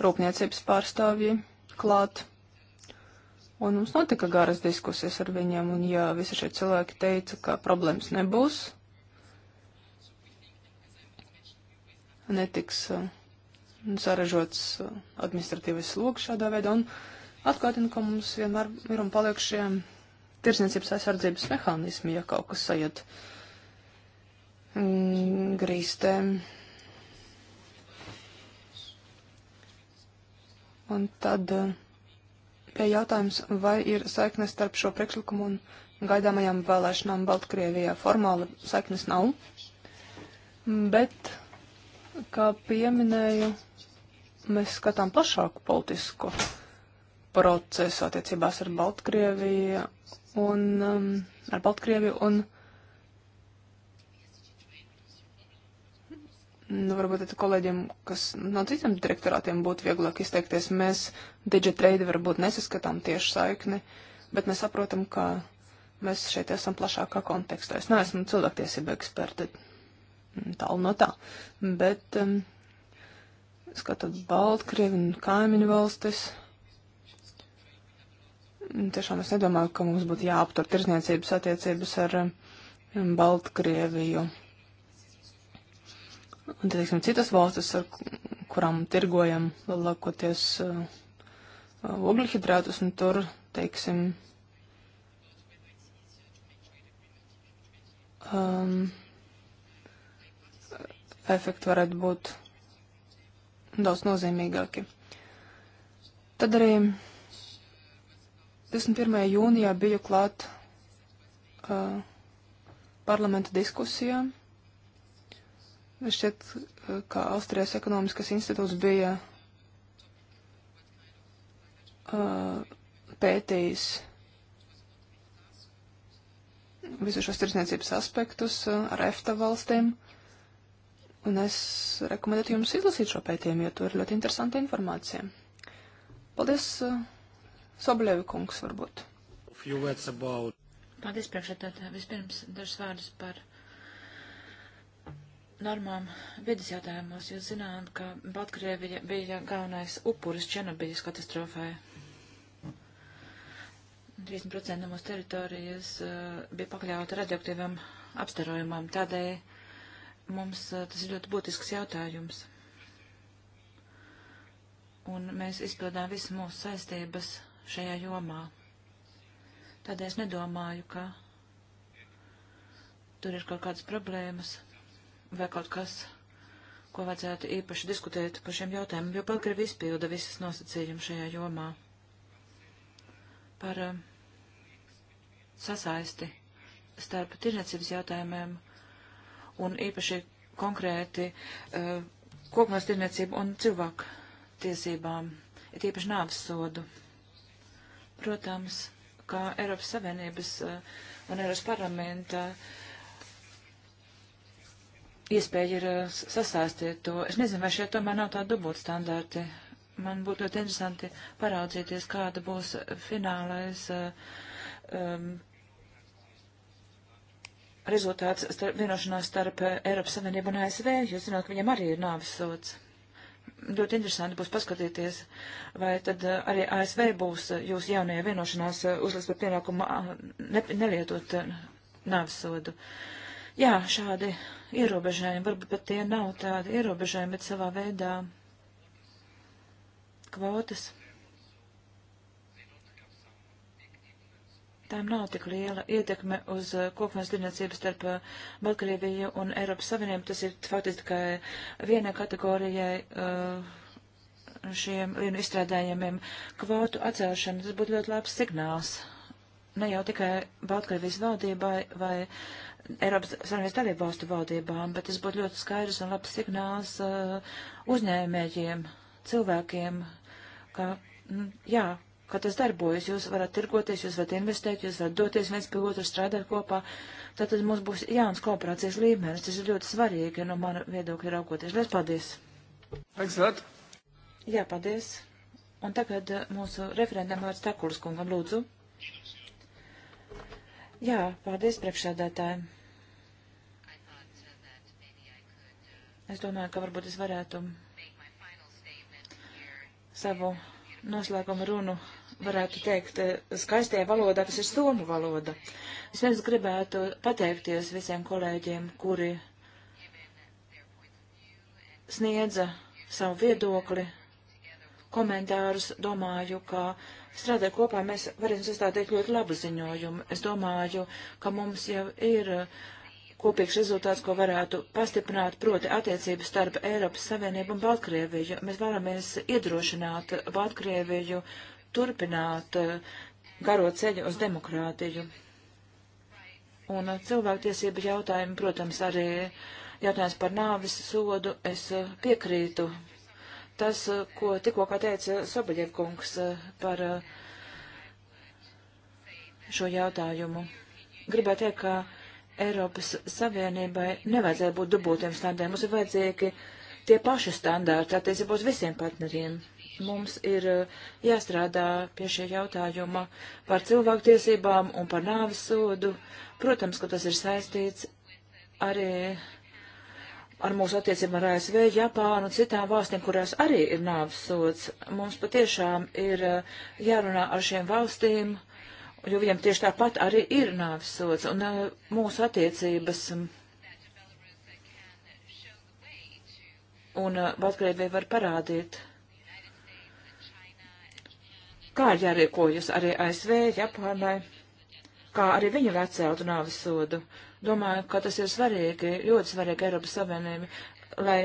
rūpniecības pārstāvji klāt. Un mums notika garas diskusijas ar viņiem, un ja visi šie cilvēki teica, ka problēmas nebūs, netiks uh, sarežots uh, administratīvais sloks šādā veidā, un atkārtina, ka mums vienmēr ir un paliek šie tirsniecības aizsardzības mehānismi, ja kaut kas sajiet mm, grīstē. Un tad. Uh, jautājums, vai ir saiknes starp šo priekšlikumu un gaidāmajām vēlēšanām Baltkrievijā. Formāli saiknes nav, bet, kā pieminēju, mēs skatām plašāku politisku procesu attiecībās ar Baltkrieviju un um, ar Baltkrieviju un. Nu, varbūt tad kolēģiem, kas no citiem direktorātiem būtu vieglāk izteikties, mēs digitrade varbūt nesaskatām tieši saikni, bet mēs saprotam, ka mēs šeit esam plašākā kontekstā. Es neesmu cilvēktiesība eksperta, mm, tālu no tā, bet um, skatot Baltkrievi un kaimiņu valstis, mm, tiešām es nedomāju, ka mums būtu jāaptur tirzniecības attiecības ar um, Baltkrieviju. Um, Un, teiksim, citas valstis, ar kurām tirgojam lielākoties uh, uh, ogļhidrātus, un tur, teiksim, um, efekti varētu būt daudz nozīmīgāki. Tad arī 21. jūnijā biju klāt uh, parlamenta diskusijām Šķiet, ka Austrijas ekonomiskais institūts bija uh, pētījis visu šos tirsniecības aspektus uh, ar EFTA valstīm, un es rekomendētu jums izlasīt šo pētījumu, jo tur ir ļoti interesanta informācija. Paldies, uh, Soboļevi kungs, varbūt.
Paldies, priekšētāt. Vispirms dažs vārdus par normām vidas jautājumos. Jūs zināt, ka Baltkrievija bija galvenais upuris Černobijas katastrofai. 30% no mūsu teritorijas uh, bija pakļauta radioaktīvam apstarojumam. Tādēļ mums uh, tas ir ļoti būtisks jautājums. Un mēs izpildām visas mūsu saistības šajā jomā. Tādēļ es nedomāju, ka tur ir kaut kādas problēmas vai kaut kas, ko vajadzētu īpaši diskutēt par šiem jautājumiem, jo Belgrava izpilda visas nosacījumus šajā jomā par uh, sasaisti starp tirniecības jautājumiem un īpaši konkrēti uh, kopumās tirniecību un cilvēku tiesībām, ir īpaši nāves sodu. Protams, kā Eiropas Savienības uh, un Eiropas parlamenta uh, iespēja ir eh, sasāstīt to. Es nezinu, vai šie tomēr nav tādi dubult standarti. Man būtu ļoti interesanti paraudzīties, kāda būs finālais um, rezultāts starp, vienošanās starp Eiropas Savienību un ASV. Jūs zināt, ka viņam arī ir nāves sots. Ļoti interesanti būs paskatīties, vai tad eh, arī ASV būs jūsu jaunajā vienošanās uzliks par pienākumu ah, ne, nelietot nāves sodu. Uh, Jā, šādi ierobežojumi, varbūt pat tie nav tādi ierobežojumi, bet savā veidā kvotas. Tām nav tik liela ietekme uz kopienas tirniecību starp uh, Baltkrieviju un Eiropas Savienību. Tas ir faktiski tikai vienai kategorijai uh, šiem vienu izstrādājumiem kvotu atcelšana. Tas būtu ļoti labs signāls. Ne jau tikai Baltkrievijas valdībai vai. vai Eiropas Savienības dalību valstu valdībām, bet tas būtu ļoti skaidrs un labs signāls uh, uzņēmējiem, cilvēkiem, ka, mm, jā, ka tas darbojas, jūs varat tirgoties, jūs varat investēt, jūs varat doties viens pie otru, strādāt kopā, tad, tad mums būs jauns kooperācijas līmenis, tas ir ļoti svarīgi no mana viedokļa raugoties. Lies paldies! Excellent. Jā, paldies! Un tagad uh, mūsu referendam vārds Takulis kungam lūdzu. Jā, paldies priekšsēdētājiem. Es domāju, ka varbūt es varētu savu noslēgumu runu varētu teikt eh, skaistajā valodā, kas ir somu valoda. Es viens gribētu pateikties visiem kolēģiem, kuri sniedza savu viedokli, komentārus. Domāju, ka strādājot kopā mēs varēsim sastādīt ļoti labu ziņojumu. Es domāju, ka mums jau ir uh, kopīgs rezultāts, ko varētu pastiprināt, proti attiecības starp Eiropas Savienību un Baltkrieviju. Mēs vēlamies iedrošināt Baltkrieviju turpināt eh, garo ceļu uz demokrātiju. Un eh, cilvēktiesība jautājumi, protams, arī jautājums par nāvis sodu, es eh, piekrītu. Tas, ko tikko teica Sobaļevkungs par šo jautājumu. Gribētu teikt, ka Eiropas Savienībai nevajadzēja būt dubultiem standartiem. Mums ir vajadzīgi tie paši standarti attiecībā uz visiem partneriem. Mums ir eh, jāstrādā pie šī jautājuma par cilvēktiesībām un par nāvis sodu. Protams, ka tas ir saistīts arī ar mūsu attiecībām ar ASV, Japānu un citām valstīm, kurās arī ir nāvis sods. Mums patiešām ir eh, jārunā ar šiem valstīm jo viņam tieši tāpat arī ir nāves sots, un mūsu attiecības. Un Baltkrievija var parādīt, kā ir jārīkojas arī ASV, Japānai, kā arī viņi var atcelt nāves sodu. Domāju, ka tas ir svarīgi, ļoti svarīgi Eiropas Savienībai, lai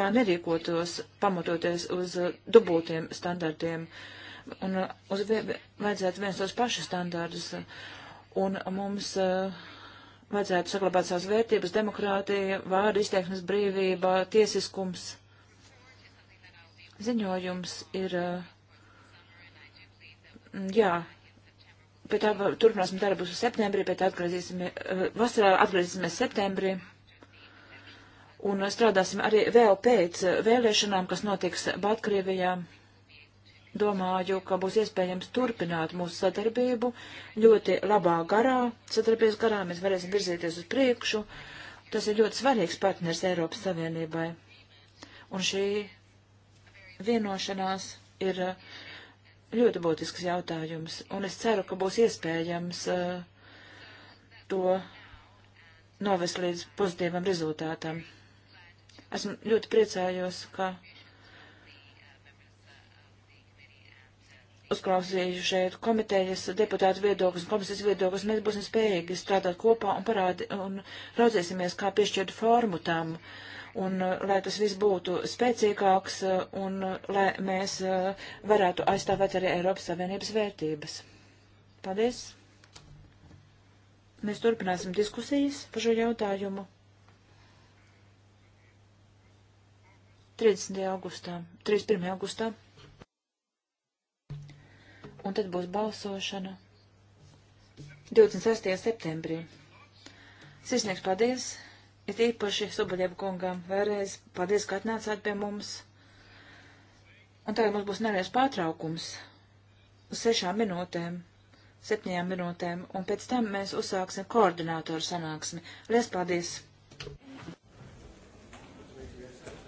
tā nerīkotos pamatoties uz dubultiem standartiem. Uh, un uh, uz vajadzētu viens tos pašus standārdus. Uh, un mums uh, vajadzētu saglabāt savas vērtības, demokrātija, vārdu izteiksmes brīvība, tiesiskums. Ziņojums ir, uh, jā, pie tā turpināsim darbus septembrī, pie tā atgriezīsimies, uh, vasarā atgriezīsimies septembrī. Un uh, strādāsim arī vēl pēc vēlēšanām, kas notiks Baltkrievijā domāju, ka būs iespējams turpināt mūsu sadarbību ļoti labā garā. Sadarbības garā mēs varēsim virzīties uz priekšu. Tas ir ļoti svarīgs partners Eiropas Savienībai. Un šī vienošanās ir uh, ļoti būtisks jautājums. Un es ceru, ka būs iespējams uh, to novest līdz pozitīvam rezultātam. Esmu ļoti priecājos, ka uzklausīju šeit komitejas deputātu viedokļus un komisijas viedokļus, mēs būsim spējīgi strādāt kopā un parādi un raudzēsimies, kā piešķirt formu tam. Un uh, lai tas viss būtu spēcīgāks uh, un uh, lai mēs varētu aizstāvēt arī Eiropas Savienības vērtības. Paldies! Mēs turpināsim diskusijas par šo jautājumu. 30. augustā, 31. augustā un tad būs balsošana 26. septembrī. Sirsnieks, paldies! Ir īpaši Subaļievu kungam vēlreiz paldies, ka atnācāt pie mums. Un tagad mums būs neliels pārtraukums uz sešām minūtēm, septiņām minūtēm, un pēc tam mēs uzsāksim koordinātoru sanāksmi. Lies paldies!